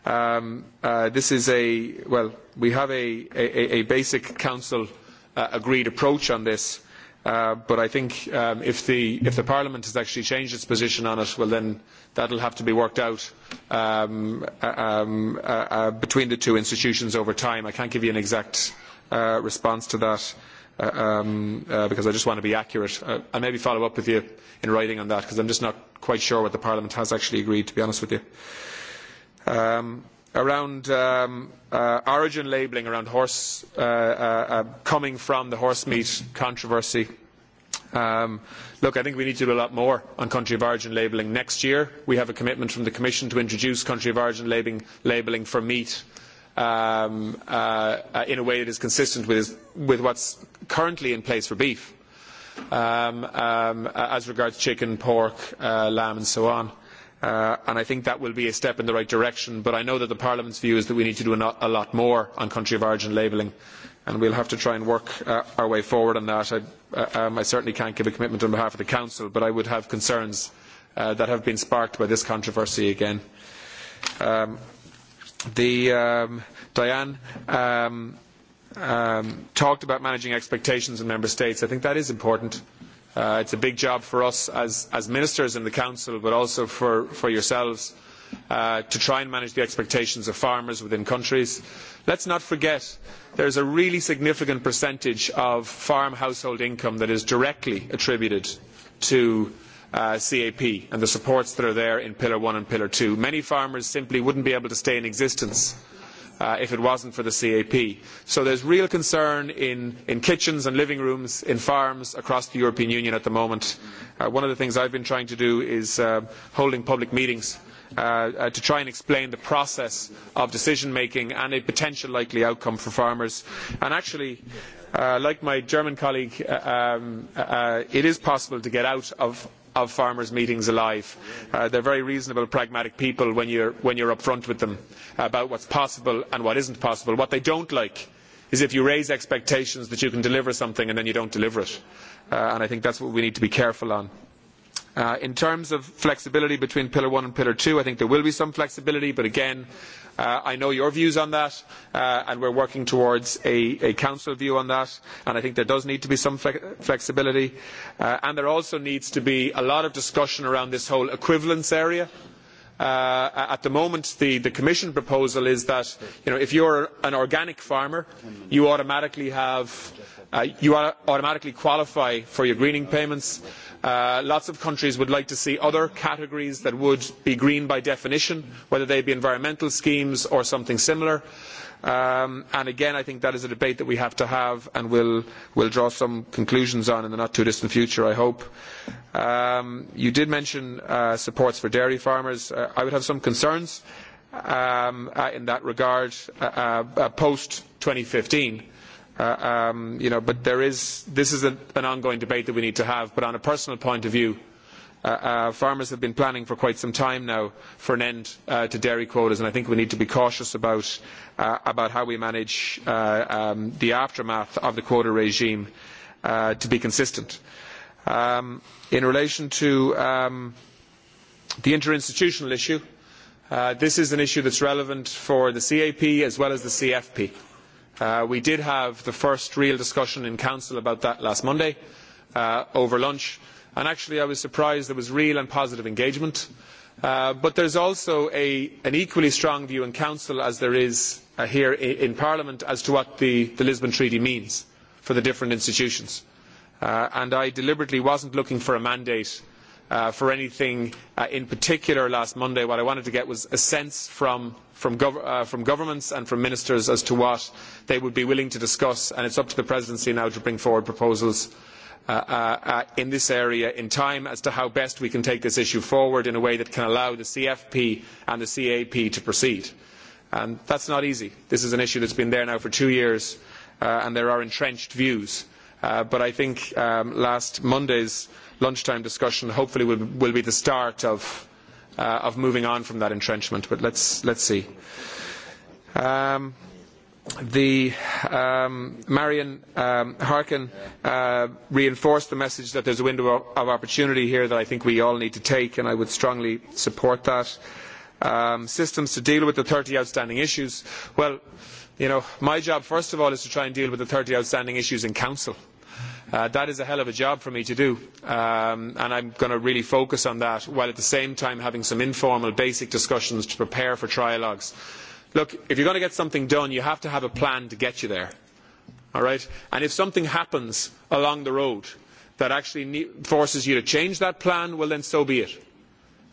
um, uh, this is a, well, we have a, a, a basic council uh, agreed approach on this, uh, but I think um, if, the, if the Parliament has actually changed its position on it, well then that will have to be worked out um, uh, um, uh, uh, between the two institutions over time. I can't give you an exact uh, response to that uh, um, uh, because I just want to be accurate. Uh, I'll maybe follow up with you in writing on that because I'm just not quite sure what the Parliament has actually agreed, to be honest with you. Um, around um, uh, origin labelling, around horse, uh, uh, uh, coming from the horse meat controversy, Um, look, I think we need to do a lot more on country of origin labelling next year. We have a commitment from the Commission to introduce country of origin labelling for meat um, uh, uh, in a way that is consistent with, what with what's currently in place for beef um, um, uh, as regards chicken, pork, uh, lamb and so on. Uh, and I think that will be a step in the right direction, but I know that the Parliament's view is that we need to do a lot more on country of origin labelling, and we'll have to try and work uh, our way forward on that. I, uh, um, I certainly can't give a commitment on behalf of the Council, but I would have concerns uh, that have been sparked by this controversy again. Um, the um, Diane um, um, talked about managing expectations in member states. I think that is important. Uh, it's a big job for us as, as ministers in the council, but also for, for yourselves uh, to try and manage the expectations of farmers within countries. Let's not forget there is a really significant percentage of farm household income that is directly attributed to Uh, CAP and the supports that are there in Pillar one and Pillar two. Many farmers simply would not be able to stay in existence uh, if it was not for the CAP. So there is real concern in, in, kitchens and living rooms in farms across the European Union at the moment. Uh, one of the things I have been trying to do is uh, holding public meetings uh, uh to try and explain the process of decision making and a potential likely outcome for farmers. And actually, uh, like my German colleague, um, it is possible to get out of of farmers' meetings alive. Uh, they're very reasonable, pragmatic people when you're, when you're front with them about what's possible and what isn't possible. What they don't like is if you raise expectations that you can deliver something and then you don't deliver it. Uh, and I think that's what we need to be careful on. Uh, in terms of flexibility between Pillar one and Pillar two, I think there will be some flexibility, but again, uh, I know your views on that, uh, and we are working towards a, a, Council view on that, and I think there does need to be some fle flexibility. Uh, and there also needs to be a lot of discussion around this whole equivalence area. Uh, at the moment, the, the Commission proposal is that you know, if you are an organic farmer, you automatically, have, uh, you automatically qualify for your greening payments. Uh, Uh, lots of countries would like to see other categories that would be green by definition, whether they be environmental schemes or something similar. Um, and again, I think that is a debate that we have to have and we'll, we'll draw some conclusions on in the not too distant future, I hope. Um, you did mention uh, supports for dairy farmers. Uh, I would have some concerns um, uh, in that regard uh, post 2015. fifteen Uh, um, you know, but there is, this is a, an ongoing debate that we need to have. But on a personal point of view, uh, uh, farmers have been planning for quite some time now for an end uh, to dairy quotas, and I think we need to be cautious about, uh, about how we manage uh, um, the aftermath of the quota regime uh, to be consistent. Um, in relation to um, the interinstitutional issue, uh, this is an issue that's relevant for the CAP as well as the CFP. Uh, we did have the first real discussion in Council about that last Monday uh, over lunch, and actually I was surprised there was real and positive engagement. Uh, but there is also a, an equally strong view in Council as there is uh, here in Parliament as to what the, the, Lisbon Treaty means for the different institutions. Uh, and I deliberately was not looking for a mandate uh, for anything uh, in particular last Monday. What I wanted to get was a sense from, from, gov uh, from governments and from ministers as to what they would be willing to discuss, and it is up to the presidency now to bring forward proposals uh, uh, uh, in this area in time as to how best we can take this issue forward in a way that can allow the CFP and the CAP to proceed. That is not easy. This is an issue that has been there now for two years, and there are entrenched views. Uh, but I think um, last Monday's lunchtime discussion hopefully will, will be the start of, uh, of, moving on from that entrenchment. But let's, let's see. Um, the um, Marion um, Harkin uh, reinforced the message that there is a window of opportunity here that I think we all need to take, and I would strongly support that. Um, systems to deal with the thirty outstanding issues. Well, uh, You know, my job, first of all, is to try and deal with the 30 outstanding issues in Council. Uh, that is a hell of a job for me to do, um, and I am going to really focus on that while at the same time having some informal basic discussions to prepare for trialogues. Look, if you are going to get something done, you have to have a plan to get you there. Right? And if something happens along the road that actually forces you to change that plan, well then so be it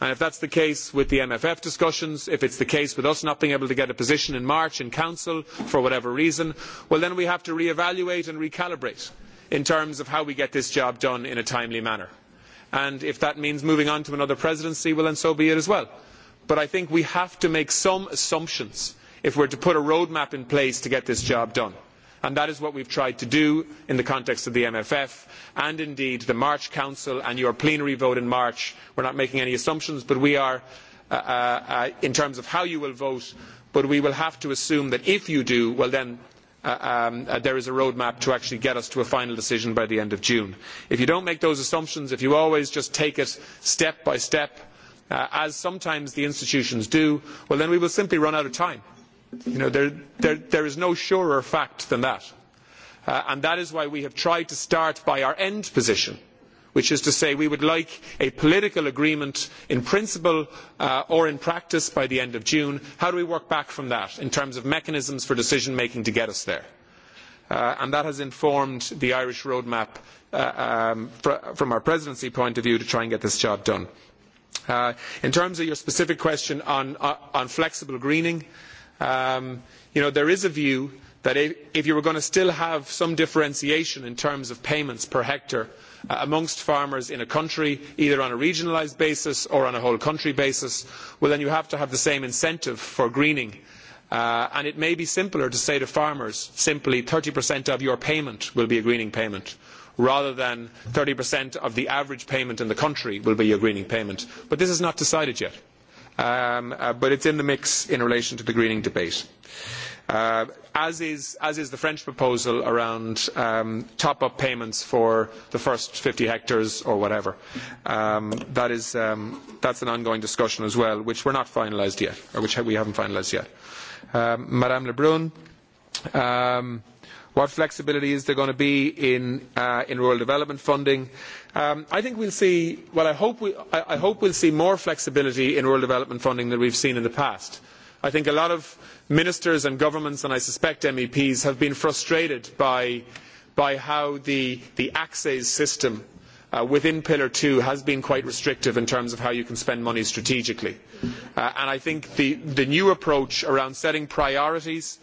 And if that is the case with the MFF discussions, if it is the case with us not being able to get a position in March in Council for whatever reason, well then we have to re-evaluate and recalibrate in terms of how we get this job done in a timely manner. And if that means moving on to another presidency, well then so be it as well. But I think we have to make some assumptions if we are to put a road map in place to get this job done and that is what we have tried to do in the context of the MFF and indeed the March Council and your plenary vote in March. We are not making any assumptions, but we are, uh, uh, uh, in terms of how you will vote, but we will have to assume that if you do, well then Uh, um, uh, there is a roadmap to actually get us to a final decision by the end of June. If you do not make those assumptions, if you always just take it step by step, uh, as sometimes the institutions do, well then we will simply run out of time. You know, there, there, there is no surer fact than that. Uh, and that is why we have tried to start by our end position, which is to say we would like a political agreement in principle uh, or in practice by the end of June. How do we work back from that in terms of mechanisms for decision making to get us there? Uh, and that has informed the Irish roadmap uh, um, fr from our presidency point of view to try and get this job done. Uh, in terms of your specific question on, uh, on flexible greening, uh, Um, you know, there is a view that if you were going to still have some differentiation in terms of payments per hectare uh, amongst farmers in a country, either on a regionalised basis or on a whole country basis, well then you have to have the same incentive for greening. Uh, and it may be simpler to say to farmers simply 30% of your payment will be a greening payment rather than 30% of the average payment in the country will be your greening payment. But this is not decided yet um, uh, but it's in the mix in relation to the greening debate. Uh, as, is, as is the French proposal around um, top-up payments for the first 50 hectares or whatever. Um, that is, um, that's an ongoing discussion as well, which we're not finalised yet, or which we haven't finalised yet. Um, Madame Lebrun, um, what flexibility is there going to be in, uh, in rural development funding? Um, I think we'll see, well, I hope, we, I, hope we'll see more flexibility in rural development funding than we've seen in the past. I think a lot of ministers and governments, and I suspect MEPs, have been frustrated by, by how the, the system uh, within Pillar two has been quite restrictive in terms of how you can spend money strategically. Uh, and I think the, the, new approach around setting priorities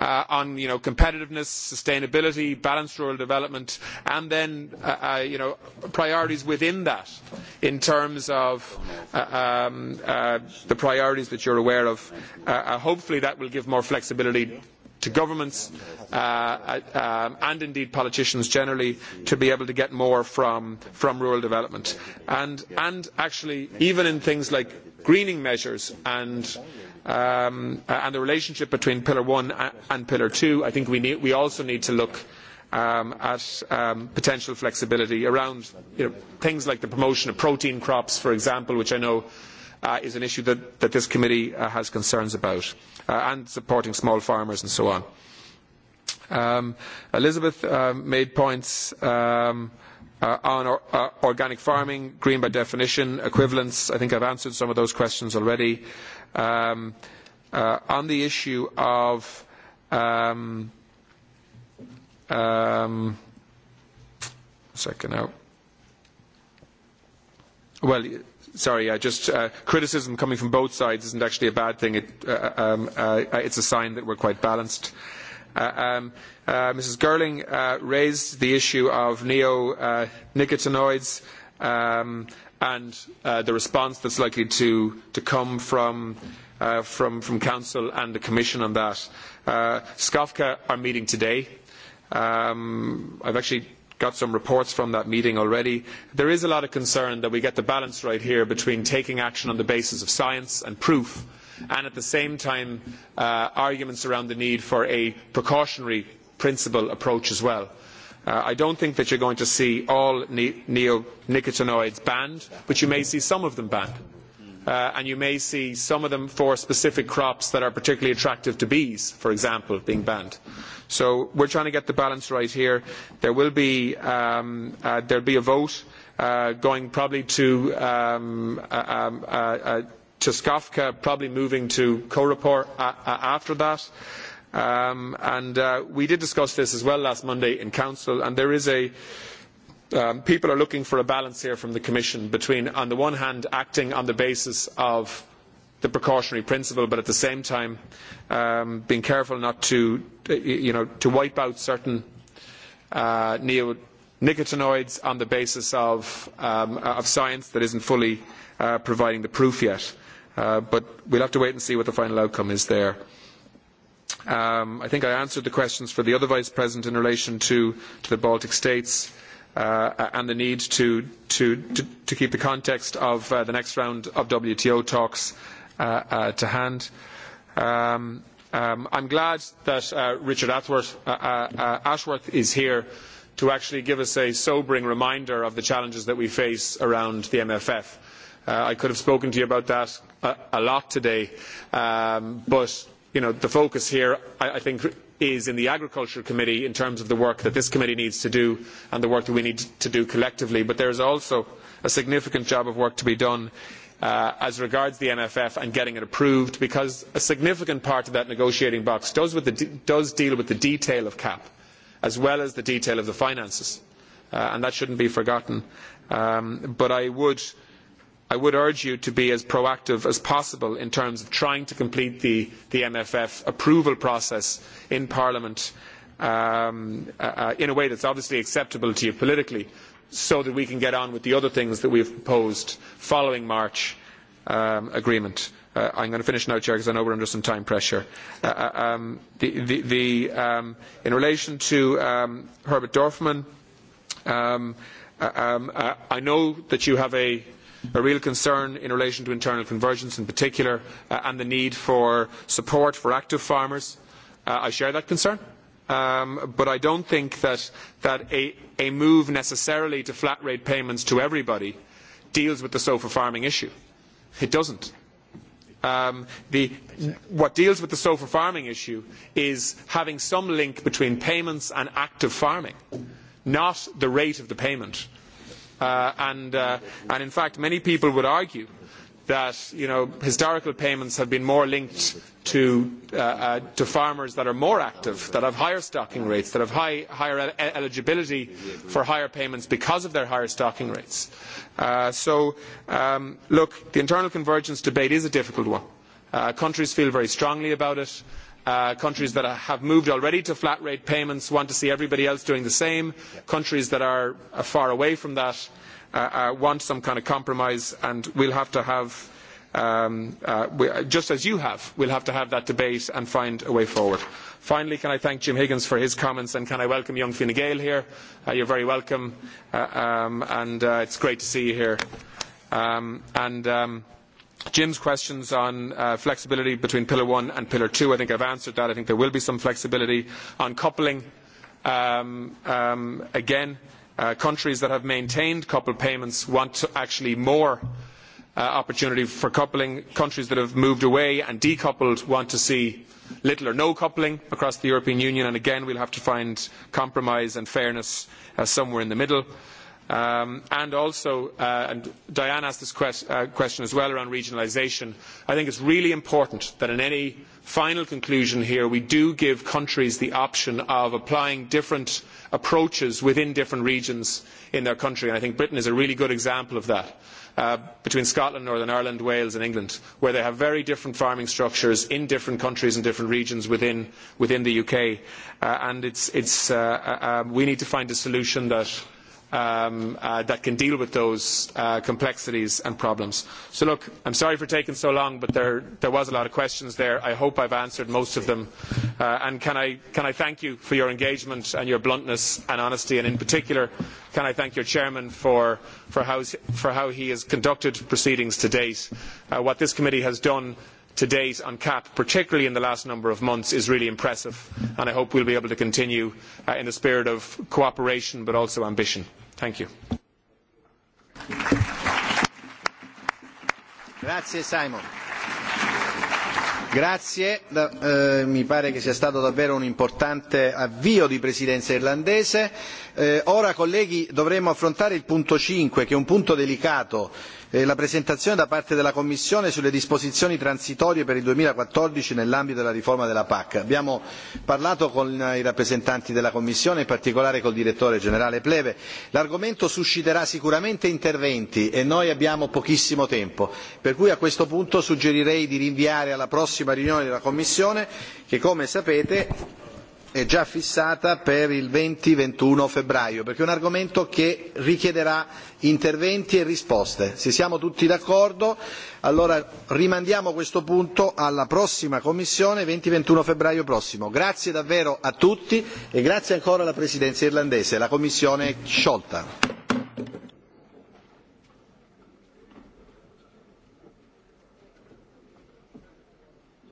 uh, on you know, competitiveness, sustainability, balanced rural development, and then uh, uh, you know, priorities within that in terms of uh, um, the priorities that you are aware of, hopefully that will give more flexibility to governments uh, uh, um, and indeed politicians generally to be able to get more from, from rural development. And, and actually, even in things like greening measures and, um, uh, and the relationship between Pillar one and Pillar two, I think we, need, we also need to look um, at um, potential flexibility around you know, things like the promotion of protein crops, for example, which I know uh, is an issue that, that this committee uh, has concerns about, uh, and supporting small farmers and so on. Um, Elizabeth uh, made points um, uh, on or, uh, organic farming, green by definition, equivalence. I think I've answered some of those questions already. Um, uh, on the issue of um, um, second now. Well, sorry, uh, just uh, criticism coming from both sides isn't actually a bad thing. It, uh, uh um, uh, uh, it's a sign that we're quite balanced. Uh, um, uh, Mrs. Gerling uh, raised the issue of neonicotinoids uh, um, and the response that's likely to, to come from, from, from, Council and the Commission on that. Uh, SCOFCA are meeting today. Um, I've actually got some reports from that meeting already. There is a lot of concern that we get the balance right here between taking action on the basis of science and proof and at the same time uh, arguments around the need for a precautionary principle approach as well. Uh, I don't think that you're going to see all ne neonicotinoids banned, but you may see some of them banned. Uh, and you may see some of them for specific crops that are particularly attractive to bees, for example, being banned. So we are trying to get the balance right here. There will be, um, uh, there'll be a vote uh, going probably to um, uh, um, uh, uh to probably moving to co uh, after that. Um, and we did discuss this as well last Monday in Council, and there is a Um, people are looking for a balance here from the Commission between, on the one hand, acting on the basis of the precautionary principle, but at the same time, um, being careful not to, uh, you know, to wipe out certain uh, neonicotinoids on the basis of, um, of science that isn't fully uh, providing the proof yet. Uh, but we'll have to wait and see what the final outcome is there. Um, I think I answered the questions for the other Vice President in relation to, to the Baltic states uh, and the need to, to, to, to keep the context of uh, the next round of WTO talks uh, uh, to hand. Um, um, I'm glad that uh, Richard Athworth, uh, uh, uh, Ashworth is here to actually give us a sobering reminder of the challenges that we face around the MFF. Uh, I could have spoken to you about that a, a lot today, um, but you know, the focus here, I, I think, is in the Agriculture Committee in terms of the work that this committee needs to do and the work that we need to do collectively. But there is also a significant job of work to be done uh, as regards the MFF and getting it approved because a significant part of that negotiating box does, the, does deal with the detail of CAP as well as the detail of the finances. Uh, and that should not be forgotten. Um, but I would I would urge you to be as proactive as possible in terms of trying to complete the, the MFF approval process in Parliament um, uh, uh in a way that is obviously acceptable to you politically so that we can get on with the other things that we have proposed following March um, agreement. Uh, I am going to finish now, Chair, because I know we are under some time pressure. Uh, uh, um, the, the, the, um, in relation to um, Herbert Dorfman, um, uh, um, I know that you have a a real concern in relation to internal convergence in particular uh, and the need for support for active farmers. Uh, I share that concern. Um, but I do not think that, that a, a, move necessarily to flat rate payments to everybody deals with the sofa farming issue. It does not. Um, the, what deals with the sofa farming issue is having some link between payments and active farming, not the rate of the payment Uh, and, uh, and in fact, many people would argue that you know, historical payments have been more linked to, uh, uh, to farmers that are more active, that have higher stocking rates, that have high, higher el eligibility for higher payments because of their higher stocking rates. Uh, so, um, look, the internal convergence debate is a difficult one. Uh, countries feel very strongly about it. Uh, countries that have moved already to flat rate payments want to see everybody else doing the same. Countries that are uh, far away from that uh, uh, want some kind of compromise, and we'll have to have, um, uh, we, just as you have, we'll have to have that debate and find a way forward. Finally, can I thank Jim Higgins for his comments, and can I welcome young Fine Gael here? Uh, you are very welcome, um, and it is great to see you here. Um, and, um, Jim's questions on uh, flexibility between Pillar one and Pillar two, I think I have answered that. I think there will be some flexibility on coupling. Um, um, again, uh, countries that have maintained coupled payments want actually more uh, opportunity for coupling. Countries that have moved away and decoupled want to see little or no coupling across the European Union. And again, we will have to find compromise and fairness uh, somewhere in the middle. Um, and also, uh, and Diane asked this quest, uh, question as well around regionalisation. I think it is really important that in any final conclusion here, we do give countries the option of applying different approaches within different regions in their country. And I think Britain is a really good example of that. Uh, between Scotland, Northern Ireland, Wales and England, where they have very different farming structures in different countries and different regions within, within the UK. Uh, and it's, it's, uh, uh, uh, we need to find a solution that um, uh, that can deal with those uh, complexities and problems. So look, I'm sorry for taking so long, but there, there was a lot of questions there. I hope I've answered most of them. Uh, and can I, can I thank you for your engagement and your bluntness and honesty, and in particular, can I thank your chairman for, for, how, for how he has conducted proceedings to date. Uh, what this committee has done to date on cap, particularly in the last number of months, is really impressive, and I hope we will be able to continue uh, in a spirit of cooperation but also ambition. Thank you. Grazie Simon. Grazie, eh, mi pare che sia stato davvero un importante avvio di presidenza irlandese. Eh, ora colleghi dovremo affrontare il punto 5 che è un punto delicato Eh, la presentazione da parte della Commissione sulle disposizioni transitorie per il duemilaquattordici nell'ambito della riforma della PAC. Abbiamo parlato con i rappresentanti della Commissione, in particolare col direttore generale Pleve. L'argomento susciterà sicuramente interventi e noi abbiamo pochissimo tempo, per cui a questo punto suggerirei di rinviare alla prossima riunione della Commissione che, come sapete, è già fissata per il 20-21 febbraio, perché è un argomento che richiederà interventi e risposte. Se siamo tutti d'accordo, allora rimandiamo questo punto alla prossima Commissione 20-21 febbraio prossimo. Grazie davvero a tutti e grazie ancora alla Presidenza irlandese. La Commissione è sciolta.